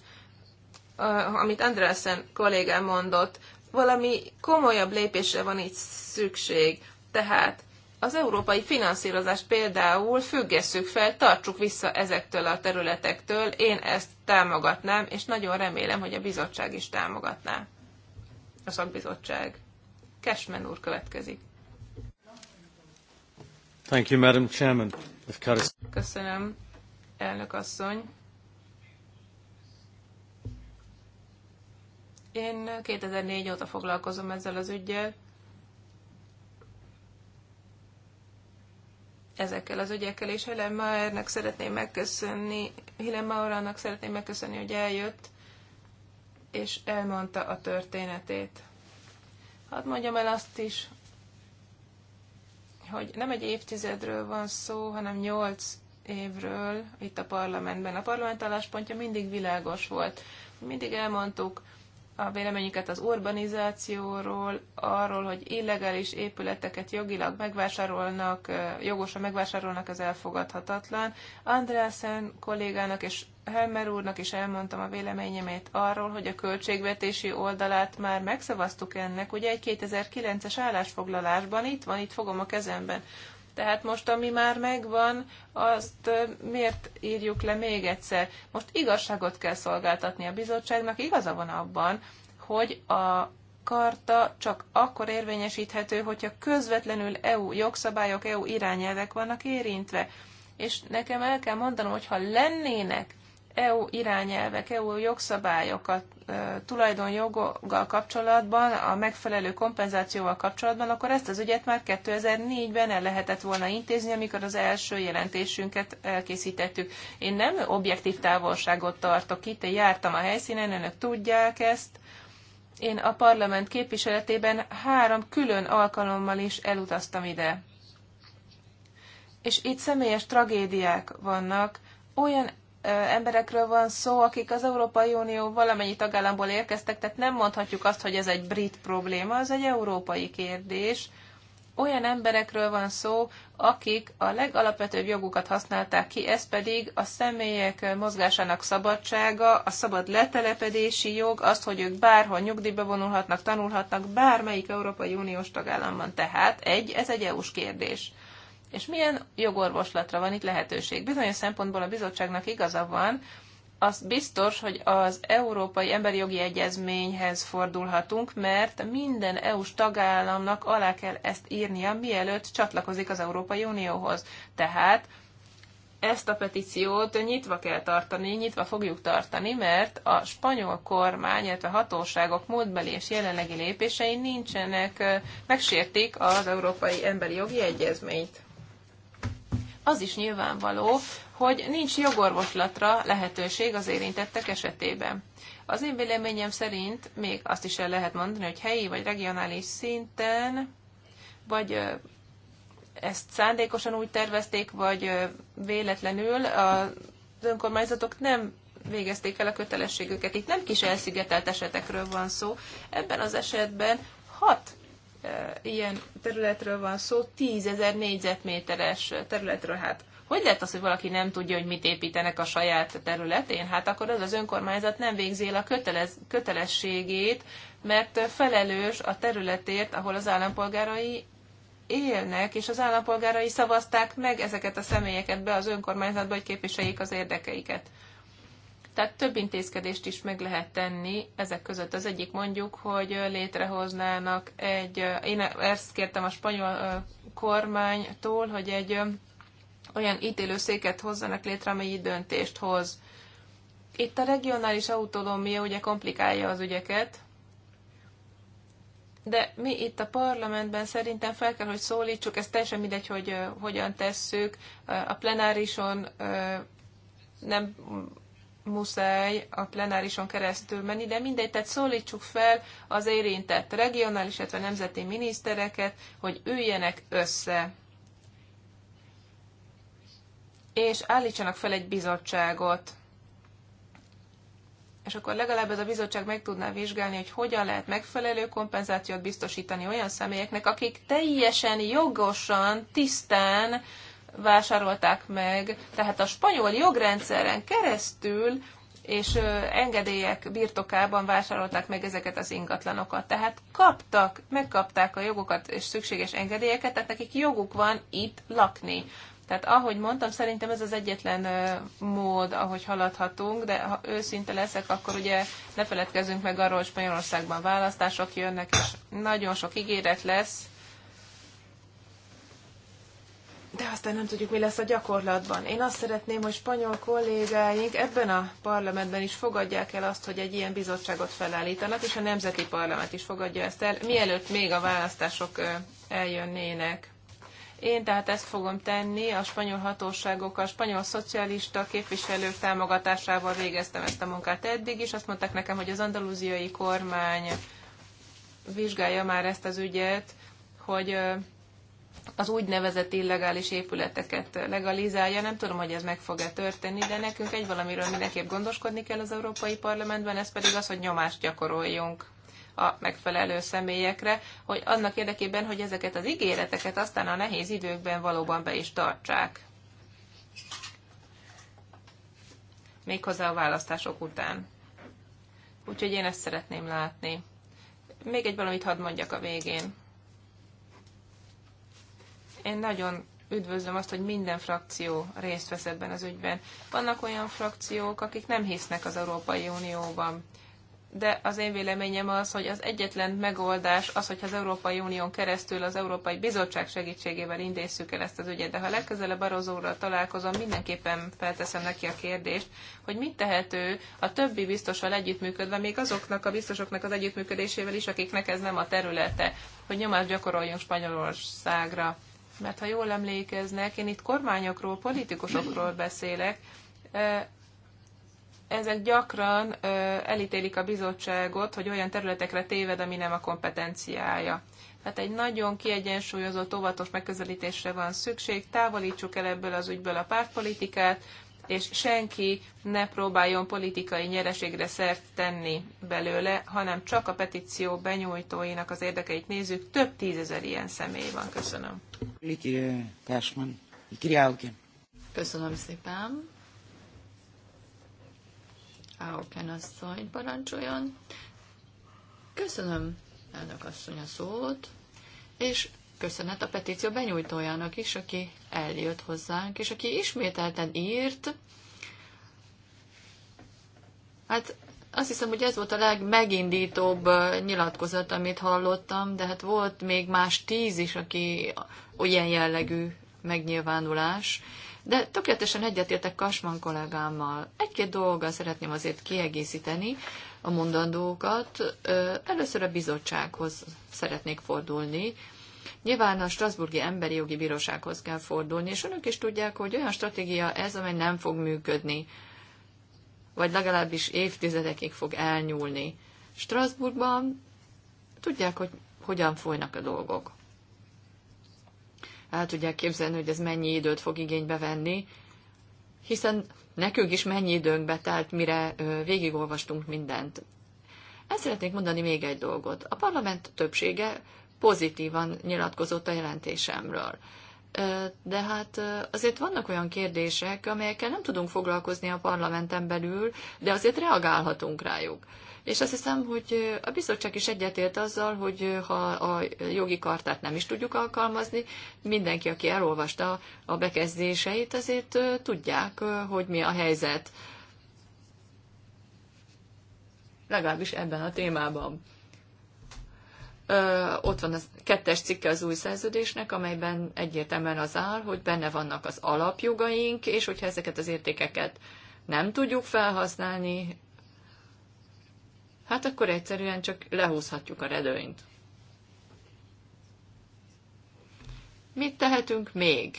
amit Andrásen kollégám mondott, valami komolyabb lépésre van itt szükség. Tehát az európai finanszírozást például függesszük fel, tartsuk vissza ezektől a területektől. Én ezt támogatnám, és nagyon remélem, hogy a bizottság is támogatná. A szakbizottság. Cashman úr következik. Thank you, Madam Chairman. Köszönöm, elnök asszony. Én 2004 óta foglalkozom ezzel az ügyel. Ezekkel az ügyekkel, és Helen Maernek szeretném megköszönni, Helen Maurának szeretném megköszönni, hogy eljött, és elmondta a történetét. Hadd mondjam el azt is, hogy nem egy évtizedről van szó, hanem nyolc évről itt a parlamentben. A parlament álláspontja mindig világos volt. Mindig elmondtuk, a véleményüket az urbanizációról, arról, hogy illegális épületeket jogilag megvásárolnak, jogosan megvásárolnak, ez elfogadhatatlan. Andrásen kollégának és Helmer úrnak is elmondtam a véleményemét arról, hogy a költségvetési oldalát már megszavaztuk ennek, ugye egy 2009-es állásfoglalásban itt van, itt fogom a kezemben. Tehát most, ami már megvan, azt miért írjuk le még egyszer? Most igazságot kell szolgáltatni a bizottságnak, igaza van abban, hogy a karta csak akkor érvényesíthető, hogyha közvetlenül EU jogszabályok, EU irányelvek vannak érintve. És nekem el kell mondanom, hogy ha lennének EU irányelvek, EU jogszabályokat tulajdonjoggal kapcsolatban, a megfelelő kompenzációval kapcsolatban, akkor ezt az ügyet már 2004-ben el lehetett volna intézni, amikor az első jelentésünket elkészítettük. Én nem objektív távolságot tartok itt, én jártam a helyszínen, önök tudják ezt. Én a parlament képviseletében három külön alkalommal is elutaztam ide. És itt személyes tragédiák vannak, olyan emberekről van szó, akik az Európai Unió valamennyi tagállamból érkeztek, tehát nem mondhatjuk azt, hogy ez egy brit probléma, ez egy európai kérdés. Olyan emberekről van szó, akik a legalapvetőbb jogukat használták ki, ez pedig a személyek mozgásának szabadsága, a szabad letelepedési jog, az, hogy ők bárhol nyugdíjba vonulhatnak, tanulhatnak, bármelyik Európai Uniós tagállamban. Tehát egy, ez egy EU-s kérdés. És milyen jogorvoslatra van itt lehetőség? Bizonyos szempontból a bizottságnak igaza van, az biztos, hogy az Európai Emberi Jogi Egyezményhez fordulhatunk, mert minden EU-s tagállamnak alá kell ezt írnia, mielőtt csatlakozik az Európai Unióhoz. Tehát ezt a petíciót nyitva kell tartani, nyitva fogjuk tartani, mert a spanyol kormány, illetve hatóságok múltbeli és jelenlegi lépései nincsenek, megsértik az Európai Emberi Jogi Egyezményt az is nyilvánvaló, hogy nincs jogorvoslatra lehetőség az érintettek esetében. Az én véleményem szerint még azt is el lehet mondani, hogy helyi vagy regionális szinten, vagy ezt szándékosan úgy tervezték, vagy véletlenül az önkormányzatok nem végezték el a kötelességüket. Itt nem kis elszigetelt esetekről van szó. Ebben az esetben hat Eh, ilyen területről van szó, 10.000 négyzetméteres területről, hát hogy lehet az, hogy valaki nem tudja, hogy mit építenek a saját területén? Hát akkor az az önkormányzat nem végzi el a kötelez, kötelességét, mert felelős a területért, ahol az állampolgárai élnek, és az állampolgárai szavazták meg ezeket a személyeket be az önkormányzatba, hogy képviseljék az érdekeiket. Tehát több intézkedést is meg lehet tenni ezek között. Az egyik mondjuk, hogy létrehoznának egy, én ezt kértem a spanyol kormánytól, hogy egy olyan ítélőszéket hozzanak létre, amely így döntést hoz. Itt a regionális autonómia ugye komplikálja az ügyeket, de mi itt a parlamentben szerintem fel kell, hogy szólítsuk, ez teljesen mindegy, hogy uh, hogyan tesszük. Uh, a plenárison uh, nem muszáj a plenárison keresztül menni, de mindegy, tehát szólítsuk fel az érintett regionális, illetve nemzeti minisztereket, hogy üljenek össze és állítsanak fel egy bizottságot. És akkor legalább ez a bizottság meg tudná vizsgálni, hogy hogyan lehet megfelelő kompenzációt biztosítani olyan személyeknek, akik teljesen jogosan, tisztán vásárolták meg, tehát a spanyol jogrendszeren keresztül és engedélyek birtokában vásárolták meg ezeket az ingatlanokat. Tehát kaptak, megkapták a jogokat és szükséges engedélyeket, tehát nekik joguk van itt lakni. Tehát ahogy mondtam, szerintem ez az egyetlen mód, ahogy haladhatunk, de ha őszinte leszek, akkor ugye ne feledkezzünk meg arról, hogy Spanyolországban választások jönnek, és nagyon sok ígéret lesz, de aztán nem tudjuk, mi lesz a gyakorlatban. Én azt szeretném, hogy spanyol kollégáink ebben a parlamentben is fogadják el azt, hogy egy ilyen bizottságot felállítanak, és a Nemzeti Parlament is fogadja ezt el, mielőtt még a választások eljönnének. Én tehát ezt fogom tenni, a spanyol hatóságok, a spanyol szocialista képviselők támogatásával végeztem ezt a munkát eddig is. Azt mondták nekem, hogy az andalúziai kormány vizsgálja már ezt az ügyet, hogy az úgynevezett illegális épületeket legalizálja. Nem tudom, hogy ez meg fog-e történni, de nekünk egy valamiről mindenképp gondoskodni kell az Európai Parlamentben, ez pedig az, hogy nyomást gyakoroljunk a megfelelő személyekre, hogy annak érdekében, hogy ezeket az ígéreteket aztán a nehéz időkben valóban be is tartsák. Méghozzá a választások után. Úgyhogy én ezt szeretném látni. Még egy valamit hadd mondjak a végén én nagyon üdvözlöm azt, hogy minden frakció részt vesz ebben az ügyben. Vannak olyan frakciók, akik nem hisznek az Európai Unióban. De az én véleményem az, hogy az egyetlen megoldás az, hogyha az Európai Unión keresztül az Európai Bizottság segítségével indészük el ezt az ügyet. De ha legközelebb Barozóra találkozom, mindenképpen felteszem neki a kérdést, hogy mit tehető a többi biztossal együttműködve, még azoknak a biztosoknak az együttműködésével is, akiknek ez nem a területe, hogy nyomást gyakoroljunk Spanyolországra mert ha jól emlékeznek, én itt kormányokról, politikusokról beszélek, ezek gyakran elítélik a bizottságot, hogy olyan területekre téved, ami nem a kompetenciája. Tehát egy nagyon kiegyensúlyozott, óvatos megközelítésre van szükség, távolítsuk el ebből az ügyből a pártpolitikát, és senki ne próbáljon politikai nyereségre szert tenni belőle, hanem csak a petíció benyújtóinak az érdekeit nézzük. Több tízezer ilyen személy van. Köszönöm. Köszönöm szépen. Auken asszony parancsoljon. Köszönöm elnök asszony a szót, és köszönet a petíció benyújtójának is, aki eljött hozzánk, és aki ismételten írt. Hát azt hiszem, hogy ez volt a legmegindítóbb nyilatkozat, amit hallottam, de hát volt még más tíz is, aki olyan jellegű megnyilvánulás. De tökéletesen egyetértek Kasman kollégámmal. Egy-két dolgot szeretném azért kiegészíteni a mondandókat. Először a bizottsághoz szeretnék fordulni, Nyilván a Strasburgi Emberi Jogi Bírósághoz kell fordulni, és önök is tudják, hogy olyan stratégia ez, amely nem fog működni, vagy legalábbis évtizedekig fog elnyúlni. Strasbourgban tudják, hogy hogyan folynak a dolgok. El tudják képzelni, hogy ez mennyi időt fog igénybe venni, hiszen nekünk is mennyi időnk betelt, mire végigolvastunk mindent. Ezt szeretnék mondani még egy dolgot. A parlament többsége pozitívan nyilatkozott a jelentésemről. De hát azért vannak olyan kérdések, amelyekkel nem tudunk foglalkozni a parlamenten belül, de azért reagálhatunk rájuk. És azt hiszem, hogy a bizottság is egyetért azzal, hogy ha a jogi kartát nem is tudjuk alkalmazni, mindenki, aki elolvasta a bekezdéseit, azért tudják, hogy mi a helyzet. Legalábbis ebben a témában ott van a kettes cikke az új szerződésnek, amelyben egyértelműen az áll, hogy benne vannak az alapjogaink, és hogyha ezeket az értékeket nem tudjuk felhasználni, hát akkor egyszerűen csak lehúzhatjuk a redőnyt. Mit tehetünk még?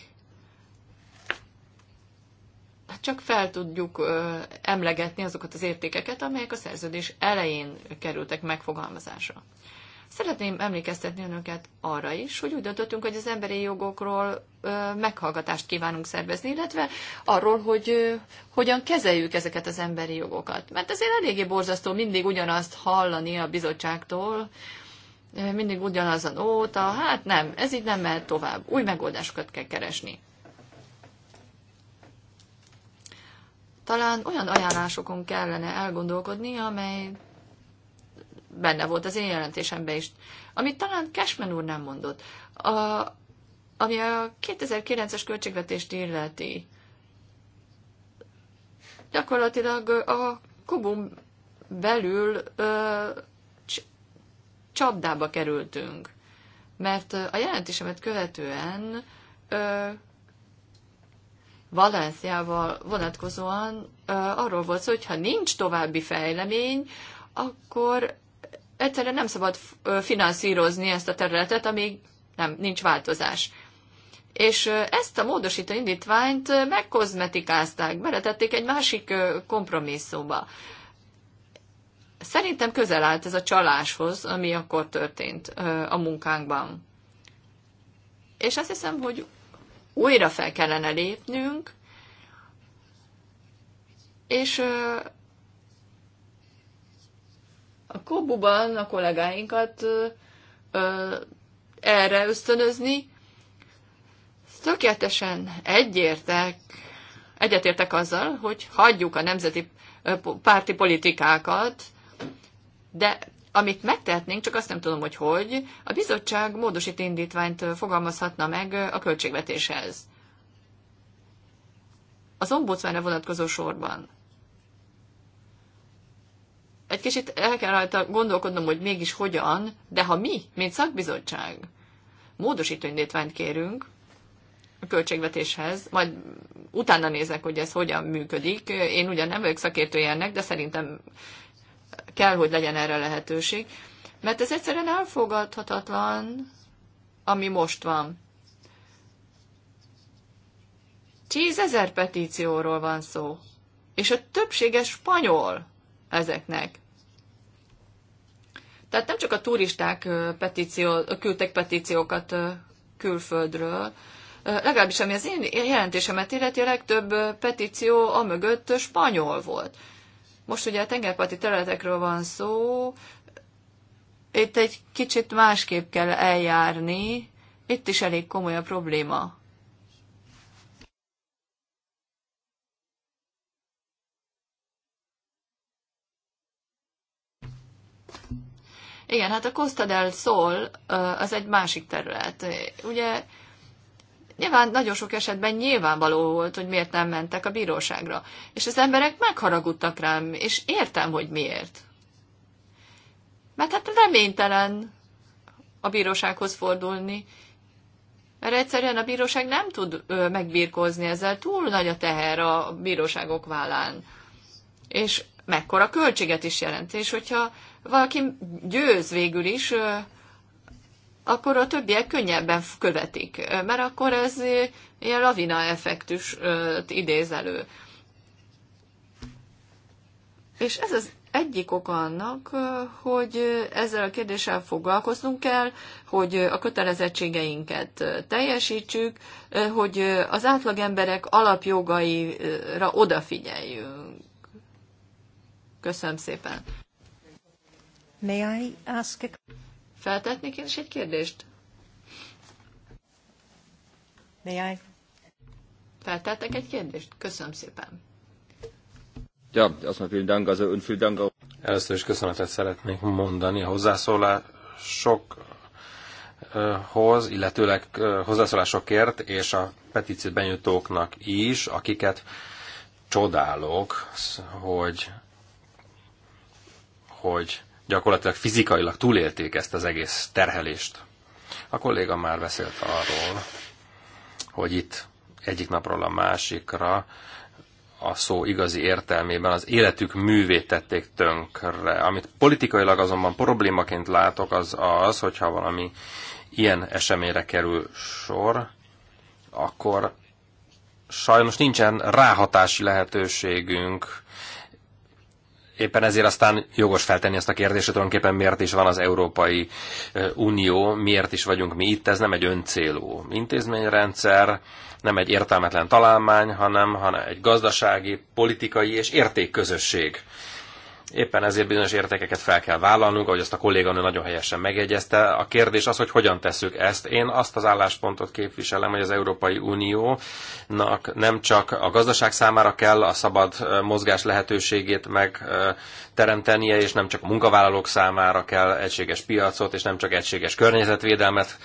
Hát csak fel tudjuk ö, emlegetni azokat az értékeket, amelyek a szerződés elején kerültek megfogalmazásra. Szeretném emlékeztetni önöket arra is, hogy úgy döntöttünk, hogy az emberi jogokról meghallgatást kívánunk szervezni, illetve arról, hogy hogyan kezeljük ezeket az emberi jogokat. Mert azért eléggé borzasztó mindig ugyanazt hallani a bizottságtól, mindig ugyanaz a nóta, hát nem, ez így nem mehet tovább. Új megoldásokat kell keresni. Talán olyan ajánlásokon kellene elgondolkodni, amely benne volt az én jelentésemben is, amit talán Cashman úr nem mondott, a, ami a 2009-es költségvetést illeti. Gyakorlatilag a kubum belül ö, csapdába kerültünk, mert a jelentésemet követően ö, Valenciával vonatkozóan ö, arról volt szó, hogy ha nincs további fejlemény, akkor egyszerűen nem szabad finanszírozni ezt a területet, amíg nem, nincs változás. És ezt a módosító indítványt megkozmetikázták, beletették egy másik kompromisszumba. Szerintem közel állt ez a csaláshoz, ami akkor történt a munkánkban. És azt hiszem, hogy újra fel kellene lépnünk, és a kobuban a kollégáinkat ö, ö, erre ösztönözni. Tökéletesen egyértek, egyetértek azzal, hogy hagyjuk a nemzeti párti politikákat, de amit megtehetnénk, csak azt nem tudom, hogy hogy, a bizottság módosít indítványt fogalmazhatna meg a költségvetéshez. Az ombudsmanra vonatkozó sorban egy kicsit el kell rajta gondolkodnom, hogy mégis hogyan, de ha mi, mint szakbizottság, módosító indítványt kérünk a költségvetéshez, majd utána nézek, hogy ez hogyan működik. Én ugyan nem vagyok szakértője ennek, de szerintem kell, hogy legyen erre lehetőség, mert ez egyszerűen elfogadhatatlan, ami most van. Tízezer petícióról van szó, és a többsége spanyol ezeknek. Tehát nem csak a turisták petíció, küldtek petíciókat külföldről, legalábbis ami az én jelentésemet illeti, a legtöbb petíció a mögött spanyol volt. Most ugye a tengerparti területekről van szó, itt egy kicsit másképp kell eljárni, itt is elég komoly a probléma. Igen, hát a Costa del Sol az egy másik terület. Ugye nyilván nagyon sok esetben nyilvánvaló volt, hogy miért nem mentek a bíróságra. És az emberek megharagudtak rám, és értem, hogy miért. Mert hát reménytelen a bírósághoz fordulni, mert egyszerűen a bíróság nem tud megbírkozni ezzel, túl nagy a teher a bíróságok vállán. És mekkora költséget is jelent. És hogyha valaki győz végül is, akkor a többiek könnyebben követik, mert akkor ez ilyen lavina effektus idéz elő. És ez az egyik oka annak, hogy ezzel a kérdéssel foglalkoznunk kell, hogy a kötelezettségeinket teljesítsük, hogy az átlagemberek alapjogaira odafigyeljünk. Köszönöm szépen! May I ask a... Feltetnék én is egy kérdést? May I? Feltettek egy kérdést? Köszönöm szépen. Ja, erstmal vielen Dank, also ön vielen Dank Először is köszönetet szeretnék mondani a hozzászólásokhoz, illetőleg hozzászólásokért, és a petíció benyújtóknak is, akiket csodálok, hogy, hogy gyakorlatilag fizikailag túlélték ezt az egész terhelést. A kolléga már beszélt arról, hogy itt egyik napról a másikra a szó igazi értelmében az életük művét tették tönkre. Amit politikailag azonban problémaként látok, az az, hogyha valami ilyen eseményre kerül sor, akkor sajnos nincsen ráhatási lehetőségünk éppen ezért aztán jogos feltenni ezt a kérdést, hogy tulajdonképpen miért is van az Európai Unió, miért is vagyunk mi itt, ez nem egy öncélú intézményrendszer, nem egy értelmetlen találmány, hanem, hanem egy gazdasági, politikai és értékközösség. Éppen ezért bizonyos értékeket fel kell vállalnunk, ahogy azt a kolléganő nagyon helyesen megjegyezte. A kérdés az, hogy hogyan tesszük ezt. Én azt az álláspontot képviselem, hogy az Európai Uniónak nem csak a gazdaság számára kell a szabad mozgás lehetőségét megteremtenie, és nem csak a munkavállalók számára kell egységes piacot, és nem csak egységes környezetvédelmet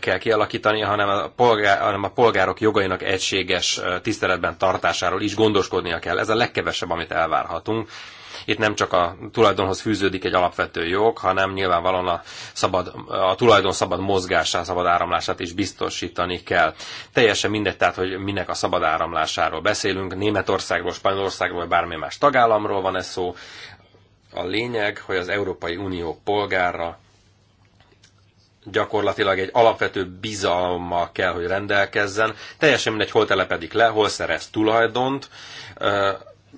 kell kialakítani, hanem a, polgár, hanem a polgárok jogainak egységes tiszteletben tartásáról is gondoskodnia kell. Ez a legkevesebb, amit elvárhatunk. Itt nem csak a tulajdonhoz fűződik egy alapvető jog, hanem nyilvánvalóan a, szabad, a tulajdon szabad mozgását, szabad áramlását is biztosítani kell. Teljesen mindegy, tehát, hogy minek a szabad áramlásáról beszélünk, Németországról, Spanyolországról, vagy más tagállamról van ez szó. A lényeg, hogy az Európai Unió polgára gyakorlatilag egy alapvető bizalommal kell, hogy rendelkezzen. Teljesen mindegy, hol telepedik le, hol szerez tulajdont,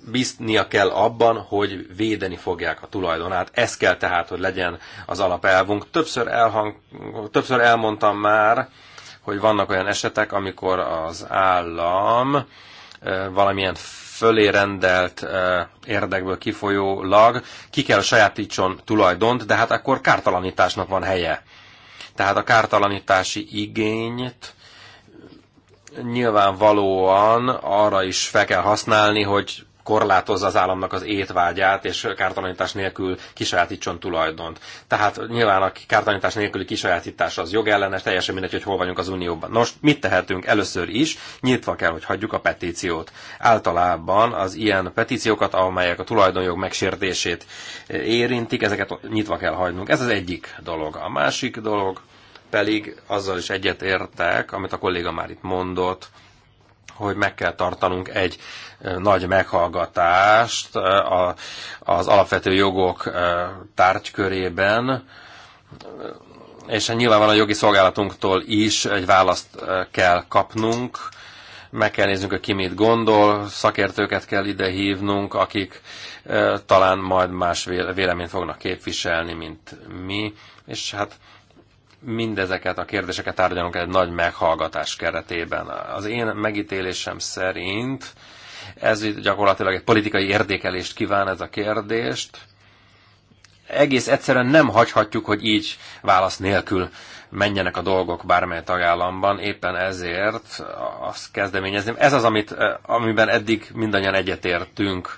bíznia kell abban, hogy védeni fogják a tulajdonát. Ez kell tehát, hogy legyen az alapelvünk. Többször, elhang, többször elmondtam már, hogy vannak olyan esetek, amikor az állam valamilyen fölé rendelt érdekből kifolyólag ki kell sajátítson tulajdont, de hát akkor kártalanításnak van helye. Tehát a kártalanítási igényt nyilvánvalóan arra is fel kell használni, hogy korlátozza az államnak az étvágyát, és kártalanítás nélkül kisajátítson tulajdont. Tehát nyilván a kártalanítás nélküli kisajátítás az jogellenes, teljesen mindegy, hogy hol vagyunk az Unióban. Nos, mit tehetünk először is? Nyitva kell, hogy hagyjuk a petíciót. Általában az ilyen petíciókat, amelyek a tulajdonjog megsértését érintik, ezeket nyitva kell hagynunk. Ez az egyik dolog. A másik dolog pedig azzal is egyetértek, amit a kolléga már itt mondott, hogy meg kell tartanunk egy nagy meghallgatást az alapvető jogok tárgykörében, és hát nyilvánvalóan a jogi szolgálatunktól is egy választ kell kapnunk, meg kell néznünk, hogy ki mit gondol, szakértőket kell ide hívnunk, akik talán majd más véleményt fognak képviselni, mint mi, és hát mindezeket a kérdéseket tárgyalunk egy nagy meghallgatás keretében. Az én megítélésem szerint ez gyakorlatilag egy politikai érdékelést kíván ez a kérdést. Egész egyszerűen nem hagyhatjuk, hogy így válasz nélkül menjenek a dolgok bármely tagállamban, éppen ezért azt kezdeményezném. Ez az, amit, amiben eddig mindannyian egyetértünk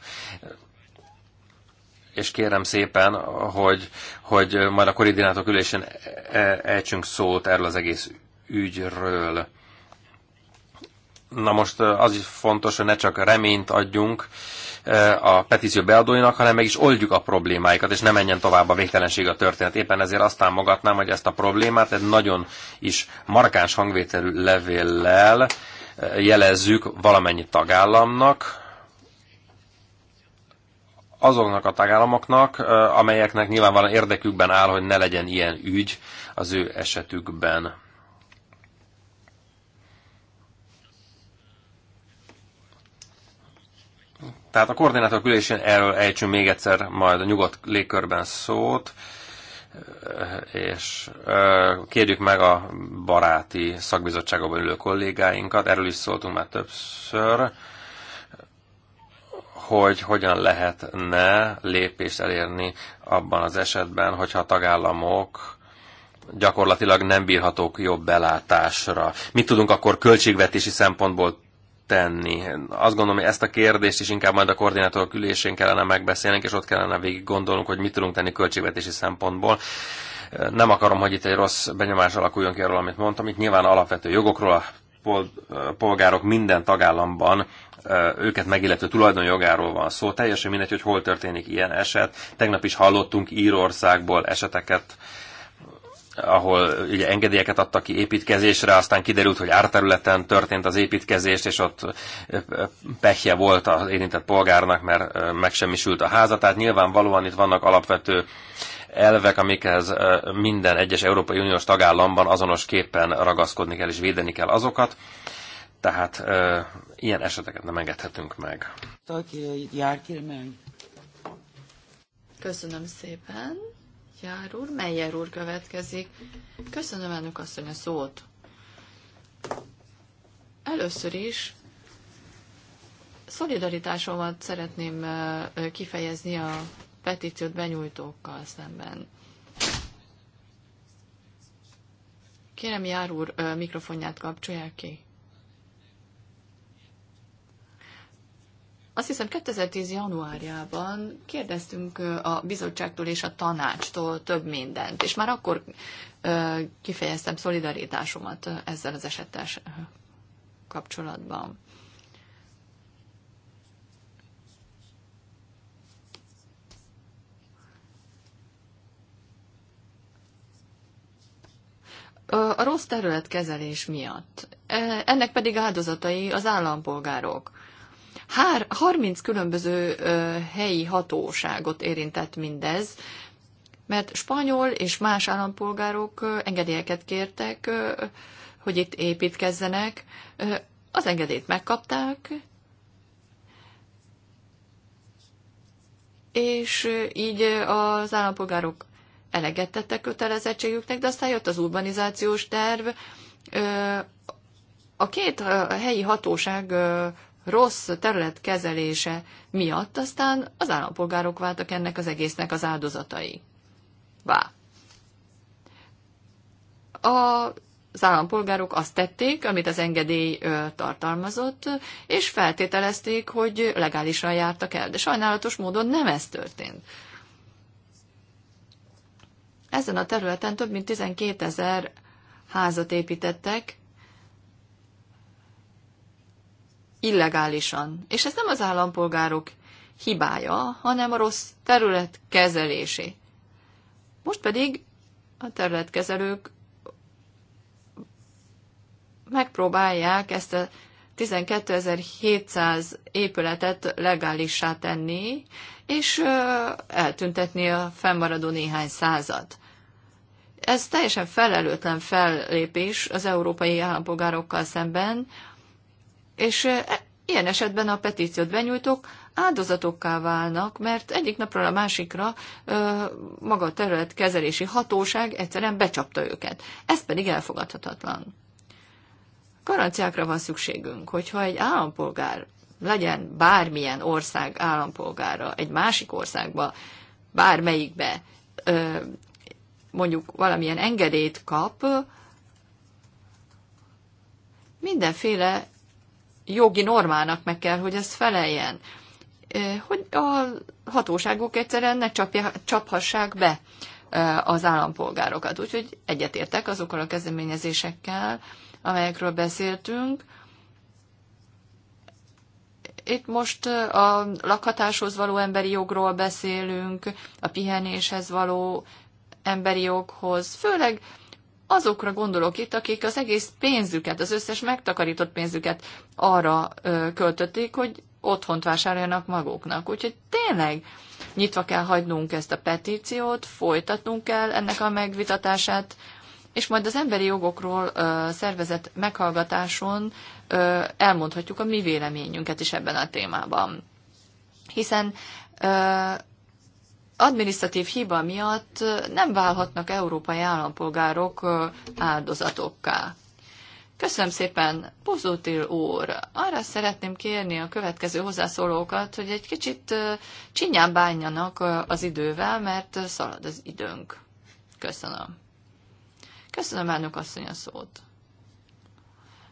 és kérem szépen, hogy, hogy majd a koordinátok ülésén e- e- ejtsünk szót erről az egész ügyről. Na most az is fontos, hogy ne csak reményt adjunk a petíció beadóinak, hanem meg is oldjuk a problémáikat, és ne menjen tovább a végtelenség a történet. Éppen ezért azt támogatnám, hogy ezt a problémát egy nagyon is markáns hangvételű levéllel jelezzük valamennyi tagállamnak, azoknak a tagállamoknak, amelyeknek nyilvánvalóan érdekükben áll, hogy ne legyen ilyen ügy az ő esetükben Tehát a koordinátor külésén erről ejtsünk még egyszer majd a nyugodt légkörben szót, eh, és eh, kérjük meg a baráti szakbizottságokban ülő kollégáinkat, erről is szóltunk már többször, hogy hogyan lehetne lépést elérni abban az esetben, hogyha a tagállamok gyakorlatilag nem bírhatók jobb belátásra. Mit tudunk akkor költségvetési szempontból tenni? Azt gondolom, hogy ezt a kérdést is inkább majd a koordinátorok ülésén kellene megbeszélnünk, és ott kellene végig gondolnunk, hogy mit tudunk tenni költségvetési szempontból. Nem akarom, hogy itt egy rossz benyomás alakuljon ki arról, amit mondtam. Itt nyilván alapvető jogokról a polgárok minden tagállamban őket megillető tulajdonjogáról van szó. Teljesen mindegy, hogy hol történik ilyen eset. Tegnap is hallottunk Írországból eseteket, ahol ugye engedélyeket adtak ki építkezésre, aztán kiderült, hogy árterületen történt az építkezés, és ott pehje volt az érintett polgárnak, mert megsemmisült a háza. Tehát nyilvánvalóan itt vannak alapvető elvek, amikhez minden egyes Európai Uniós tagállamban azonos képpen ragaszkodni kell és védeni kell azokat. Tehát e, ilyen eseteket nem engedhetünk meg. Köszönöm szépen. Jár úr, Meyer úr következik. Köszönöm elnök asszony a szót. Először is szolidaritásomat szeretném kifejezni a petíciót benyújtókkal szemben. Kérem, Jár úr mikrofonját kapcsolják ki. Azt hiszem 2010. januárjában kérdeztünk a bizottságtól és a tanácstól több mindent, és már akkor kifejeztem szolidaritásomat ezzel az esettel kapcsolatban. A rossz területkezelés miatt. Ennek pedig áldozatai az állampolgárok. Hár, 30 különböző helyi hatóságot érintett mindez, mert spanyol és más állampolgárok engedélyeket kértek, hogy itt építkezzenek. Az engedélyt megkapták, és így az állampolgárok eleget tettek kötelezettségüknek, de aztán jött az urbanizációs terv. A két helyi hatóság rossz területkezelése miatt aztán az állampolgárok váltak ennek az egésznek az áldozatai. Bá. A az állampolgárok azt tették, amit az engedély tartalmazott, és feltételezték, hogy legálisan jártak el. De sajnálatos módon nem ez történt. Ezen a területen több mint 12 ezer házat építettek, illegálisan. És ez nem az állampolgárok hibája, hanem a rossz terület kezelésé. Most pedig a területkezelők megpróbálják ezt a 12.700 épületet legálissá tenni, és eltüntetni a fennmaradó néhány százat. Ez teljesen felelőtlen fellépés az európai állampolgárokkal szemben, és e, ilyen esetben a petíciót benyújtók áldozatokká válnak, mert egyik napról a másikra ö, maga a terület kezelési hatóság egyszerűen becsapta őket. Ez pedig elfogadhatatlan. Garanciákra van szükségünk, hogyha egy állampolgár legyen bármilyen ország állampolgára egy másik országba, bármelyikbe ö, mondjuk valamilyen engedélyt kap, mindenféle jogi normának meg kell, hogy ez feleljen. Hogy a hatóságok egyszerűen ne csapja, csaphassák be az állampolgárokat. Úgyhogy egyetértek azokkal a kezdeményezésekkel, amelyekről beszéltünk. Itt most a lakhatáshoz való emberi jogról beszélünk, a pihenéshez való emberi joghoz, főleg azokra gondolok itt, akik az egész pénzüket, az összes megtakarított pénzüket arra költötték, hogy otthont vásároljanak maguknak. Úgyhogy tényleg nyitva kell hagynunk ezt a petíciót, folytatnunk kell ennek a megvitatását, és majd az emberi jogokról ö, szervezett meghallgatáson ö, elmondhatjuk a mi véleményünket is ebben a témában. Hiszen ö, adminisztratív hiba miatt nem válhatnak európai állampolgárok áldozatokká. Köszönöm szépen, Bozótil úr! Arra szeretném kérni a következő hozzászólókat, hogy egy kicsit csinyán bánjanak az idővel, mert szalad az időnk. Köszönöm. Köszönöm, elnök asszony a szót.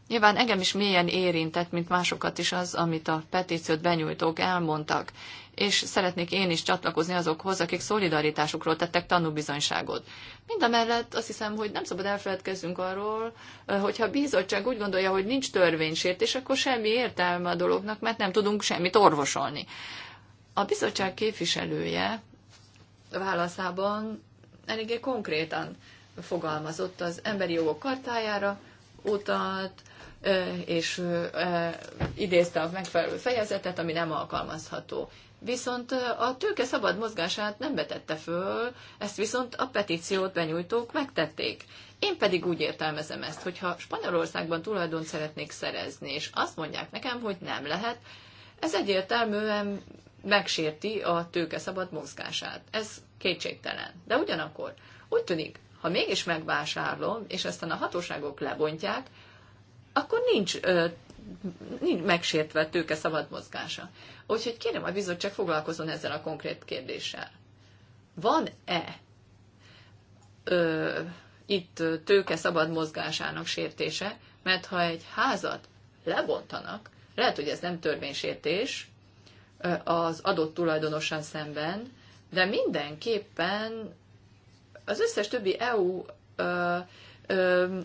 Nyilván engem is mélyen érintett, mint másokat is az, amit a petíciót benyújtók elmondtak, és szeretnék én is csatlakozni azokhoz, akik szolidaritásukról tettek tanúbizonyságot. Mindamellett azt hiszem, hogy nem szabad elfeledkezzünk arról, eh, hogyha a bizottság úgy gondolja, hogy nincs törvénysértés, akkor semmi értelme a dolognak, mert nem tudunk semmit orvosolni. A bizottság képviselője válaszában eléggé konkrétan fogalmazott az emberi jogok kartájára, utat és idézte a megfelelő fejezetet, ami nem alkalmazható. Viszont a tőke szabad mozgását nem betette föl, ezt viszont a petíciót benyújtók megtették. Én pedig úgy értelmezem ezt, hogyha Spanyolországban tulajdon szeretnék szerezni, és azt mondják nekem, hogy nem lehet, ez egyértelműen megsérti a tőke szabad mozgását. Ez kétségtelen. De ugyanakkor úgy tűnik, ha mégis megvásárlom, és aztán a hatóságok lebontják, akkor nincs, nincs megsértve tőke szabad mozgása. Úgyhogy kérem a bizottság foglalkozon ezzel a konkrét kérdéssel. Van-e itt tőke szabad mozgásának sértése, mert ha egy házat lebontanak, lehet, hogy ez nem törvénysértés az adott tulajdonossal szemben, de mindenképpen az összes többi EU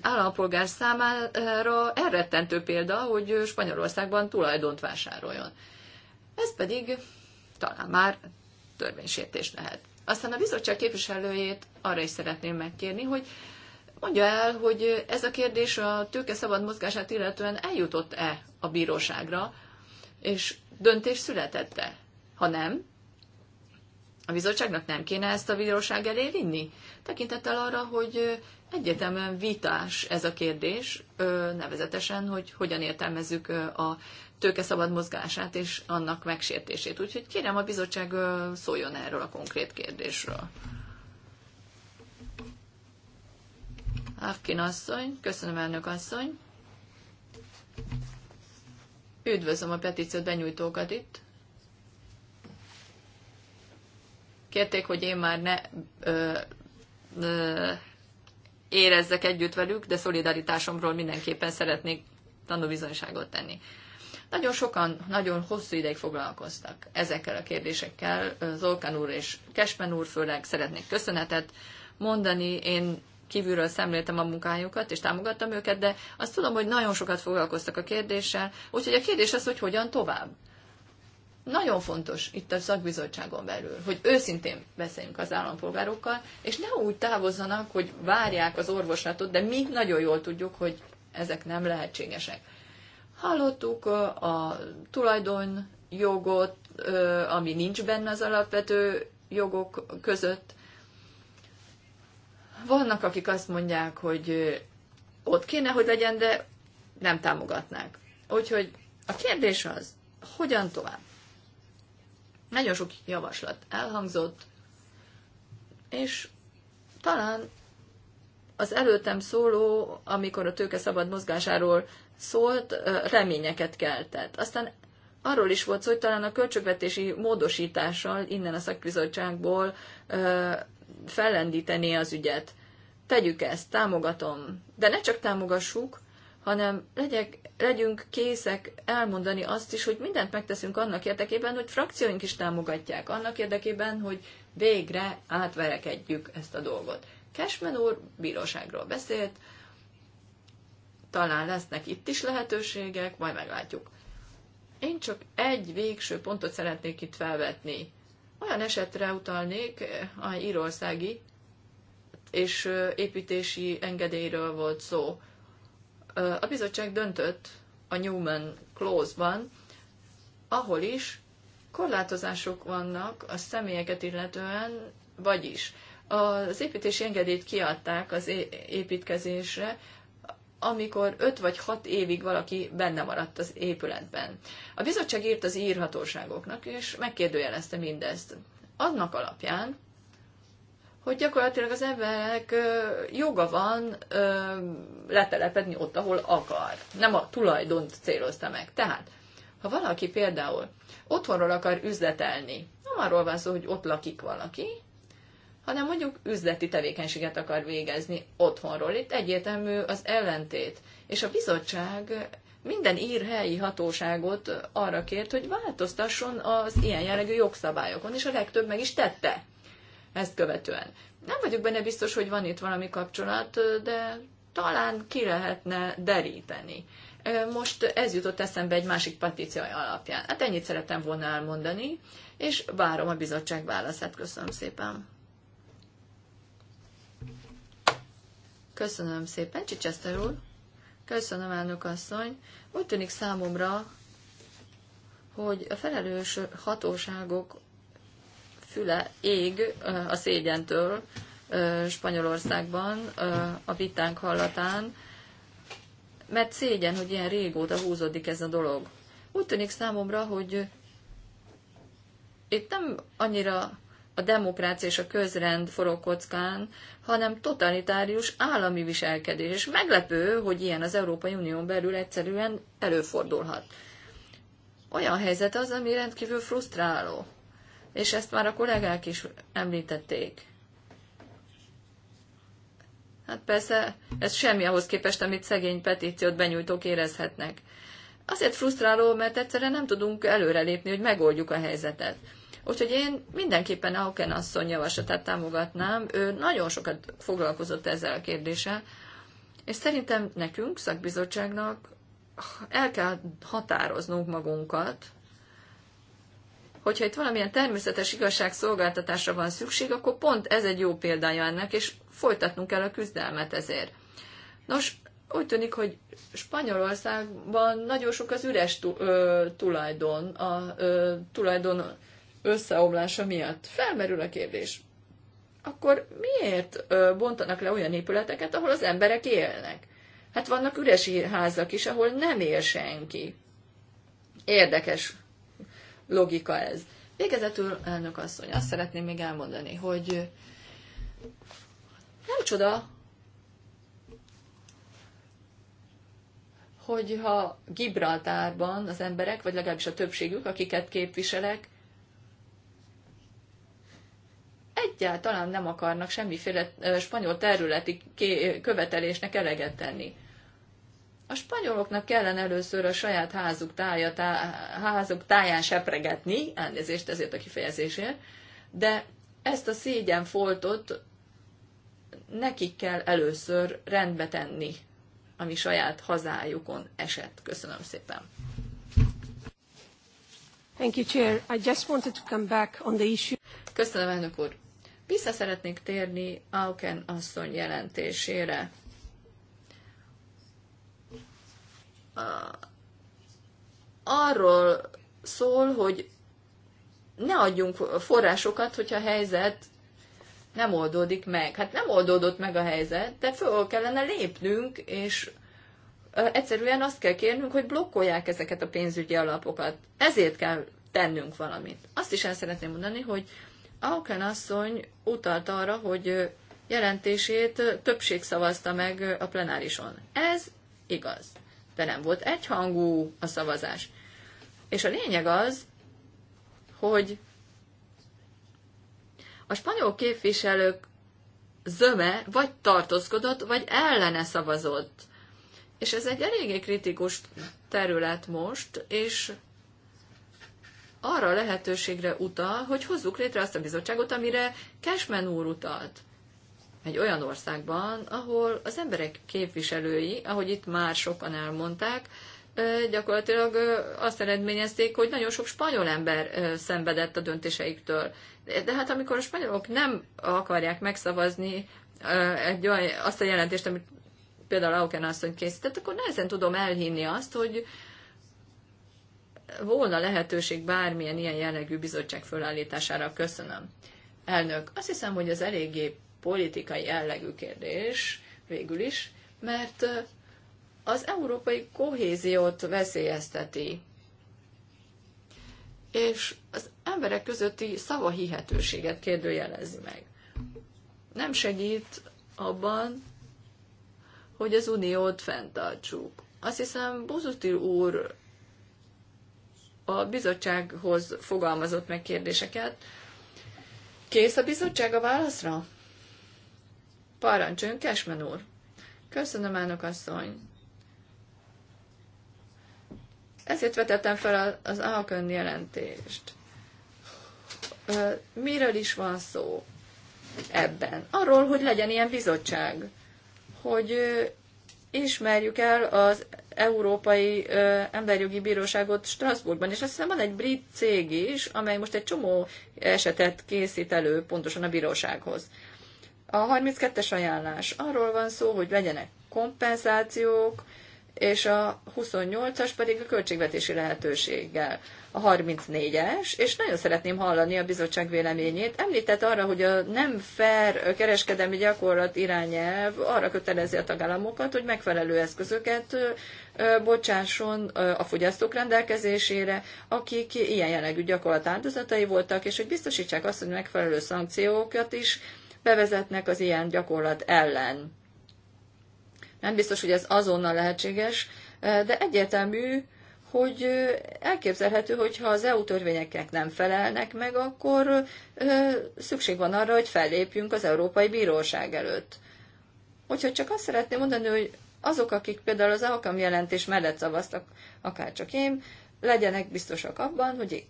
állampolgár számára elrettentő példa, hogy Spanyolországban tulajdont vásároljon. Ez pedig talán már törvénysértés lehet. Aztán a bizottság képviselőjét arra is szeretném megkérni, hogy mondja el, hogy ez a kérdés a tőke szabad mozgását illetően eljutott-e a bíróságra, és döntés születette. Ha nem, a bizottságnak nem kéne ezt a bíróság elé vinni? Tekintettel arra, hogy egyetemen vitás ez a kérdés, nevezetesen, hogy hogyan értelmezzük a tőke szabad mozgását és annak megsértését. Úgyhogy kérem a bizottság szóljon erről a konkrét kérdésről. Afkin asszony, köszönöm elnök asszony. Üdvözlöm a petíciót benyújtókat itt. kérték, hogy én már ne ö, ö, érezzek együtt velük, de szolidaritásomról mindenképpen szeretnék tanúbizonyságot tenni. Nagyon sokan nagyon hosszú ideig foglalkoztak ezekkel a kérdésekkel. Zolkán úr és Kesmen úr főleg szeretnék köszönetet mondani. Én kívülről szemléltem a munkájukat, és támogattam őket, de azt tudom, hogy nagyon sokat foglalkoztak a kérdéssel, úgyhogy a kérdés az, hogy hogyan tovább nagyon fontos itt a szakbizottságon belül, hogy őszintén beszéljünk az állampolgárokkal, és ne úgy távozzanak, hogy várják az orvoslatot, de mi nagyon jól tudjuk, hogy ezek nem lehetségesek. Hallottuk a tulajdonjogot, ami nincs benne az alapvető jogok között. Vannak, akik azt mondják, hogy ott kéne, hogy legyen, de nem támogatnák. Úgyhogy a kérdés az, hogyan tovább? Nagyon sok javaslat elhangzott, és talán az előttem szóló, amikor a tőke szabad mozgásáról szólt, reményeket keltett. Aztán arról is volt szó, hogy talán a költségvetési módosítással innen a szakbizottságból fellendítené az ügyet. Tegyük ezt, támogatom. De ne csak támogassuk, hanem legyek, legyünk készek elmondani azt is, hogy mindent megteszünk annak érdekében, hogy frakcióink is támogatják, annak érdekében, hogy végre átverekedjük ezt a dolgot. Cashman úr bíróságról beszélt, talán lesznek itt is lehetőségek, majd meglátjuk. Én csak egy végső pontot szeretnék itt felvetni. Olyan esetre utalnék, eh, a írországi és eh, építési engedélyről volt szó a bizottság döntött a Newman Clause-ban, ahol is korlátozások vannak a személyeket illetően, vagyis az építési engedélyt kiadták az építkezésre, amikor 5 vagy 6 évig valaki benne maradt az épületben. A bizottság írt az írhatóságoknak, és megkérdőjelezte mindezt. Annak alapján hogy gyakorlatilag az embernek joga van letelepedni ott, ahol akar. Nem a tulajdont célozta meg. Tehát, ha valaki például otthonról akar üzletelni, nem arról van szó, hogy ott lakik valaki, hanem mondjuk üzleti tevékenységet akar végezni otthonról. Itt egyértelmű az ellentét. És a bizottság minden ír helyi hatóságot arra kért, hogy változtasson az ilyen jellegű jogszabályokon, és a legtöbb meg is tette ezt követően. Nem vagyok benne biztos, hogy van itt valami kapcsolat, de talán ki lehetne deríteni. Most ez jutott eszembe egy másik petíció alapján. Hát ennyit szeretem volna elmondani, és várom a bizottság válaszát. Köszönöm szépen. Köszönöm szépen, Csicseszter úr. Köszönöm, elnök asszony. Úgy tűnik számomra, hogy a felelős hatóságok füle ég a szégyentől Spanyolországban a vitánk hallatán, mert szégyen, hogy ilyen régóta húzódik ez a dolog. Úgy tűnik számomra, hogy itt nem annyira a demokrácia és a közrend forog kockán, hanem totalitárius állami viselkedés. És meglepő, hogy ilyen az Európai Unión belül egyszerűen előfordulhat. Olyan helyzet az, ami rendkívül frusztráló és ezt már a kollégák is említették. Hát persze, ez semmi ahhoz képest, amit szegény petíciót benyújtók érezhetnek. Azért frusztráló, mert egyszerűen nem tudunk előrelépni, hogy megoldjuk a helyzetet. Úgyhogy én mindenképpen Auken asszony javaslatát támogatnám. Ő nagyon sokat foglalkozott ezzel a kérdéssel, és szerintem nekünk, szakbizottságnak el kell határoznunk magunkat, hogyha itt valamilyen természetes igazságszolgáltatásra van szükség, akkor pont ez egy jó példája ennek, és folytatnunk kell a küzdelmet ezért. Nos, úgy tűnik, hogy Spanyolországban nagyon sok az üres tu- ö, tulajdon, a ö, tulajdon összeomlása miatt. Felmerül a kérdés, akkor miért ö, bontanak le olyan épületeket, ahol az emberek élnek? Hát vannak üres házak is, ahol nem él senki. Érdekes logika ez. Végezetül, elnök asszony, azt szeretném még elmondani, hogy nem csoda, hogyha Gibraltárban az emberek, vagy legalábbis a többségük, akiket képviselek, egyáltalán nem akarnak semmiféle spanyol területi követelésnek eleget tenni. A spanyoloknak kellene először a saját házuk, tája, tá, házuk táján sepregetni, elnézést ezért a kifejezésért, de ezt a szégyen foltot nekik kell először rendbe tenni, ami saját hazájukon esett. Köszönöm szépen. Thank you, Chair. I just wanted to come back on the issue. Köszönöm, elnök úr. Vissza szeretnék térni Auken asszony jelentésére arról szól, hogy ne adjunk forrásokat, hogyha a helyzet nem oldódik meg. Hát nem oldódott meg a helyzet, de föl kellene lépnünk, és egyszerűen azt kell kérnünk, hogy blokkolják ezeket a pénzügyi alapokat. Ezért kell tennünk valamit. Azt is el szeretném mondani, hogy Auken asszony utalt arra, hogy jelentését többség szavazta meg a plenárison. Ez igaz nem volt. Egyhangú a szavazás. És a lényeg az, hogy a spanyol képviselők zöme vagy tartózkodott, vagy ellene szavazott. És ez egy eléggé kritikus terület most, és arra a lehetőségre utal, hogy hozzuk létre azt a bizottságot, amire Cashman úr utalt egy olyan országban, ahol az emberek képviselői, ahogy itt már sokan elmondták, gyakorlatilag azt eredményezték, hogy nagyon sok spanyol ember szenvedett a döntéseiktől. De hát amikor a spanyolok nem akarják megszavazni egy olyan, azt a jelentést, amit például Auken asszony készített, akkor nehezen tudom elhinni azt, hogy volna lehetőség bármilyen ilyen jellegű bizottság fölállítására. Köszönöm. Elnök, azt hiszem, hogy ez eléggé politikai jellegű kérdés végül is, mert az európai kohéziót veszélyezteti, és az emberek közötti szava hihetőséget kérdőjelezi meg. Nem segít abban, hogy az uniót fenntartsuk. Azt hiszem, Bozutil úr a bizottsághoz fogalmazott meg kérdéseket. Kész a bizottság a válaszra? Parancsoljon, Kesmen úr! Köszönöm, elnök asszony! Ezért vetettem fel az Alkön jelentést. Miről is van szó ebben? Arról, hogy legyen ilyen bizottság, hogy ismerjük el az Európai Emberjogi Bíróságot Strasbourgban, és hiszem van egy brit cég is, amely most egy csomó esetet készít elő pontosan a bírósághoz. A 32-es ajánlás arról van szó, hogy legyenek kompenzációk, és a 28-as pedig a költségvetési lehetőséggel. A 34-es, és nagyon szeretném hallani a bizottság véleményét, említett arra, hogy a nem fair kereskedelmi gyakorlat irányelv arra kötelezi a tagállamokat, hogy megfelelő eszközöket bocsásson a fogyasztók rendelkezésére, akik ilyen jellegű gyakorlat áldozatai voltak, és hogy biztosítsák azt, hogy megfelelő szankciókat is bevezetnek az ilyen gyakorlat ellen. Nem biztos, hogy ez azonnal lehetséges, eh, de egyértelmű, hogy eh, elképzelhető, hogy ha az EU törvényeknek nem felelnek meg, akkor eh, szükség van arra, hogy fellépjünk az Európai Bíróság előtt. Hogyha csak azt szeretném mondani, hogy azok, akik például az alkalom jelentés mellett szavaztak, akár csak én, legyenek biztosak abban, hogy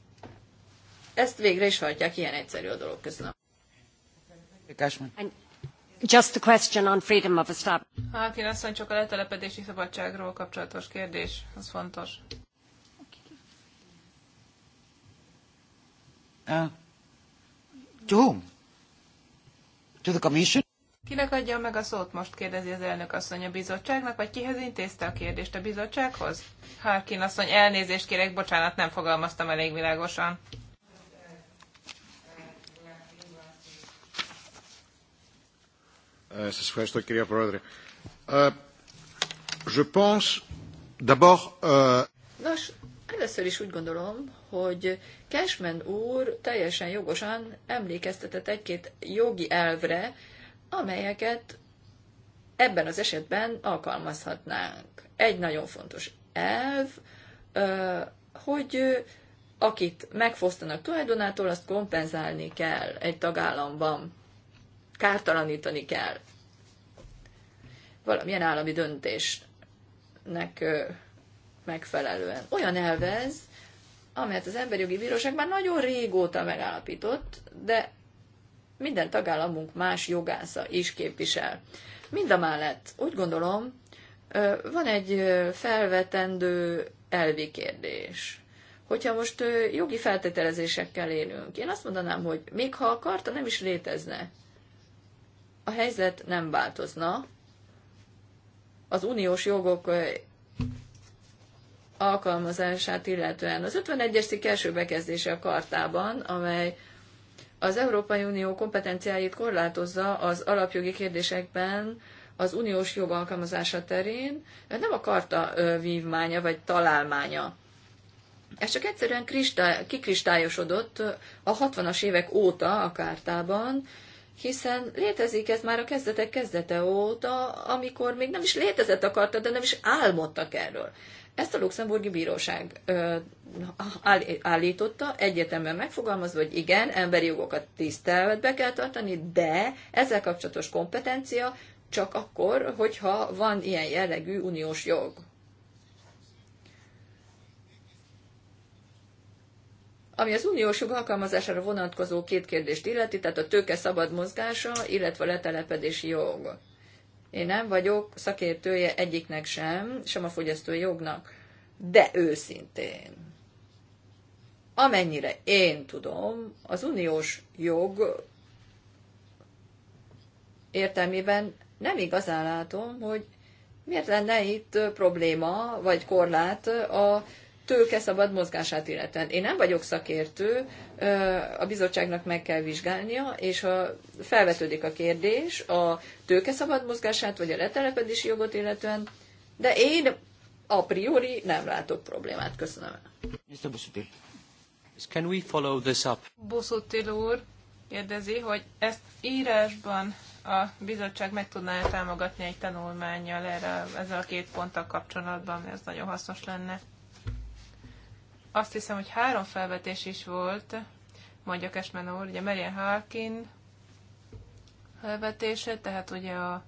ezt végre is hagyják ilyen egyszerű a dolog. közben. Just a question on freedom of establishment. Hát én azt mondom, csak a letelepedési szabadságról kapcsolatos kérdés, az fontos. Uh, to To the commission? Kinek adja meg a szót most, kérdezi az elnök asszony a bizottságnak, vagy kihez intézte a kérdést a bizottsághoz? Harkin asszony, elnézést kérek, bocsánat, nem fogalmaztam elég világosan. Σας ευχαριστώ κυρία Πρόεδρε. Je pense d'abord... Euh, Nos, először is úgy gondolom, hogy Cashman úr teljesen jogosan emlékeztetett egy-két jogi elvre, amelyeket ebben az esetben alkalmazhatnánk. Egy nagyon fontos elv, hogy akit megfosztanak tulajdonától, azt kompenzálni kell egy tagállamban kártalanítani kell. Valamilyen állami döntésnek megfelelően. Olyan elvez, amelyet az Emberjogi Bíróság már nagyon régóta megállapított, de minden tagállamunk más jogásza is képvisel. Mind a mellett úgy gondolom, van egy felvetendő elvi kérdés. Hogyha most jogi feltételezésekkel élünk, én azt mondanám, hogy még ha a karta nem is létezne, a helyzet nem változna, az uniós jogok alkalmazását illetően. Az 51-es cikk első bekezdése a kartában, amely az Európai Unió kompetenciáit korlátozza az alapjogi kérdésekben az uniós jog alkalmazása terén, nem a karta vívmánya vagy találmánya. Ez csak egyszerűen kristály, kikristályosodott a 60-as évek óta a kártában, hiszen létezik ez már a kezdetek kezdete óta, amikor még nem is létezett a karta, de nem is álmodtak erről. Ezt a luxemburgi bíróság ö, állította, egyetemben megfogalmazva, hogy igen, emberi jogokat tiszteletbe kell tartani, de ezzel kapcsolatos kompetencia csak akkor, hogyha van ilyen jellegű uniós jog. Ami az uniós jog alkalmazására vonatkozó két kérdést illeti, tehát a tőke szabad mozgása, illetve a letelepedési jog. Én nem vagyok szakértője egyiknek sem, sem a fogyasztói jognak, de őszintén. Amennyire én tudom, az uniós jog értelmében nem igazán látom, hogy miért lenne itt probléma vagy korlát a tőke szabad mozgását illetően. Én nem vagyok szakértő, a bizottságnak meg kell vizsgálnia, és ha felvetődik a kérdés a tőke szabad mozgását, vagy a letelepedési jogot illetően, de én a priori nem látok problémát. Köszönöm. Mr. Buszutil. Can we follow this up? Buszutil úr kérdezi, hogy ezt írásban a bizottság meg tudná támogatni egy tanulmányjal erre, ezzel a két ponttal kapcsolatban, mert ez nagyon hasznos lenne azt hiszem, hogy három felvetés is volt, mondja Cashman úr, ugye Marian Harkin felvetése, tehát ugye a,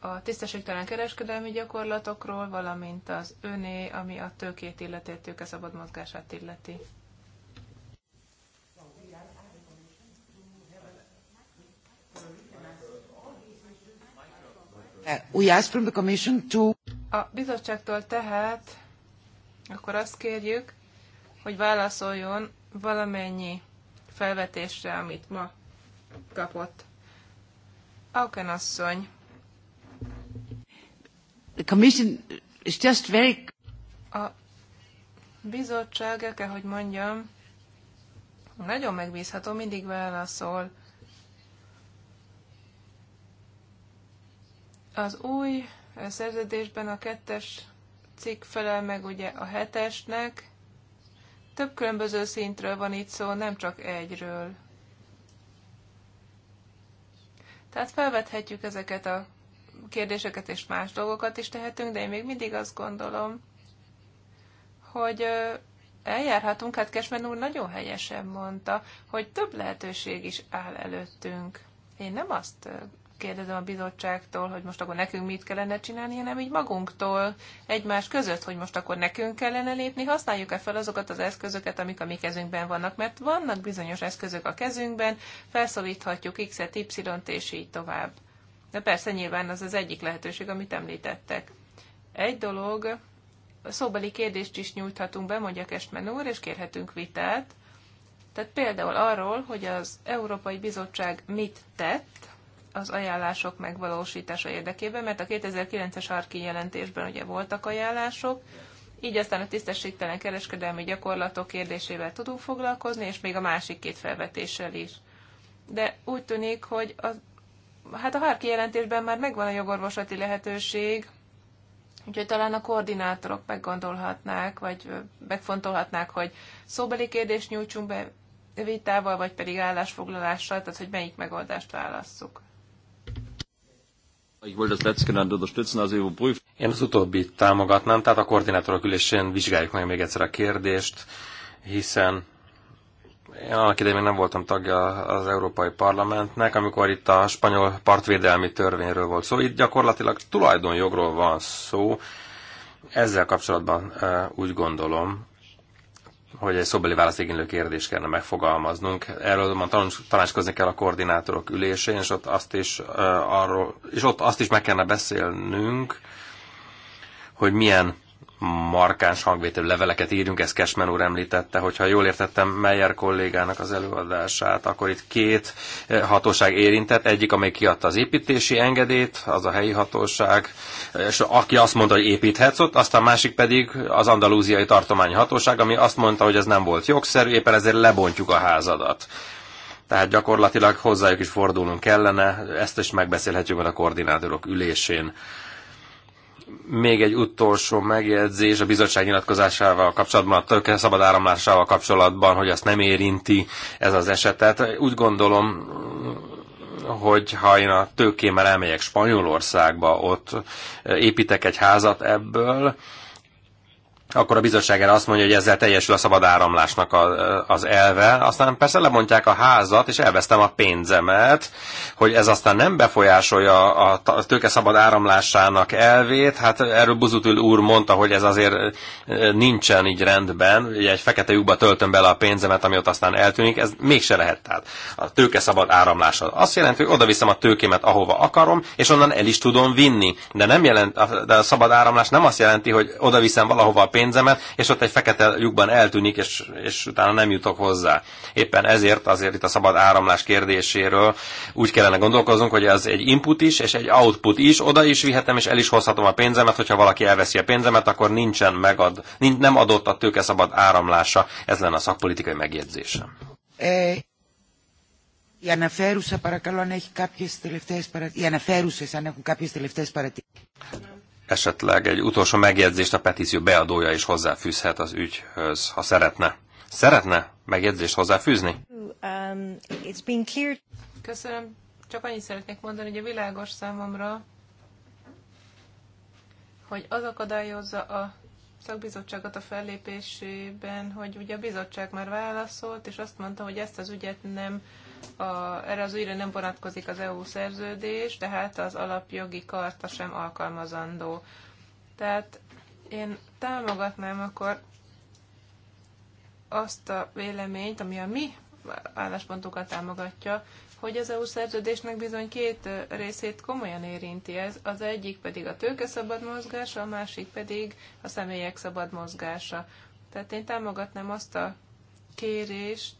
a tisztességtelen kereskedelmi gyakorlatokról, valamint az öné, ami a tőkét illeti, a tőke szabad mozgását illeti. Uh, we ask from the commission to... A bizottságtól tehát akkor azt kérjük, hogy válaszoljon valamennyi felvetésre, amit ma kapott. Auken asszony. The commission is just very... A bizottság, el kell, hogy mondjam, nagyon megbízható, mindig válaszol. Az új szerződésben a kettes cikk felel meg ugye a hetesnek. Több különböző szintről van itt szó, nem csak egyről. Tehát felvethetjük ezeket a kérdéseket és más dolgokat is tehetünk, de én még mindig azt gondolom, hogy eljárhatunk, hát Kesmen úr nagyon helyesen mondta, hogy több lehetőség is áll előttünk. Én nem azt kérdezem a bizottságtól, hogy most akkor nekünk mit kellene csinálni, hanem így magunktól, egymás között, hogy most akkor nekünk kellene lépni, használjuk-e fel azokat az eszközöket, amik a mi kezünkben vannak, mert vannak bizonyos eszközök a kezünkben, felszólíthatjuk X-et, Y-t és így tovább. De persze nyilván az az egyik lehetőség, amit említettek. Egy dolog, szóbeli kérdést is nyújthatunk be, mondja Kestmen úr, és kérhetünk vitát. Tehát például arról, hogy az Európai Bizottság mit tett, az ajánlások megvalósítása érdekében, mert a 2009-es Arki jelentésben ugye voltak ajánlások, így aztán a tisztességtelen kereskedelmi gyakorlatok kérdésével tudunk foglalkozni, és még a másik két felvetéssel is. De úgy tűnik, hogy a, hát a Harki jelentésben már megvan a jogorvoslati lehetőség, Úgyhogy talán a koordinátorok meggondolhatnák, vagy megfontolhatnák, hogy szóbeli kérdést nyújtsunk be vitával, vagy pedig állásfoglalással, tehát hogy melyik megoldást válasszuk. Én az utóbbi támogatnám, tehát a koordinátorok ülésén vizsgáljuk meg még egyszer a kérdést, hiszen én annak idején még nem voltam tagja az Európai Parlamentnek, amikor itt a spanyol partvédelmi törvényről volt szó. Itt gyakorlatilag tulajdonjogról van szó. Ezzel kapcsolatban eh, úgy gondolom, hogy egy szobeli válaszigénylő kérdést kellene megfogalmaznunk. Erről ma tanácskozni kell a koordinátorok ülésén, és ott azt is, uh, arról, és ott azt is meg kellene beszélnünk, hogy milyen markáns hangvételű leveleket írjunk, ezt Kesmen úr említette, hogyha jól értettem Meyer kollégának az előadását, akkor itt két eh, hatóság érintett, egyik, amely kiadta az építési engedélyt, az a helyi hatóság, és eh, aki azt mondta, hogy építhetsz ott, aztán másik pedig az andalúziai tartományi hatóság, ami azt mondta, hogy ez nem volt jogszerű, éppen ezért lebontjuk a házadat. Tehát gyakorlatilag hozzájuk is fordulnunk kellene, ezt is megbeszélhetjük a koordinátorok ülésén még egy utolsó megjegyzés a bizottság nyilatkozásával kapcsolatban, a tőke szabad áramlásával kapcsolatban, hogy azt nem érinti ez az esetet. Úgy gondolom, hogy ha én a tőkémmel elmegyek Spanyolországba, ott építek egy házat ebből, akkor a bizottság erre azt mondja, hogy ezzel teljesül a szabad áramlásnak a, az elve, aztán persze lemondják a házat, és elvesztem a pénzemet, hogy ez aztán nem befolyásolja a tőke szabad áramlásának elvét, hát erről Buzutül úr mondta, hogy ez azért nincsen így rendben, ugye egy fekete lyukba töltöm bele a pénzemet, ami ott aztán eltűnik, ez mégse lehet, tehát a tőke szabad áramlása. Azt jelenti, hogy oda viszem a tőkémet, ahova akarom, és onnan el is tudom vinni, de nem jelent, de a szabad áramlás nem azt jelenti, hogy oda viszem valahova a pénzemet, pénzemet, és ott egy fekete lyukban eltűnik, és, és utána nem jutok hozzá. Éppen ezért azért itt a szabad áramlás kérdéséről úgy kellene gondolkoznunk, hogy az egy input is, és egy output is, oda is vihetem, és el is hozhatom a pénzemet, hogyha valaki elveszi a pénzemet, akkor nincsen megad, nem adott a tőke szabad áramlása. Ez lenne a szakpolitikai megjegyzésem. É. Η αναφέρουσα παρακαλώ αν έχει κάποιες τελευταίες παρατηρήσεις. Η αναφέρουσες αν έχουν κάποιες τελευταίες παρατηρήσεις esetleg egy utolsó megjegyzést a petíció beadója is hozzáfűzhet az ügyhöz, ha szeretne. Szeretne megjegyzést hozzáfűzni? Um, Köszönöm. Csak annyit szeretnék mondani, hogy a világos számomra, hogy az akadályozza a szakbizottságot a fellépésében, hogy ugye a bizottság már válaszolt, és azt mondta, hogy ezt az ügyet nem a, erre az ügyre nem vonatkozik az EU szerződés, tehát az alapjogi karta sem alkalmazandó. Tehát én támogatnám akkor azt a véleményt, ami a mi álláspontokat támogatja, hogy az EU szerződésnek bizony két részét komolyan érinti ez, az egyik pedig a tőke szabad mozgása, a másik pedig a személyek szabad mozgása. Tehát én támogatnám azt a kérést,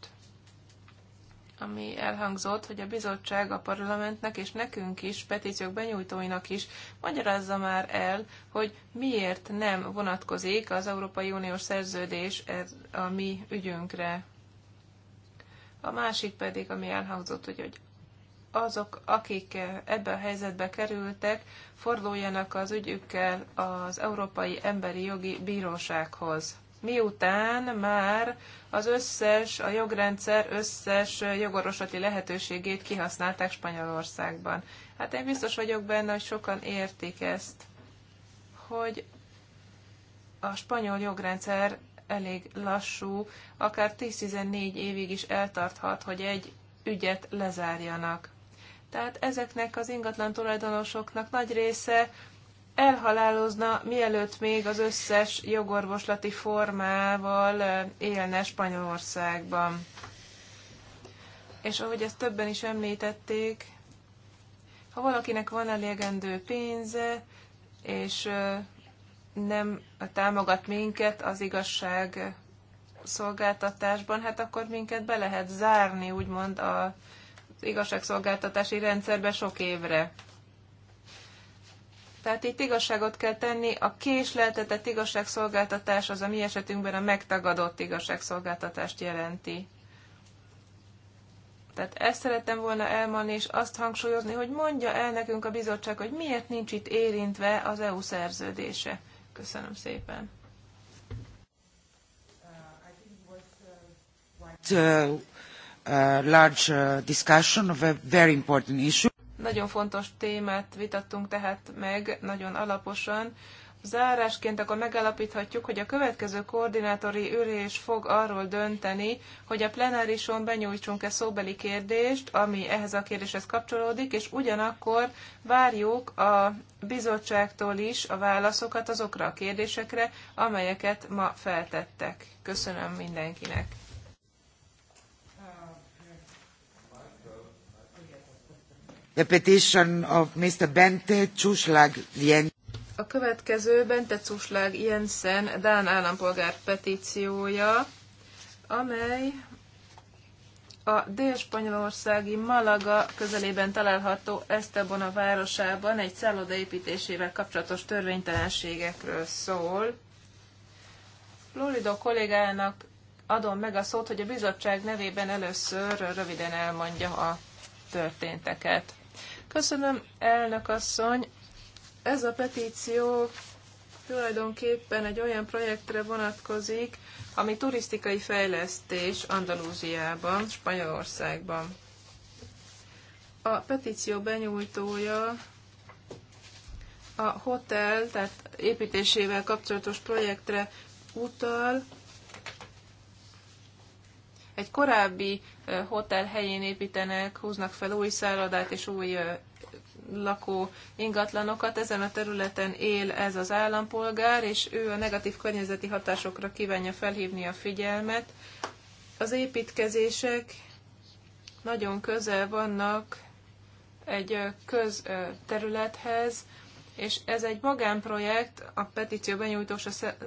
ami elhangzott, hogy a bizottság a parlamentnek és nekünk is, petíciók benyújtóinak is magyarázza már el, hogy miért nem vonatkozik az Európai Uniós szerződés a mi ügyünkre. A másik pedig, ami elhangzott, hogy, hogy azok, akik ebbe a helyzetbe kerültek, forduljanak az ügyükkel az Európai Emberi Jogi Bírósághoz miután már az összes, a jogrendszer összes jogorvoslati lehetőségét kihasználták Spanyolországban. Hát én biztos vagyok benne, hogy sokan értik ezt, hogy a spanyol jogrendszer elég lassú, akár 10-14 évig is eltarthat, hogy egy ügyet lezárjanak. Tehát ezeknek az ingatlan tulajdonosoknak nagy része elhalálozna, mielőtt még az összes jogorvoslati formával élne Spanyolországban. És ahogy ezt többen is említették, ha valakinek van elégendő pénze, és nem támogat minket az igazság szolgáltatásban, hát akkor minket be lehet zárni, úgymond az igazságszolgáltatási rendszerbe sok évre. Tehát itt igazságot kell tenni, a késleltetett igazságszolgáltatás az a mi esetünkben a megtagadott igazságszolgáltatást jelenti. Tehát ezt szerettem volna elmondani, és azt hangsúlyozni, hogy mondja el nekünk a bizottság, hogy miért nincs itt érintve az EU szerződése. Köszönöm szépen. Uh, uh, uh, large uh, discussion of a very important issue. Nagyon fontos témát vitattunk tehát meg nagyon alaposan. Zárásként akkor megállapíthatjuk, hogy a következő koordinátori ülés fog arról dönteni, hogy a plenárison benyújtsunk-e szóbeli kérdést, ami ehhez a kérdéshez kapcsolódik, és ugyanakkor várjuk a bizottságtól is a válaszokat azokra a kérdésekre, amelyeket ma feltettek. Köszönöm mindenkinek! the petition of Mr. Bente Csuslag A következő Bente Csuslag Jensen Dán állampolgár petíciója, amely a dél-spanyolországi Malaga közelében található Esteban a városában egy szállodaépítésével kapcsolatos törvénytelenségekről szól. Florido kollégának adom meg a szót, hogy a bizottság nevében először röviden elmondja a történteket. Köszönöm, elnök asszony. Ez a petíció tulajdonképpen egy olyan projektre vonatkozik, ami turisztikai fejlesztés Andalúziában, Spanyolországban. A petíció benyújtója a hotel, tehát építésével kapcsolatos projektre utal, egy korábbi hotel helyén építenek, húznak fel új szállodát és új lakó ingatlanokat. Ezen a területen él ez az állampolgár, és ő a negatív környezeti hatásokra kívánja felhívni a figyelmet. Az építkezések nagyon közel vannak egy közterülethez, és ez egy magánprojekt a petíció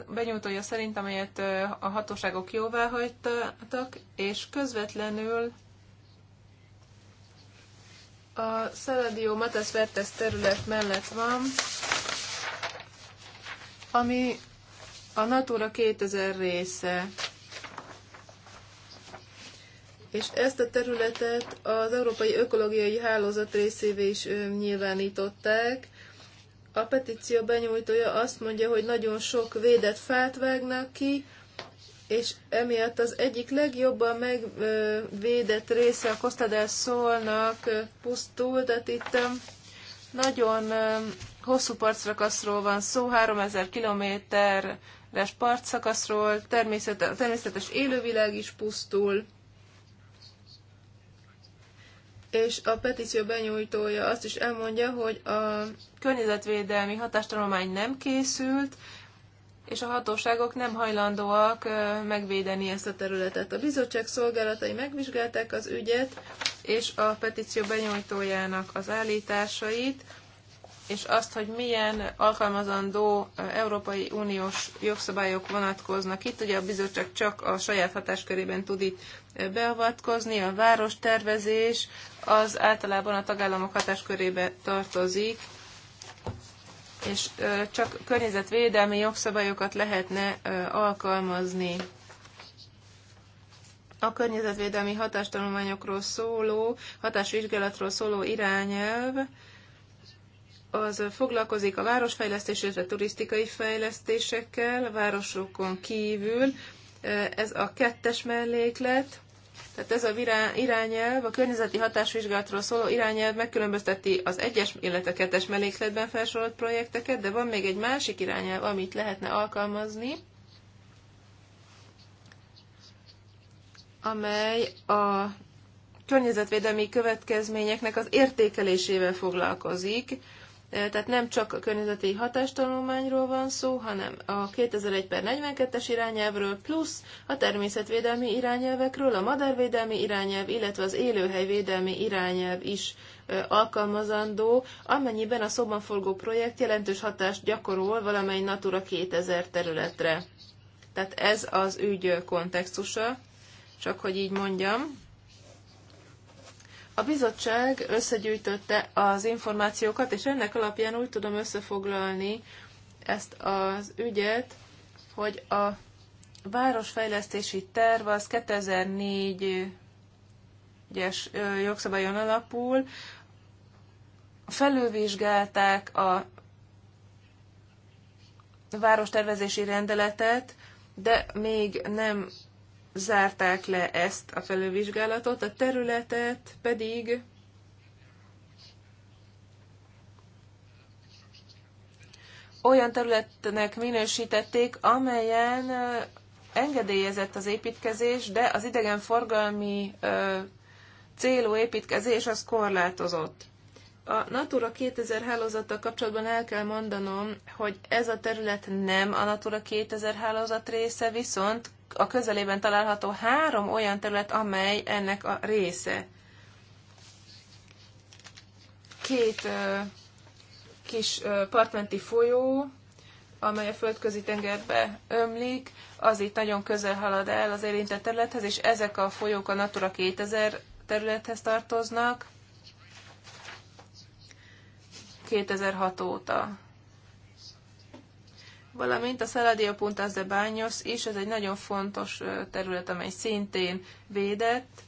benyújtója szerint, amelyet a hatóságok jóvá hagytak, és közvetlenül a Szeladió Matas Vertes terület mellett van, ami a Natura 2000 része. És ezt a területet az Európai Ökológiai Hálózat részévé is nyilvánították, a petíció benyújtója azt mondja, hogy nagyon sok védett fát vágnak ki, és emiatt az egyik legjobban megvédett része a Costa Szolnak pusztul, tehát itt nagyon hosszú partszakaszról van szó, 3000 kilométeres partszakaszról, természetes, természetes élővilág is pusztul, és a petíció benyújtója azt is elmondja, hogy a környezetvédelmi hatástanulmány nem készült, és a hatóságok nem hajlandóak megvédeni ezt a területet. A bizottság szolgálatai megvizsgálták az ügyet, és a petíció benyújtójának az állításait, és azt, hogy milyen alkalmazandó Európai Uniós jogszabályok vonatkoznak itt. Ugye a bizottság csak a saját hatáskörében tud itt beavatkozni, a várostervezés, az általában a tagállamok hatáskörébe tartozik, és csak környezetvédelmi jogszabályokat lehetne alkalmazni. A környezetvédelmi hatástanulmányokról szóló, hatásvizsgálatról szóló irányelv az foglalkozik a városfejlesztés, illetve turisztikai fejlesztésekkel, városokon kívül. Ez a kettes melléklet, tehát ez a irányelv, a környezeti hatásvizsgálatról szóló irányelv megkülönbözteti az egyes, illetve kettes mellékletben felsorolt projekteket, de van még egy másik irányelv, amit lehetne alkalmazni, amely a környezetvédelmi következményeknek az értékelésével foglalkozik, tehát nem csak a környezeti hatástanulmányról van szó, hanem a 2001 per 42-es irányelvről, plusz a természetvédelmi irányelvekről, a madárvédelmi irányelv, illetve az élőhelyvédelmi irányelv is alkalmazandó, amennyiben a szobanforgó projekt jelentős hatást gyakorol valamely Natura 2000 területre. Tehát ez az ügy kontextusa, csak hogy így mondjam. A bizottság összegyűjtötte az információkat, és ennek alapján úgy tudom összefoglalni ezt az ügyet, hogy a városfejlesztési terv az 2004-es jogszabályon alapul, felülvizsgálták a várostervezési rendeletet, de még nem zárták le ezt a felővizsgálatot, a területet pedig olyan területnek minősítették, amelyen engedélyezett az építkezés, de az idegenforgalmi célú építkezés az korlátozott. A Natura 2000 hálózattal kapcsolatban el kell mondanom, hogy ez a terület nem a Natura 2000 hálózat része, viszont a közelében található három olyan terület, amely ennek a része. Két ö, kis ö, partmenti folyó, amely a földközi tengerbe ömlik, az itt nagyon közel halad el az érintett területhez, és ezek a folyók a Natura 2000 területhez tartoznak 2006 óta valamint a Saladia Puntas de Bányos is, ez egy nagyon fontos terület, amely szintén védett.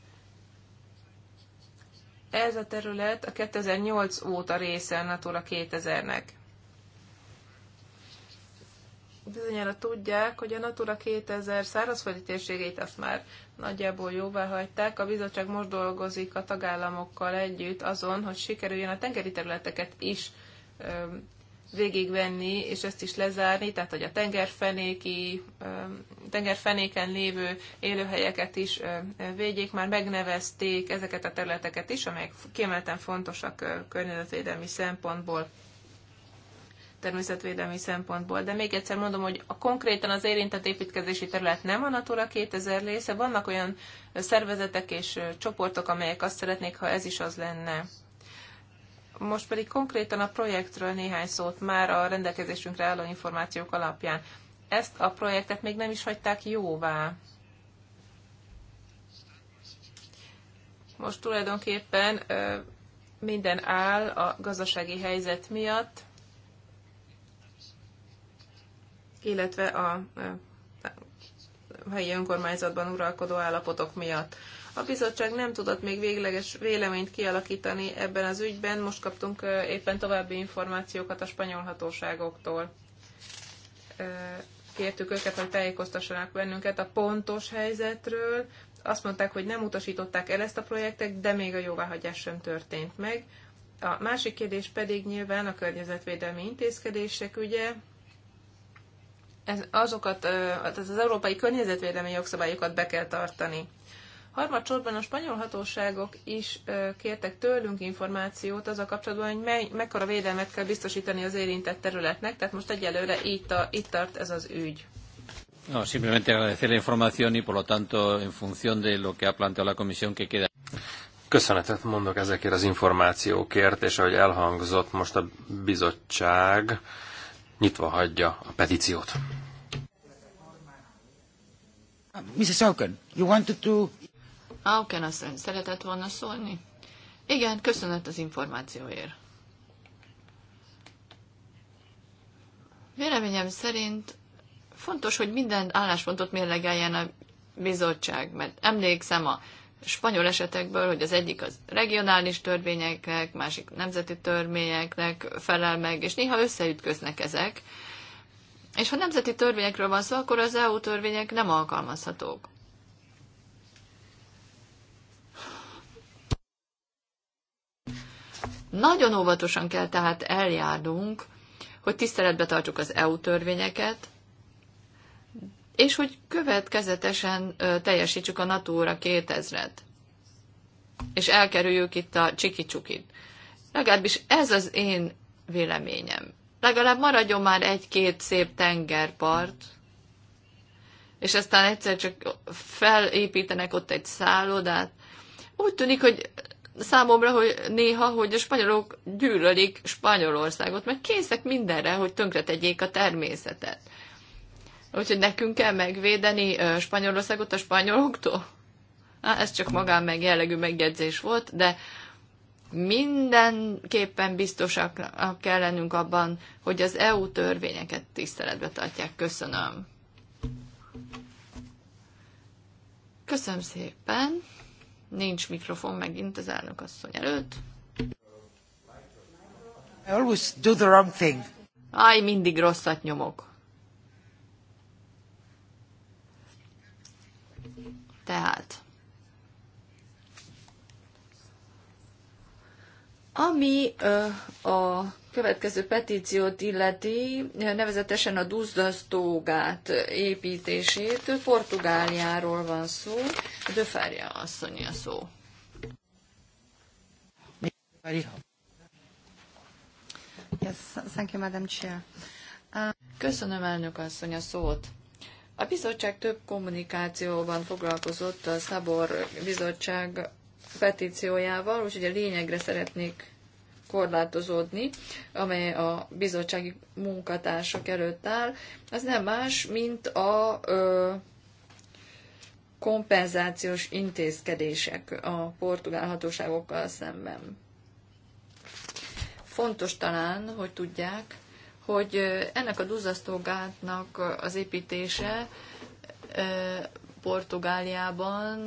Ez a terület a 2008 óta része a Natura 2000-nek. Bizonyára tudják, hogy a Natura 2000 szárazföldi térségét azt már nagyjából jóvá hagyták. A bizottság most dolgozik a tagállamokkal együtt azon, hogy sikerüljön a tengeri területeket is végigvenni, és ezt is lezárni, tehát hogy a tengerfenéki, tengerfenéken lévő élőhelyeket is védjék, már megnevezték ezeket a területeket is, amelyek kiemelten fontosak környezetvédelmi szempontból természetvédelmi szempontból. De még egyszer mondom, hogy a konkrétan az érintett építkezési terület nem a Natura 2000 része, vannak olyan szervezetek és csoportok, amelyek azt szeretnék, ha ez is az lenne. Most pedig konkrétan a projektről néhány szót már a rendelkezésünkre álló információk alapján. Ezt a projektet még nem is hagyták jóvá. Most tulajdonképpen minden áll a gazdasági helyzet miatt, illetve a helyi önkormányzatban uralkodó állapotok miatt. A bizottság nem tudott még végleges véleményt kialakítani ebben az ügyben, most kaptunk éppen további információkat a spanyol hatóságoktól. Kértük őket, hogy tájékoztassanak bennünket a pontos helyzetről. Azt mondták, hogy nem utasították el ezt a projektet, de még a jóváhagyás sem történt meg. A másik kérdés pedig nyilván a környezetvédelmi intézkedések ugye, Ez, azokat, az, az európai környezetvédelmi jogszabályokat be kell tartani. Harmadsorban a spanyol hatóságok is kértek tőlünk információt az a kapcsolatban, hogy mely, mekkora védelmet kell biztosítani az érintett területnek, tehát most egyelőre itt, a, itt tart ez az ügy. No, simplemente agradecer la información y por lo tanto en función de lo que ha planteado la comisión que queda. Köszönetet mondok ezekért az információkért, és ahogy elhangzott, most a bizottság nyitva hagyja a petíciót. Uh, Mrs. Auken, you wanted to Auken asszony szeretett volna szólni? Igen, köszönet az információért. Véleményem szerint fontos, hogy minden álláspontot mérlegeljen a bizottság, mert emlékszem a spanyol esetekből, hogy az egyik az regionális törvényeknek, másik nemzeti törvényeknek felel meg, és néha összeütköznek ezek. És ha nemzeti törvényekről van szó, akkor az EU törvények nem alkalmazhatók. Nagyon óvatosan kell tehát eljárnunk, hogy tiszteletbe tartsuk az EU törvényeket, és hogy következetesen teljesítsük a Natura 2000-et, és elkerüljük itt a csiki-csukit. Legalábbis ez az én véleményem. Legalább maradjon már egy-két szép tengerpart, és aztán egyszer csak felépítenek ott egy szállodát. Úgy tűnik, hogy számomra, hogy néha, hogy a spanyolok gyűlölik Spanyolországot, mert készek mindenre, hogy tönkretegyék a természetet. Úgyhogy nekünk kell megvédeni Spanyolországot a spanyoloktól? Na, ez csak magán meg jellegű megjegyzés volt, de mindenképpen biztosak kell lennünk abban, hogy az EU törvényeket tiszteletbe tartják. Köszönöm. Köszönöm szépen. Nincs mikrofon megint az elnök asszony előtt. I always do the wrong thing. Aj, mindig rosszat nyomok. Tehát Ami a következő petíciót illeti, nevezetesen a duzdasztógát építését, Portugáliáról van szó, Döferja asszony a szó. Yes, thank you, Madam Chair. Köszönöm, elnök asszony, a szót. A bizottság több kommunikációban foglalkozott a Szabor bizottság petíciójával, úgyhogy a lényegre szeretnék korlátozódni, amely a bizottsági munkatársak előtt áll, az nem más, mint a ö, kompenzációs intézkedések a portugál hatóságokkal szemben. Fontos talán, hogy tudják, hogy ennek a duzzasztó az építése Portugáliában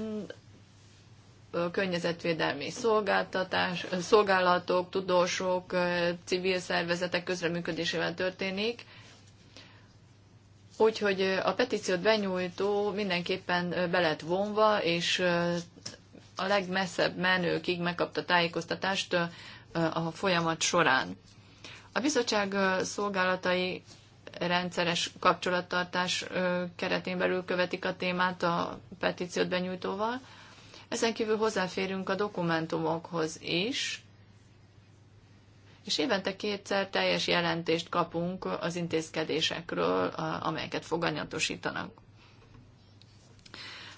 környezetvédelmi szolgáltatás, szolgálatok, tudósok, civil szervezetek közreműködésével történik. Úgyhogy a petíciót benyújtó mindenképpen be lett vonva, és a legmesszebb menőkig megkapta tájékoztatást a folyamat során. A bizottság szolgálatai rendszeres kapcsolattartás keretén belül követik a témát a petíciót benyújtóval, ezen kívül hozzáférünk a dokumentumokhoz is, és évente kétszer teljes jelentést kapunk az intézkedésekről, amelyeket foganyatosítanak.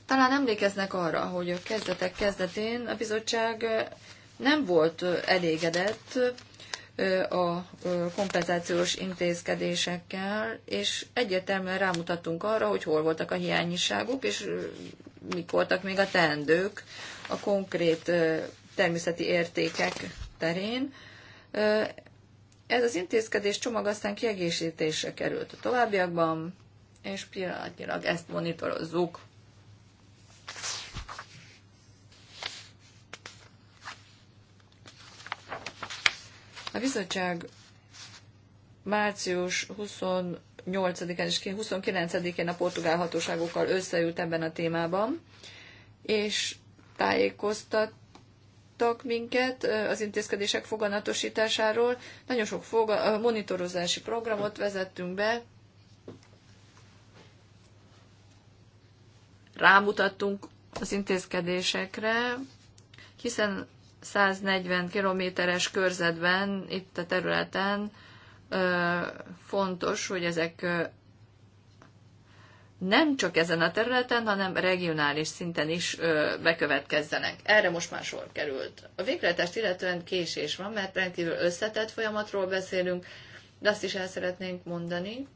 Talán emlékeznek arra, hogy a kezdetek kezdetén a bizottság nem volt elégedett a kompenzációs intézkedésekkel, és egyértelműen rámutattunk arra, hogy hol voltak a hiányiságok, és mik voltak még a teendők a konkrét természeti értékek terén. Ez az intézkedés csomag aztán kiegészítésre került a továbbiakban, és pillanatnyilag ezt monitorozzuk. A bizottság március 28-án és 29-én a portugál hatóságokkal összeült ebben a témában, és tájékoztattak minket az intézkedések foganatosításáról. Nagyon sok foga- monitorozási programot vezettünk be, rámutattunk az intézkedésekre, hiszen 140 kilométeres körzetben, itt a területen fontos, hogy ezek nem csak ezen a területen, hanem regionális szinten is bekövetkezzenek. Erre most már sor került. A végletest illetően késés van, mert rendkívül összetett folyamatról beszélünk, de azt is el szeretnénk mondani,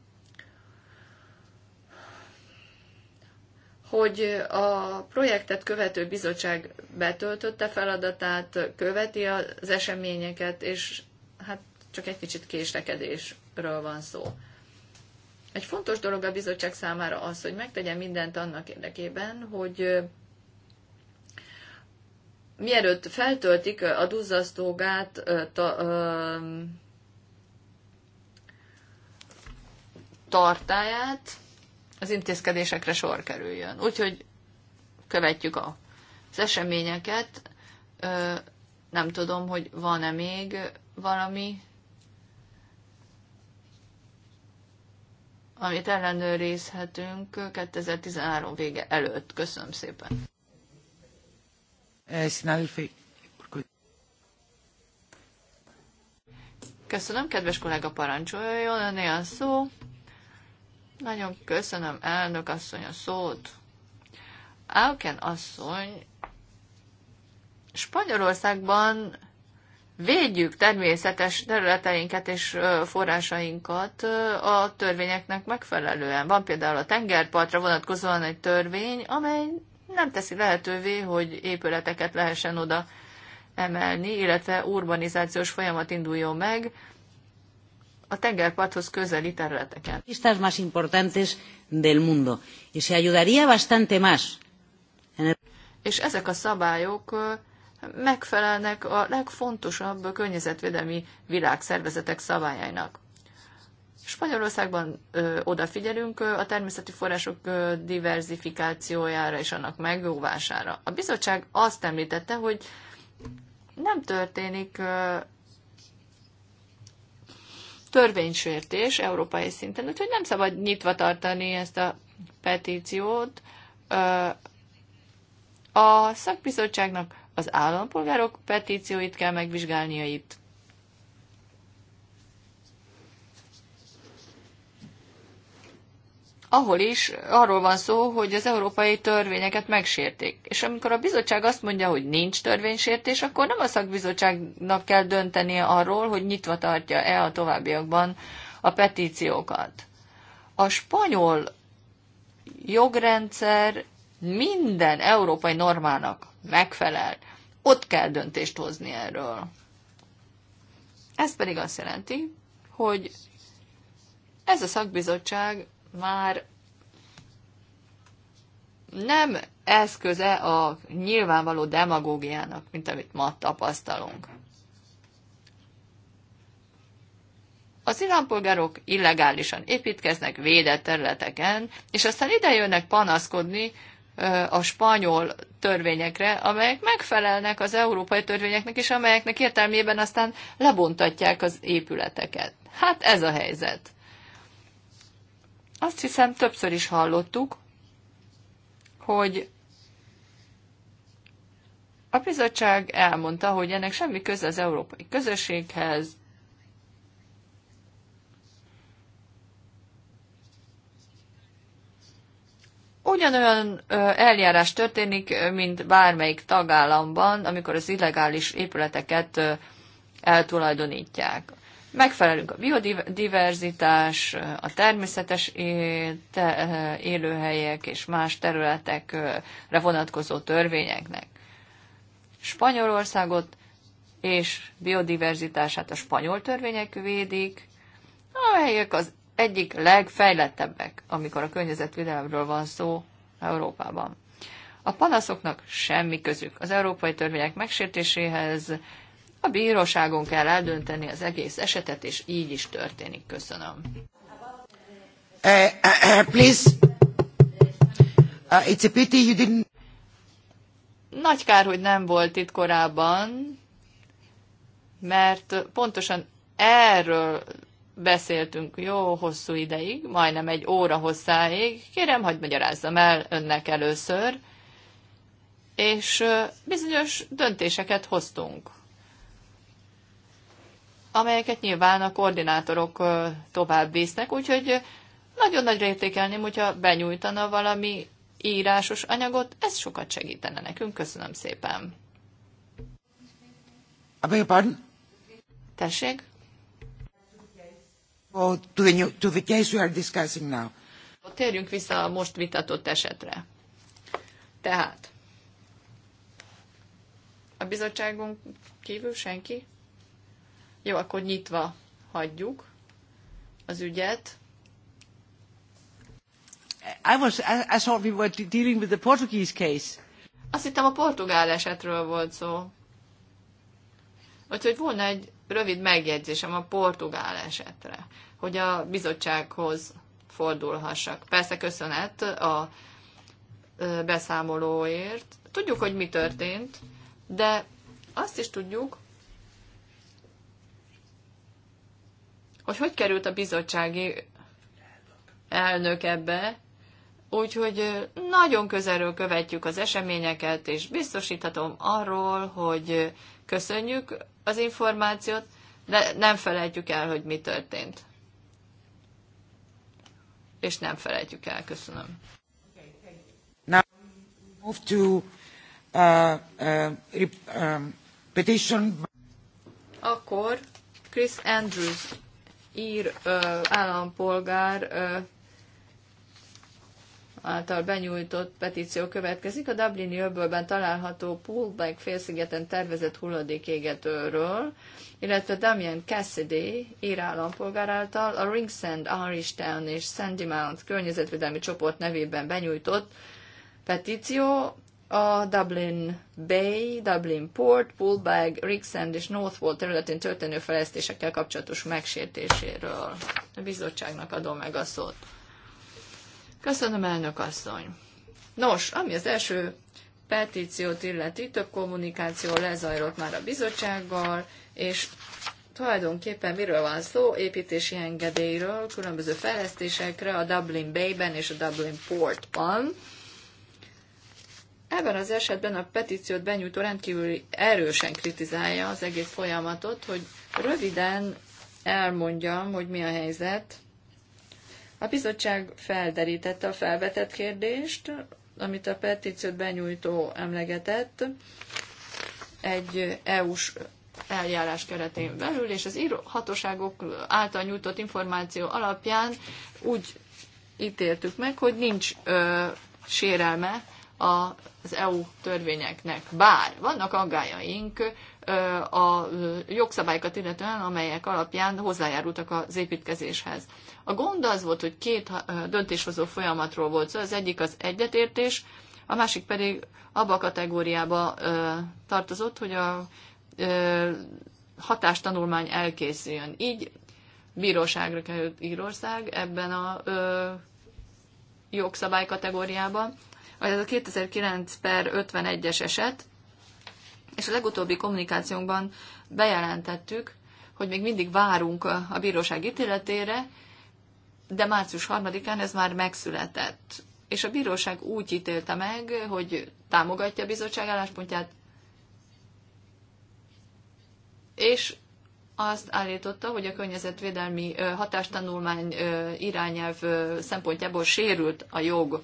hogy a projektet követő bizottság betöltötte feladatát, követi az eseményeket, és hát csak egy kicsit késlekedésről van szó. Egy fontos dolog a bizottság számára az, hogy megtegyen mindent annak érdekében, hogy mielőtt feltöltik a duzzasztó gát, tartáját, az intézkedésekre sor kerüljön. Úgyhogy követjük az eseményeket. Nem tudom, hogy van-e még valami amit ellenőrizhetünk 2013 vége előtt. Köszönöm szépen. Eh, köszönöm, kedves kollega parancsoljon, önné a szó. Nagyon köszönöm, elnök asszony, a szót. Álken asszony Spanyolországban védjük természetes területeinket és forrásainkat a törvényeknek megfelelően. Van például a tengerpartra vonatkozóan egy törvény, amely nem teszi lehetővé, hogy épületeket lehessen oda emelni, illetve urbanizációs folyamat induljon meg a tengerparthoz közeli területeken. Listas más importantes del mundo, y se ayudaría bastante más. És ezek a szabályok megfelelnek a legfontosabb környezetvédelmi világszervezetek szabályainak. Spanyolországban ö, odafigyelünk ö, a természeti források ö, diverzifikációjára és annak megjóvására. A bizottság azt említette, hogy nem történik ö, törvénysértés európai szinten, úgyhogy nem szabad nyitva tartani ezt a petíciót. Ö, a szakbizottságnak az állampolgárok petícióit kell megvizsgálnia itt. ahol is arról van szó, hogy az európai törvényeket megsérték. És amikor a bizottság azt mondja, hogy nincs törvénysértés, akkor nem a szakbizottságnak kell döntenie arról, hogy nyitva tartja-e a továbbiakban a petíciókat. A spanyol jogrendszer minden európai normának megfelel ott kell döntést hozni erről. Ez pedig azt jelenti, hogy ez a szakbizottság már nem eszköze a nyilvánvaló demagógiának, mint amit ma tapasztalunk. Az iránpolgárok illegálisan építkeznek védett területeken, és aztán ide jönnek panaszkodni, a spanyol törvényekre, amelyek megfelelnek az európai törvényeknek, és amelyeknek értelmében aztán lebontatják az épületeket. Hát ez a helyzet. Azt hiszem többször is hallottuk, hogy a bizottság elmondta, hogy ennek semmi köze az európai közösséghez, ugyanolyan eljárás történik, mint bármelyik tagállamban, amikor az illegális épületeket eltulajdonítják. Megfelelünk a biodiverzitás, a természetes élőhelyek és más területekre vonatkozó törvényeknek. Spanyolországot és biodiverzitását a spanyol törvények védik, amelyek az egyik legfejlettebbek, amikor a környezetvédelemről van szó Európában. A panaszoknak semmi közük az európai törvények megsértéséhez, a bíróságon kell eldönteni az egész esetet, és így is történik. Köszönöm. Uh, uh, please. Uh, it's a pity you didn't... Nagy kár, hogy nem volt itt korábban, mert pontosan erről beszéltünk jó hosszú ideig, majdnem egy óra hosszáig. Kérem, hagyd magyarázzam el önnek először. És bizonyos döntéseket hoztunk, amelyeket nyilván a koordinátorok tovább visznek, úgyhogy nagyon nagy értékelném, hogyha benyújtana valami írásos anyagot, ez sokat segítene nekünk. Köszönöm szépen. A Tessék? Térjünk vissza a most vitatott esetre. Tehát, a bizottságunk kívül senki? Jó, akkor nyitva hagyjuk az ügyet. I was, I, I thought we were dealing with the Portuguese case. Azt hittem a portugál esetről volt szó. Úgyhogy volna egy rövid megjegyzésem a portugál esetre, hogy a bizottsághoz fordulhassak. Persze köszönet a beszámolóért. Tudjuk, hogy mi történt, de azt is tudjuk, hogy hogy került a bizottsági elnök ebbe, Úgyhogy nagyon közelről követjük az eseményeket, és biztosíthatom arról, hogy Köszönjük az információt, de nem felejtjük el, hogy mi történt. És nem felejtjük el. Köszönöm. Now move to uh, uh, um, petition. Akkor Chris Andrews ír uh, állampolgár uh, által benyújtott petíció következik a Dublini öbölben található Poolbank félszigeten tervezett hulladékégetőről, illetve Damien Cassidy ír állampolgár által a Ringsend, Irish Town és Sandy Mount környezetvédelmi csoport nevében benyújtott petíció a Dublin Bay, Dublin Port, Poolbag, Ringsend és Northwall területén történő fejlesztésekkel kapcsolatos megsértéséről. A bizottságnak adom meg a szót. Köszönöm, elnök asszony. Nos, ami az első petíciót illeti, több kommunikáció lezajlott már a bizottsággal, és tulajdonképpen miről van szó? Építési engedélyről, különböző fejlesztésekre a Dublin Bay-ben és a Dublin Portban. Ebben az esetben a petíciót benyújtó rendkívül erősen kritizálja az egész folyamatot, hogy röviden elmondjam, hogy mi a helyzet. A bizottság felderítette a felvetett kérdést, amit a petíciót benyújtó emlegetett egy EU-s eljárás keretén belül, és az hatóságok által nyújtott információ alapján úgy ítéltük meg, hogy nincs ö, sérelme az EU törvényeknek. Bár vannak aggájaink a jogszabályokat illetően, amelyek alapján hozzájárultak az építkezéshez. A gond az volt, hogy két döntéshozó folyamatról volt szó, az egyik az egyetértés, a másik pedig abba a kategóriába tartozott, hogy a hatástanulmány elkészüljön. Így bíróságra került Írország ebben a ö, jogszabály kategóriában. Ez a 2009 per 51-es eset, és a legutóbbi kommunikációnkban bejelentettük, hogy még mindig várunk a bíróság ítéletére, de március 3-án ez már megszületett. És a bíróság úgy ítélte meg, hogy támogatja a bizottság álláspontját, és azt állította, hogy a környezetvédelmi hatástanulmány irányelv szempontjából sérült a jog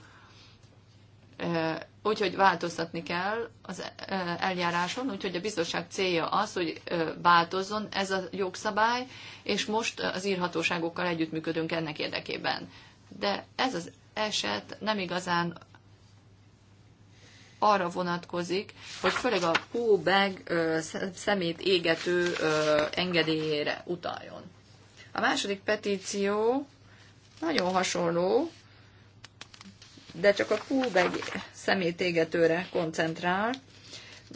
úgyhogy változtatni kell az e, e, eljáráson, úgyhogy a bizottság célja az, hogy e, változzon ez a jogszabály, és most az írhatóságokkal együttműködünk ennek érdekében. De ez az eset nem igazán arra vonatkozik, hogy főleg a póbeg szemét égető engedélyére utaljon. A második petíció nagyon hasonló, de csak a póbeg szemétégetőre koncentrál.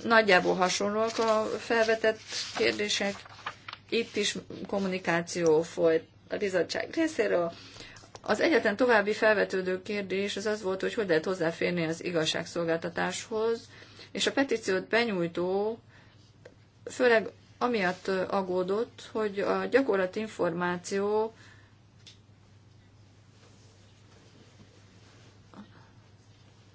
Nagyjából hasonlóak a felvetett kérdések. Itt is kommunikáció folyt a bizottság részéről. Az egyetlen további felvetődő kérdés az az volt, hogy hogy lehet hozzáférni az igazságszolgáltatáshoz, és a petíciót benyújtó főleg amiatt aggódott, hogy a gyakorlati információ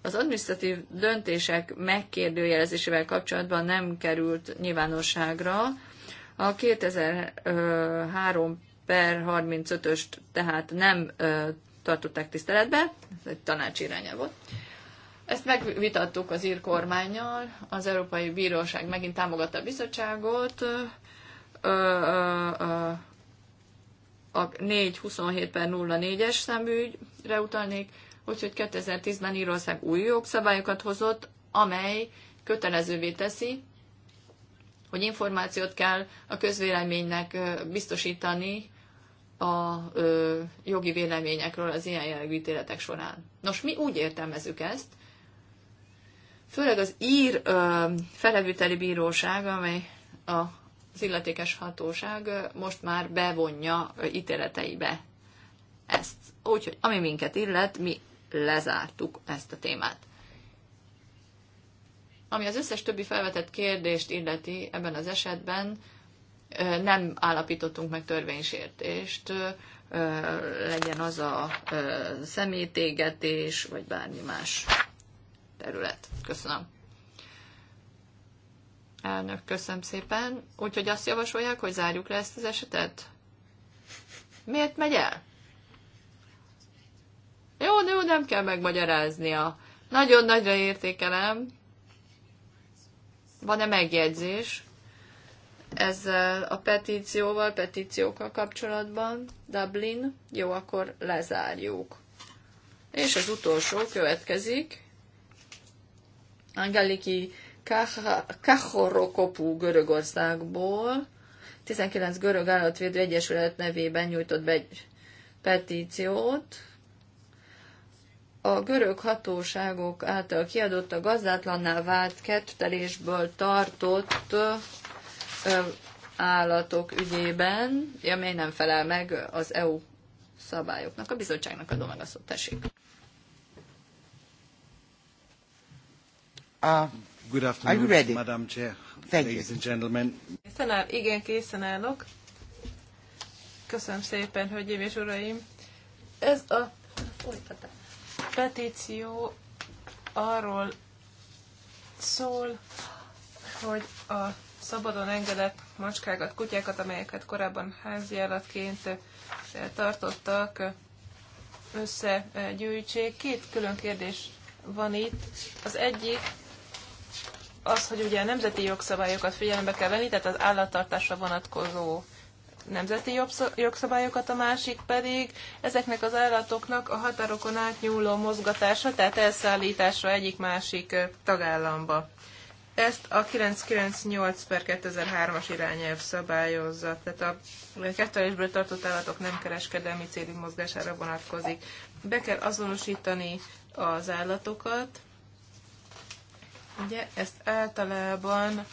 Az administratív döntések megkérdőjelezésével kapcsolatban nem került nyilvánosságra. A 2003 per 35-öst tehát nem ö, tartották tiszteletbe, ez egy tanács iránya volt. Ezt megvitattuk az ír kormányjal, az Európai Bíróság megint támogatta a bizottságot, ö, ö, ö, a 427 per 04-es számügyre utalnék, úgyhogy 2010-ben Írország új jogszabályokat hozott, amely kötelezővé teszi, hogy információt kell a közvéleménynek biztosítani a ö, jogi véleményekről az ilyen jellegű ítéletek során. Nos, mi úgy értelmezzük ezt, főleg az ír ö, bíróság, amely a, az illetékes hatóság most már bevonja ítéleteibe ezt. Úgyhogy ami minket illet, mi lezártuk ezt a témát. Ami az összes többi felvetett kérdést illeti ebben az esetben, nem állapítottunk meg törvénysértést, legyen az a szemétégetés, vagy bármi más terület. Köszönöm. Elnök, köszönöm szépen. Úgyhogy azt javasolják, hogy zárjuk le ezt az esetet? Miért megy el? Jó, de jó, nem kell megmagyaráznia. Nagyon nagyra értékelem. Van-e megjegyzés ezzel a petícióval, petíciókkal kapcsolatban? Dublin? Jó, akkor lezárjuk. És az utolsó következik. Angeliki Kahorokopú Görögországból 19 görög állatvédő egyesület nevében nyújtott be egy petíciót a görög hatóságok által kiadott a gazdátlanná vált kettelésből tartott állatok ügyében, amely nem felel meg az EU szabályoknak. A bizottságnak adom meg a szót, tessék. Uh, Good afternoon, are you ready? Madam Chair, Thank ladies you. and gentlemen. Készen áll, igen, készen állok. Köszönöm szépen, hölgyeim és uraim. Ez a folytatás petíció arról szól, hogy a szabadon engedett macskákat, kutyákat, amelyeket korábban háziállatként eh, tartottak, eh, összegyűjtsék. Két külön kérdés van itt. Az egyik az, hogy ugye a nemzeti jogszabályokat figyelembe kell venni, tehát az állattartásra vonatkozó nemzeti jogszabályokat, a másik pedig ezeknek az állatoknak a határokon átnyúló mozgatása, tehát elszállítása egyik-másik tagállamba. Ezt a 998 per 2003-as irányelv szabályozza, tehát a kettelésből tartott állatok nem kereskedelmi célú mozgására vonatkozik. Be kell azonosítani az állatokat, ugye ezt általában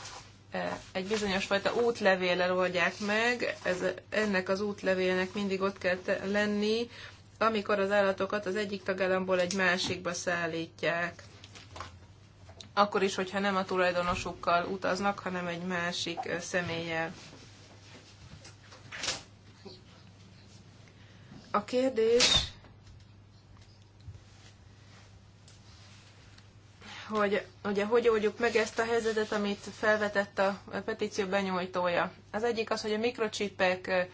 egy bizonyos fajta útlevéllel oldják meg, ez, ennek az útlevélnek mindig ott kell lenni, amikor az állatokat az egyik tagállamból egy másikba szállítják. Akkor is, hogyha nem a tulajdonosukkal utaznak, hanem egy másik személlyel. A kérdés hogy ugye hogy oldjuk meg ezt a helyzetet, amit felvetett a petíció benyújtója. Az egyik az, hogy a mikrocsipek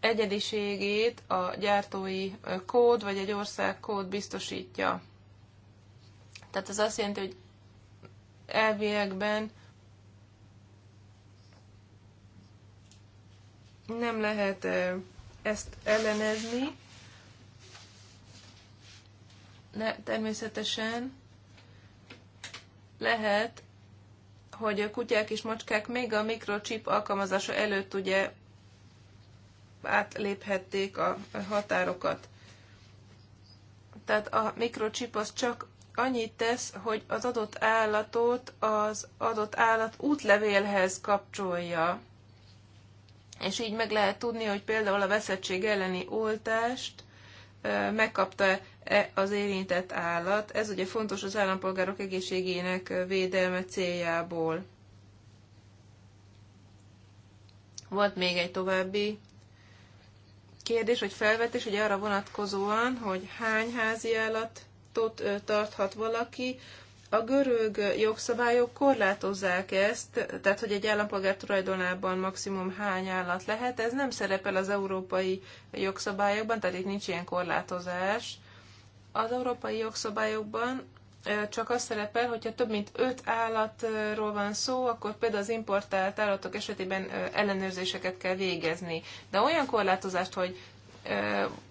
egyediségét a gyártói kód vagy egy ország kód biztosítja. Tehát ez azt jelenti, hogy elviekben nem lehet ezt ellenezni, de természetesen lehet, hogy a kutyák és macskák még a mikrochip alkalmazása előtt ugye átléphették a határokat. Tehát a mikrochip az csak annyit tesz, hogy az adott állatot az adott állat útlevélhez kapcsolja. És így meg lehet tudni, hogy például a veszettség elleni oltást megkapta-e e az érintett állat. Ez ugye fontos az állampolgárok egészségének védelme céljából. Volt még egy további kérdés, vagy felvetés, hogy arra vonatkozóan, hogy hány házi állatot tarthat valaki, a görög jogszabályok korlátozzák ezt, tehát hogy egy állampolgár tulajdonában maximum hány állat lehet, ez nem szerepel az európai jogszabályokban, tehát itt nincs ilyen korlátozás. Az európai jogszabályokban csak az szerepel, hogyha több mint öt állatról van szó, akkor például az importált állatok esetében ellenőrzéseket kell végezni. De olyan korlátozást, hogy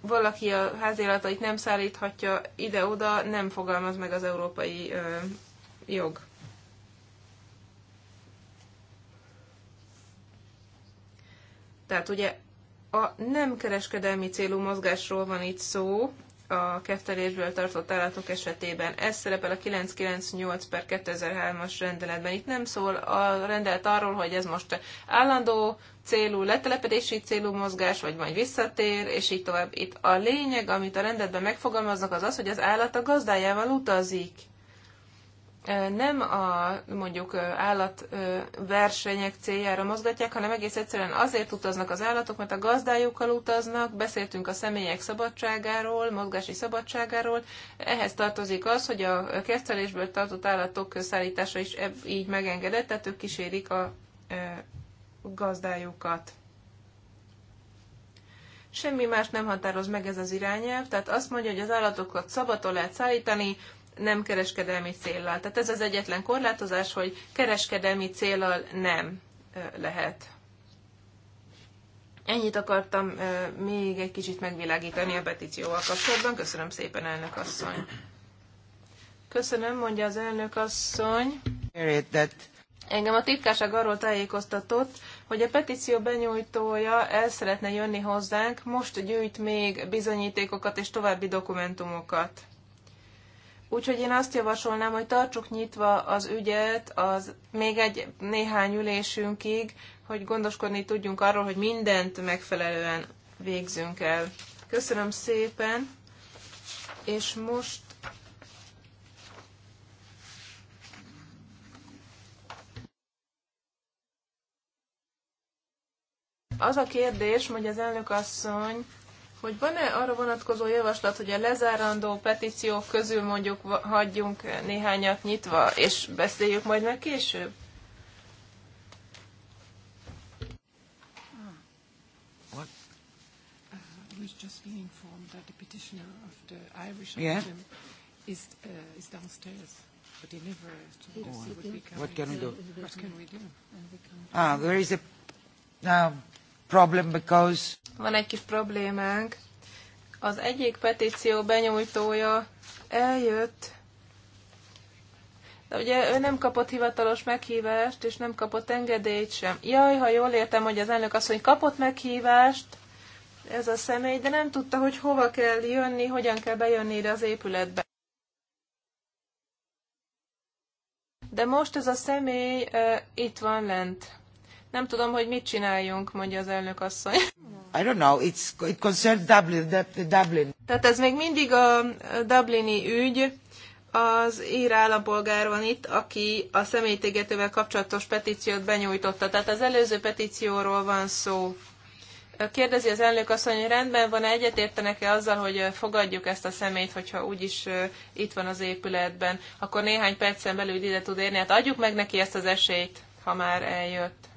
valaki a házélatait nem szállíthatja ide-oda, nem fogalmaz meg az európai jog. Tehát ugye a nem kereskedelmi célú mozgásról van itt szó, a keftelésből tartott állatok esetében. Ez szerepel a 998 per 2003-as rendeletben. Itt nem szól a rendelet arról, hogy ez most állandó célú, letelepedési célú mozgás, vagy majd visszatér, és így tovább. Itt a lényeg, amit a rendeletben megfogalmaznak, az az, hogy az állat a gazdájával utazik nem a mondjuk állatversenyek céljára mozgatják, hanem egész egyszerűen azért utaznak az állatok, mert a gazdájukkal utaznak, beszéltünk a személyek szabadságáról, mozgási szabadságáról, ehhez tartozik az, hogy a kertelésből tartott állatok szállítása is így megengedett, tehát ők kísérik a gazdájukat. Semmi más nem határoz meg ez az irányelv, tehát azt mondja, hogy az állatokat szabadon lehet szállítani, nem kereskedelmi céllal. Tehát ez az egyetlen korlátozás, hogy kereskedelmi céllal nem lehet. Ennyit akartam még egy kicsit megvilágítani a petícióval kapcsolatban. Köszönöm szépen, elnök asszony. Köszönöm, mondja az elnök asszony. Engem a titkárság arról tájékoztatott, hogy a petíció benyújtója el szeretne jönni hozzánk, most gyűjt még bizonyítékokat és további dokumentumokat. Úgyhogy én azt javasolnám, hogy tartsuk nyitva az ügyet az még egy néhány ülésünkig, hogy gondoskodni tudjunk arról, hogy mindent megfelelően végzünk el. Köszönöm szépen, és most Az a kérdés, hogy az elnök asszony hogy van-e arra vonatkozó javaslat, hogy a lezárandó petíciók közül mondjuk hagyjunk néhányat nyitva, és beszéljük majd meg később? Uh, yeah. is, uh, To what, what can we do? What can we do? Ah, there is a... Now, problem because... Van egy kis problémánk. Az egyik petíció benyújtója eljött, de ugye ő nem kapott hivatalos meghívást, és nem kapott engedélyt sem. Jaj, ha jól értem, hogy az elnök azt, hogy kapott meghívást, ez a személy, de nem tudta, hogy hova kell jönni, hogyan kell bejönni ide az épületbe. De most ez a személy uh, itt van lent. Nem tudom, hogy mit csináljunk, mondja az elnök asszony. I don't know, it's, it concerns Dublin, Dublin. Tehát ez még mindig a Dublini ügy, az ír állampolgár van itt, aki a személytégetővel kapcsolatos petíciót benyújtotta. Tehát az előző petícióról van szó. Kérdezi az elnök asszony, hogy rendben van-e, egyetértenek-e azzal, hogy fogadjuk ezt a szemét, hogyha úgyis itt van az épületben, akkor néhány percen belül ide tud érni. Hát adjuk meg neki ezt az esélyt, ha már eljött.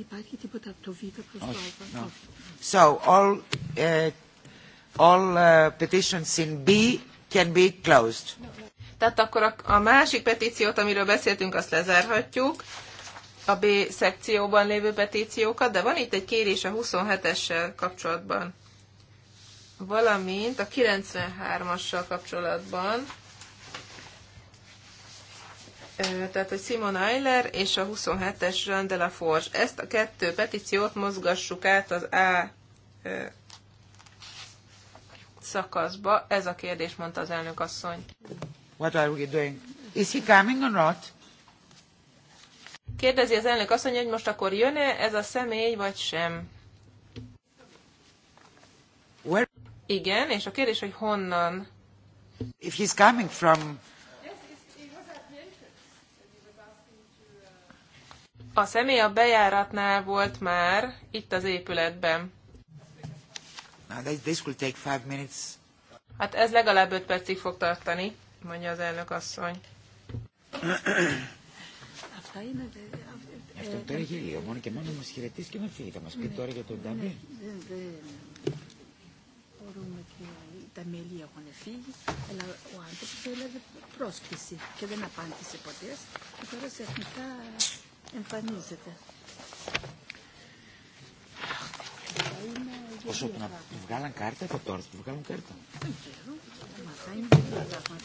Υπάρχει τίποτα από το προς το So all, uh, all uh, petitions in B can be closed. Tehát akkor a, a másik petíciót, amiről beszéltünk, azt lezárhatjuk a B szekcióban lévő petíciókat, de van itt egy kérés a 27-essel kapcsolatban, valamint a 93-assal kapcsolatban tehát hogy Simon Eiler és a 27-es Jean de la Forge. Ezt a kettő petíciót mozgassuk át az A szakaszba. Ez a kérdés, mondta az elnök asszony. What are we doing? Is he coming or not? Kérdezi az elnök asszony, hogy most akkor jön-e ez a személy, vagy sem. Where? Igen, és a kérdés, hogy honnan. If he's coming from A személy a bejáratnál volt már, itt az épületben. Now this will take five minutes. Hát ez legalább 5 percig fog tartani, mondja az elnök asszony. Αυτό τώρα έχει λίγο. Μόνο και μόνο μας χαιρετήσει και να φύγει. Θα μας πει τώρα για τον Ντάμπι. Μπορούμε και τα μέλη έχουν φύγει, αλλά ο άνθρωπος έλαβε πρόσκληση και δεν απάντησε ποτέ. Και τώρα σε εθνικά Πόσο να βγάλαν κάρτα από τώρα, βγάλουν κάρτα. Δεν ξέρω. Μα θα είναι πράγματα.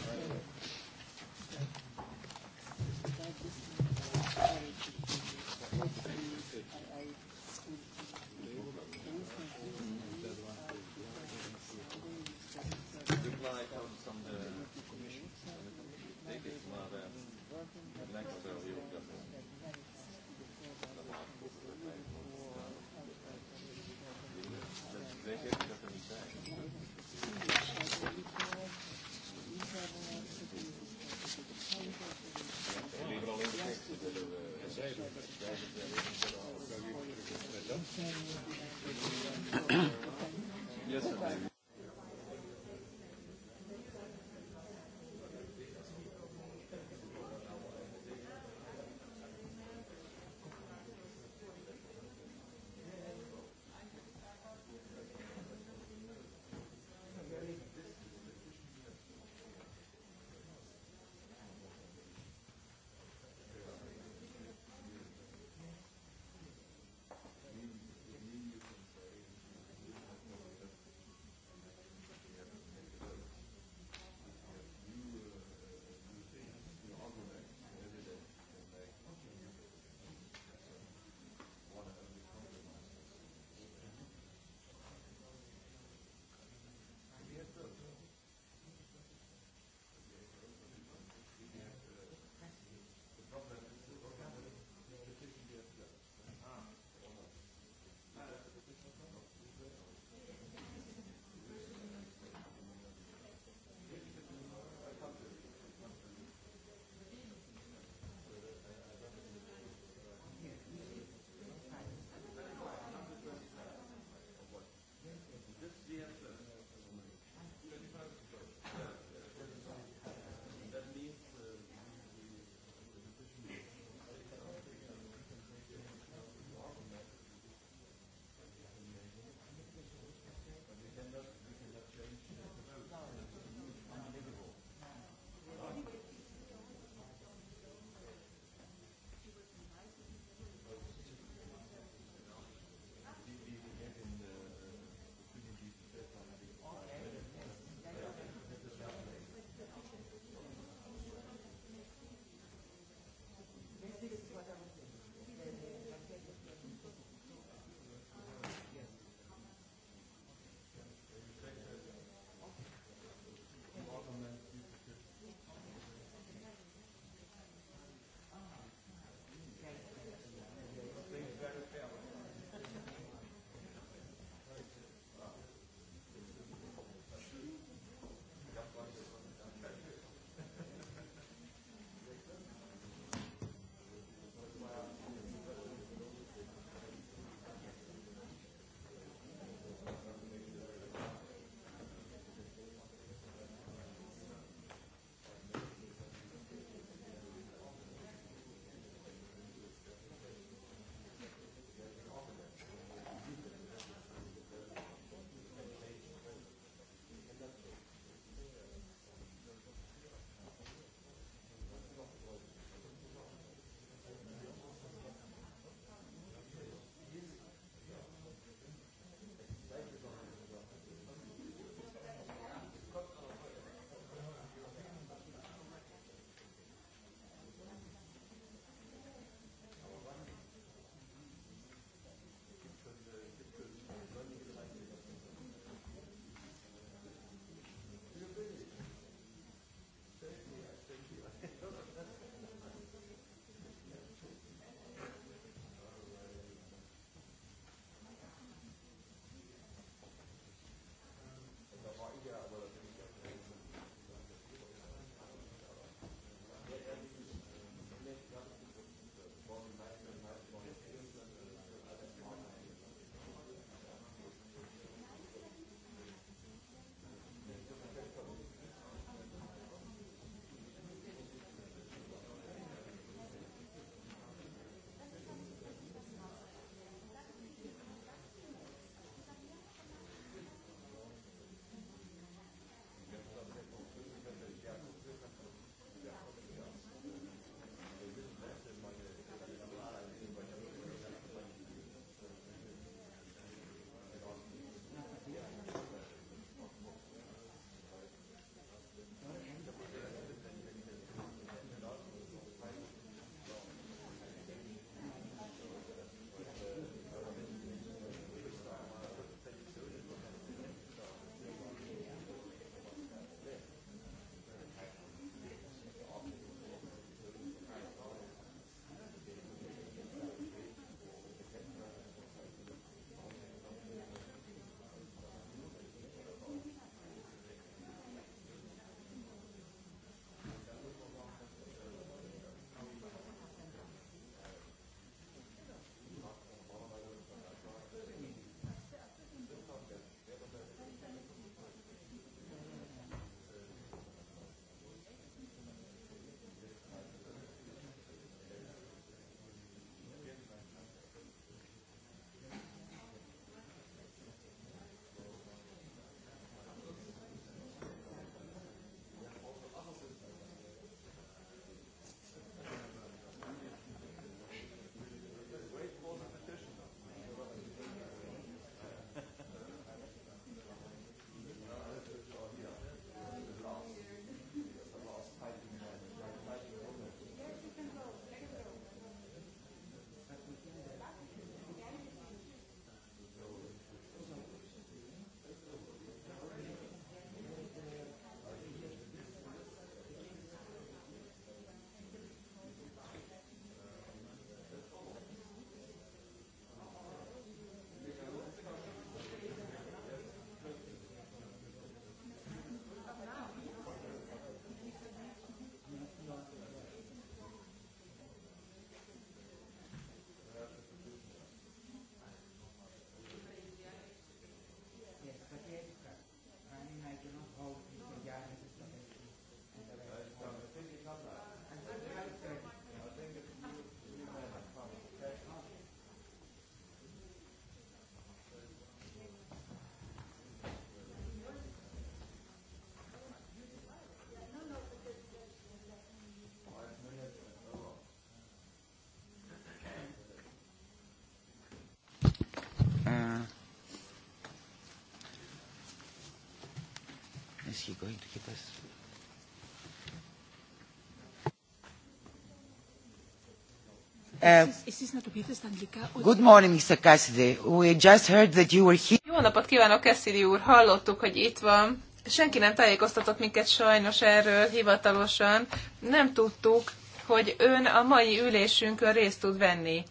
Eh, is he going to us? good morning, Mr. Cassidy. We just heard that you were here. Jó napot kívánok, Cassidy úr! Hallottuk, hogy itt van. Senki nem tájékoztatott minket sajnos erről hivatalosan. Nem tudtuk, hogy ön a mai ülésünkön részt tud venni.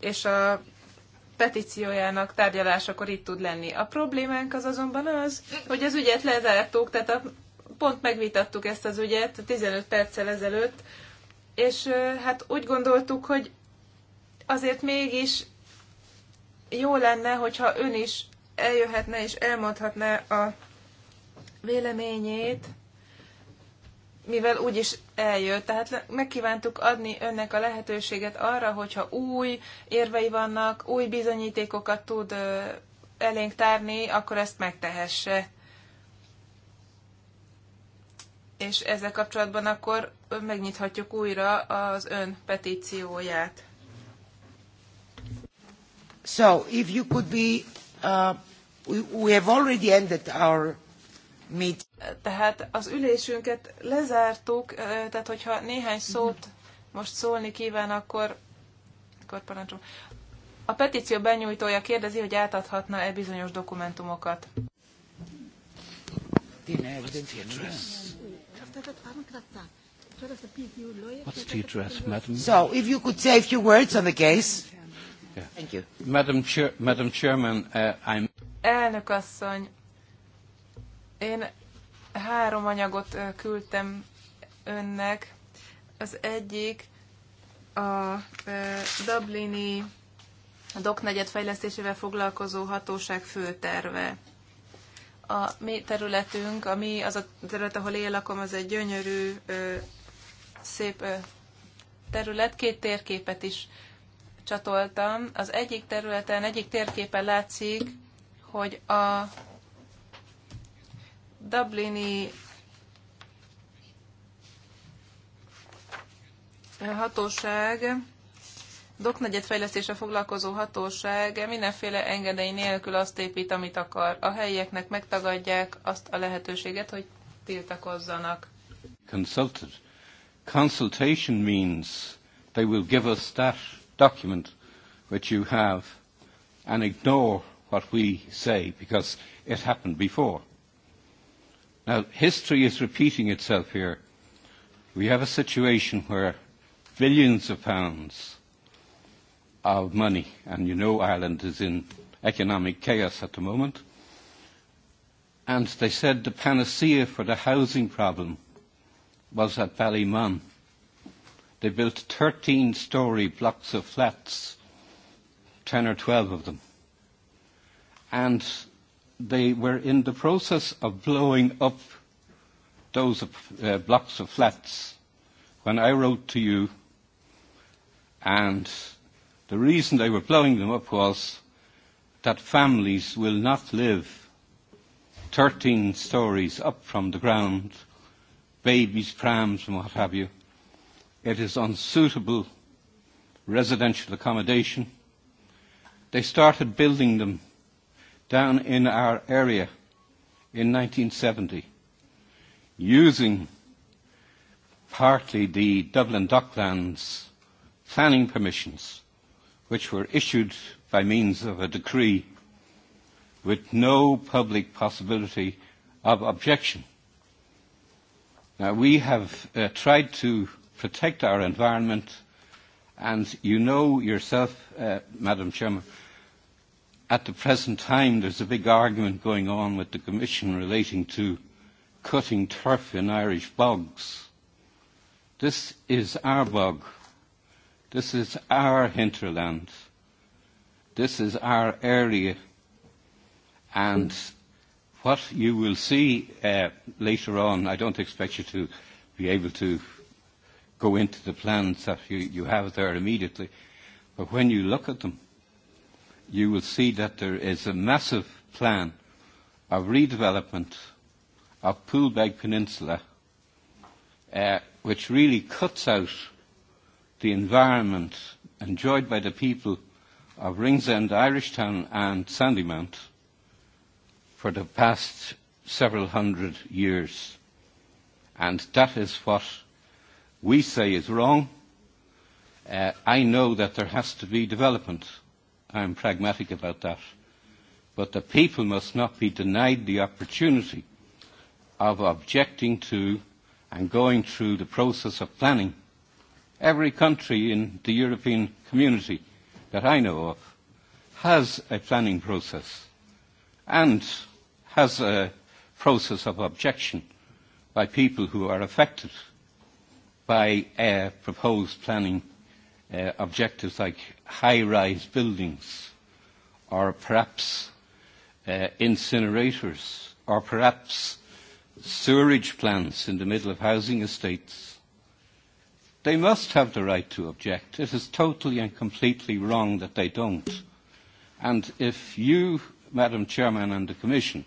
És a petíciójának tárgyalásakor itt tud lenni. A problémánk az azonban az, hogy az ügyet lezártuk, tehát a, pont megvitattuk ezt az ügyet 15 perccel ezelőtt, és hát úgy gondoltuk, hogy azért mégis jó lenne, hogyha ön is eljöhetne és elmondhatná a véleményét, mivel úgy is eljött, tehát megkívántuk adni önnek a lehetőséget arra, hogyha új érvei vannak, új bizonyítékokat tud elénk tárni, akkor ezt megtehesse. És ezzel kapcsolatban akkor megnyithatjuk újra az ön petícióját. So, if you could be, uh, we, we have already ended our mit. Tehát az ülésünket lezártuk, tehát hogyha néhány szót most szólni kíván, akkor, akkor parancsol. A petíció benyújtója kérdezi, hogy átadhatna-e bizonyos dokumentumokat. What's the address, madam? So, if you could say a few words on the case. Yeah. Thank you. Madam, Chair, madam Chairman, uh, I'm... Elnök asszony, én három anyagot küldtem önnek. Az egyik a Dublini doknegyed fejlesztésével foglalkozó hatóság főterve. A mi területünk, a mi, az a terület, ahol én lakom, az egy gyönyörű, szép terület. Két térképet is csatoltam. Az egyik területen, egyik térképen látszik, hogy a Dublini eh, hatóság, doknegyed fejlesztése foglalkozó hatóság mindenféle engedély nélkül azt épít, amit akar. A helyieknek megtagadják azt a lehetőséget, hogy tiltakozzanak. Consulted. Consultation means they will give us that document which you have and ignore what we say because it happened before. Now, history is repeating itself here. We have a situation where billions of pounds of money, and you know Ireland is in economic chaos at the moment, and they said the panacea for the housing problem was at Ballymun. They built 13-storey blocks of flats, 10 or 12 of them. And they were in the process of blowing up those uh, blocks of flats when I wrote to you, and the reason they were blowing them up was that families will not live 13 stories up from the ground, babies, prams, and what have you. It is unsuitable residential accommodation. They started building them down in our area in 1970 using partly the Dublin Docklands planning permissions, which were issued by means of a decree with no public possibility of objection. Now, we have uh, tried to protect our environment, and you know yourself, uh, Madam Chairman, at the present time, there's a big argument going on with the Commission relating to cutting turf in Irish bogs. This is our bog. This is our hinterland. This is our area. And what you will see uh, later on, I don't expect you to be able to go into the plans that you, you have there immediately, but when you look at them, you will see that there is a massive plan of redevelopment of Poolbeg Peninsula, uh, which really cuts out the environment enjoyed by the people of Ringsend, Irishtown and Sandymount for the past several hundred years. And that is what we say is wrong. Uh, I know that there has to be development I am pragmatic about that. But the people must not be denied the opportunity of objecting to and going through the process of planning. Every country in the European community that I know of has a planning process and has a process of objection by people who are affected by uh, proposed planning uh, objectives like high-rise buildings or perhaps uh, incinerators or perhaps sewerage plants in the middle of housing estates. They must have the right to object. It is totally and completely wrong that they don't. And if you, Madam Chairman and the Commission,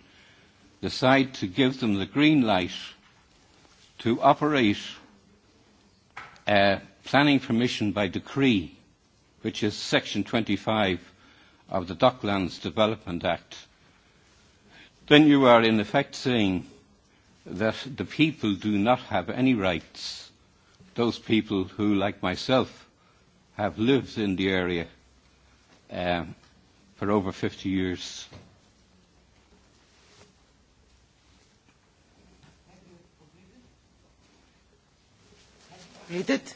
decide to give them the green light to operate a uh, planning permission by decree which is Section 25 of the Docklands Development Act, then you are in effect saying that the people do not have any rights, those people who, like myself, have lived in the area um, for over 50 years. Read it.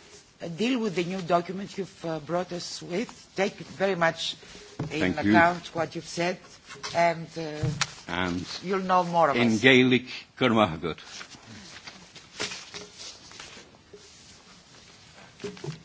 Uh, deal with the new document you've uh, brought us with. Take very much uh, in Thank account you. what you've said, and, uh, and you'll know more of in us. In Gaelic, Kermahagot. Thank you.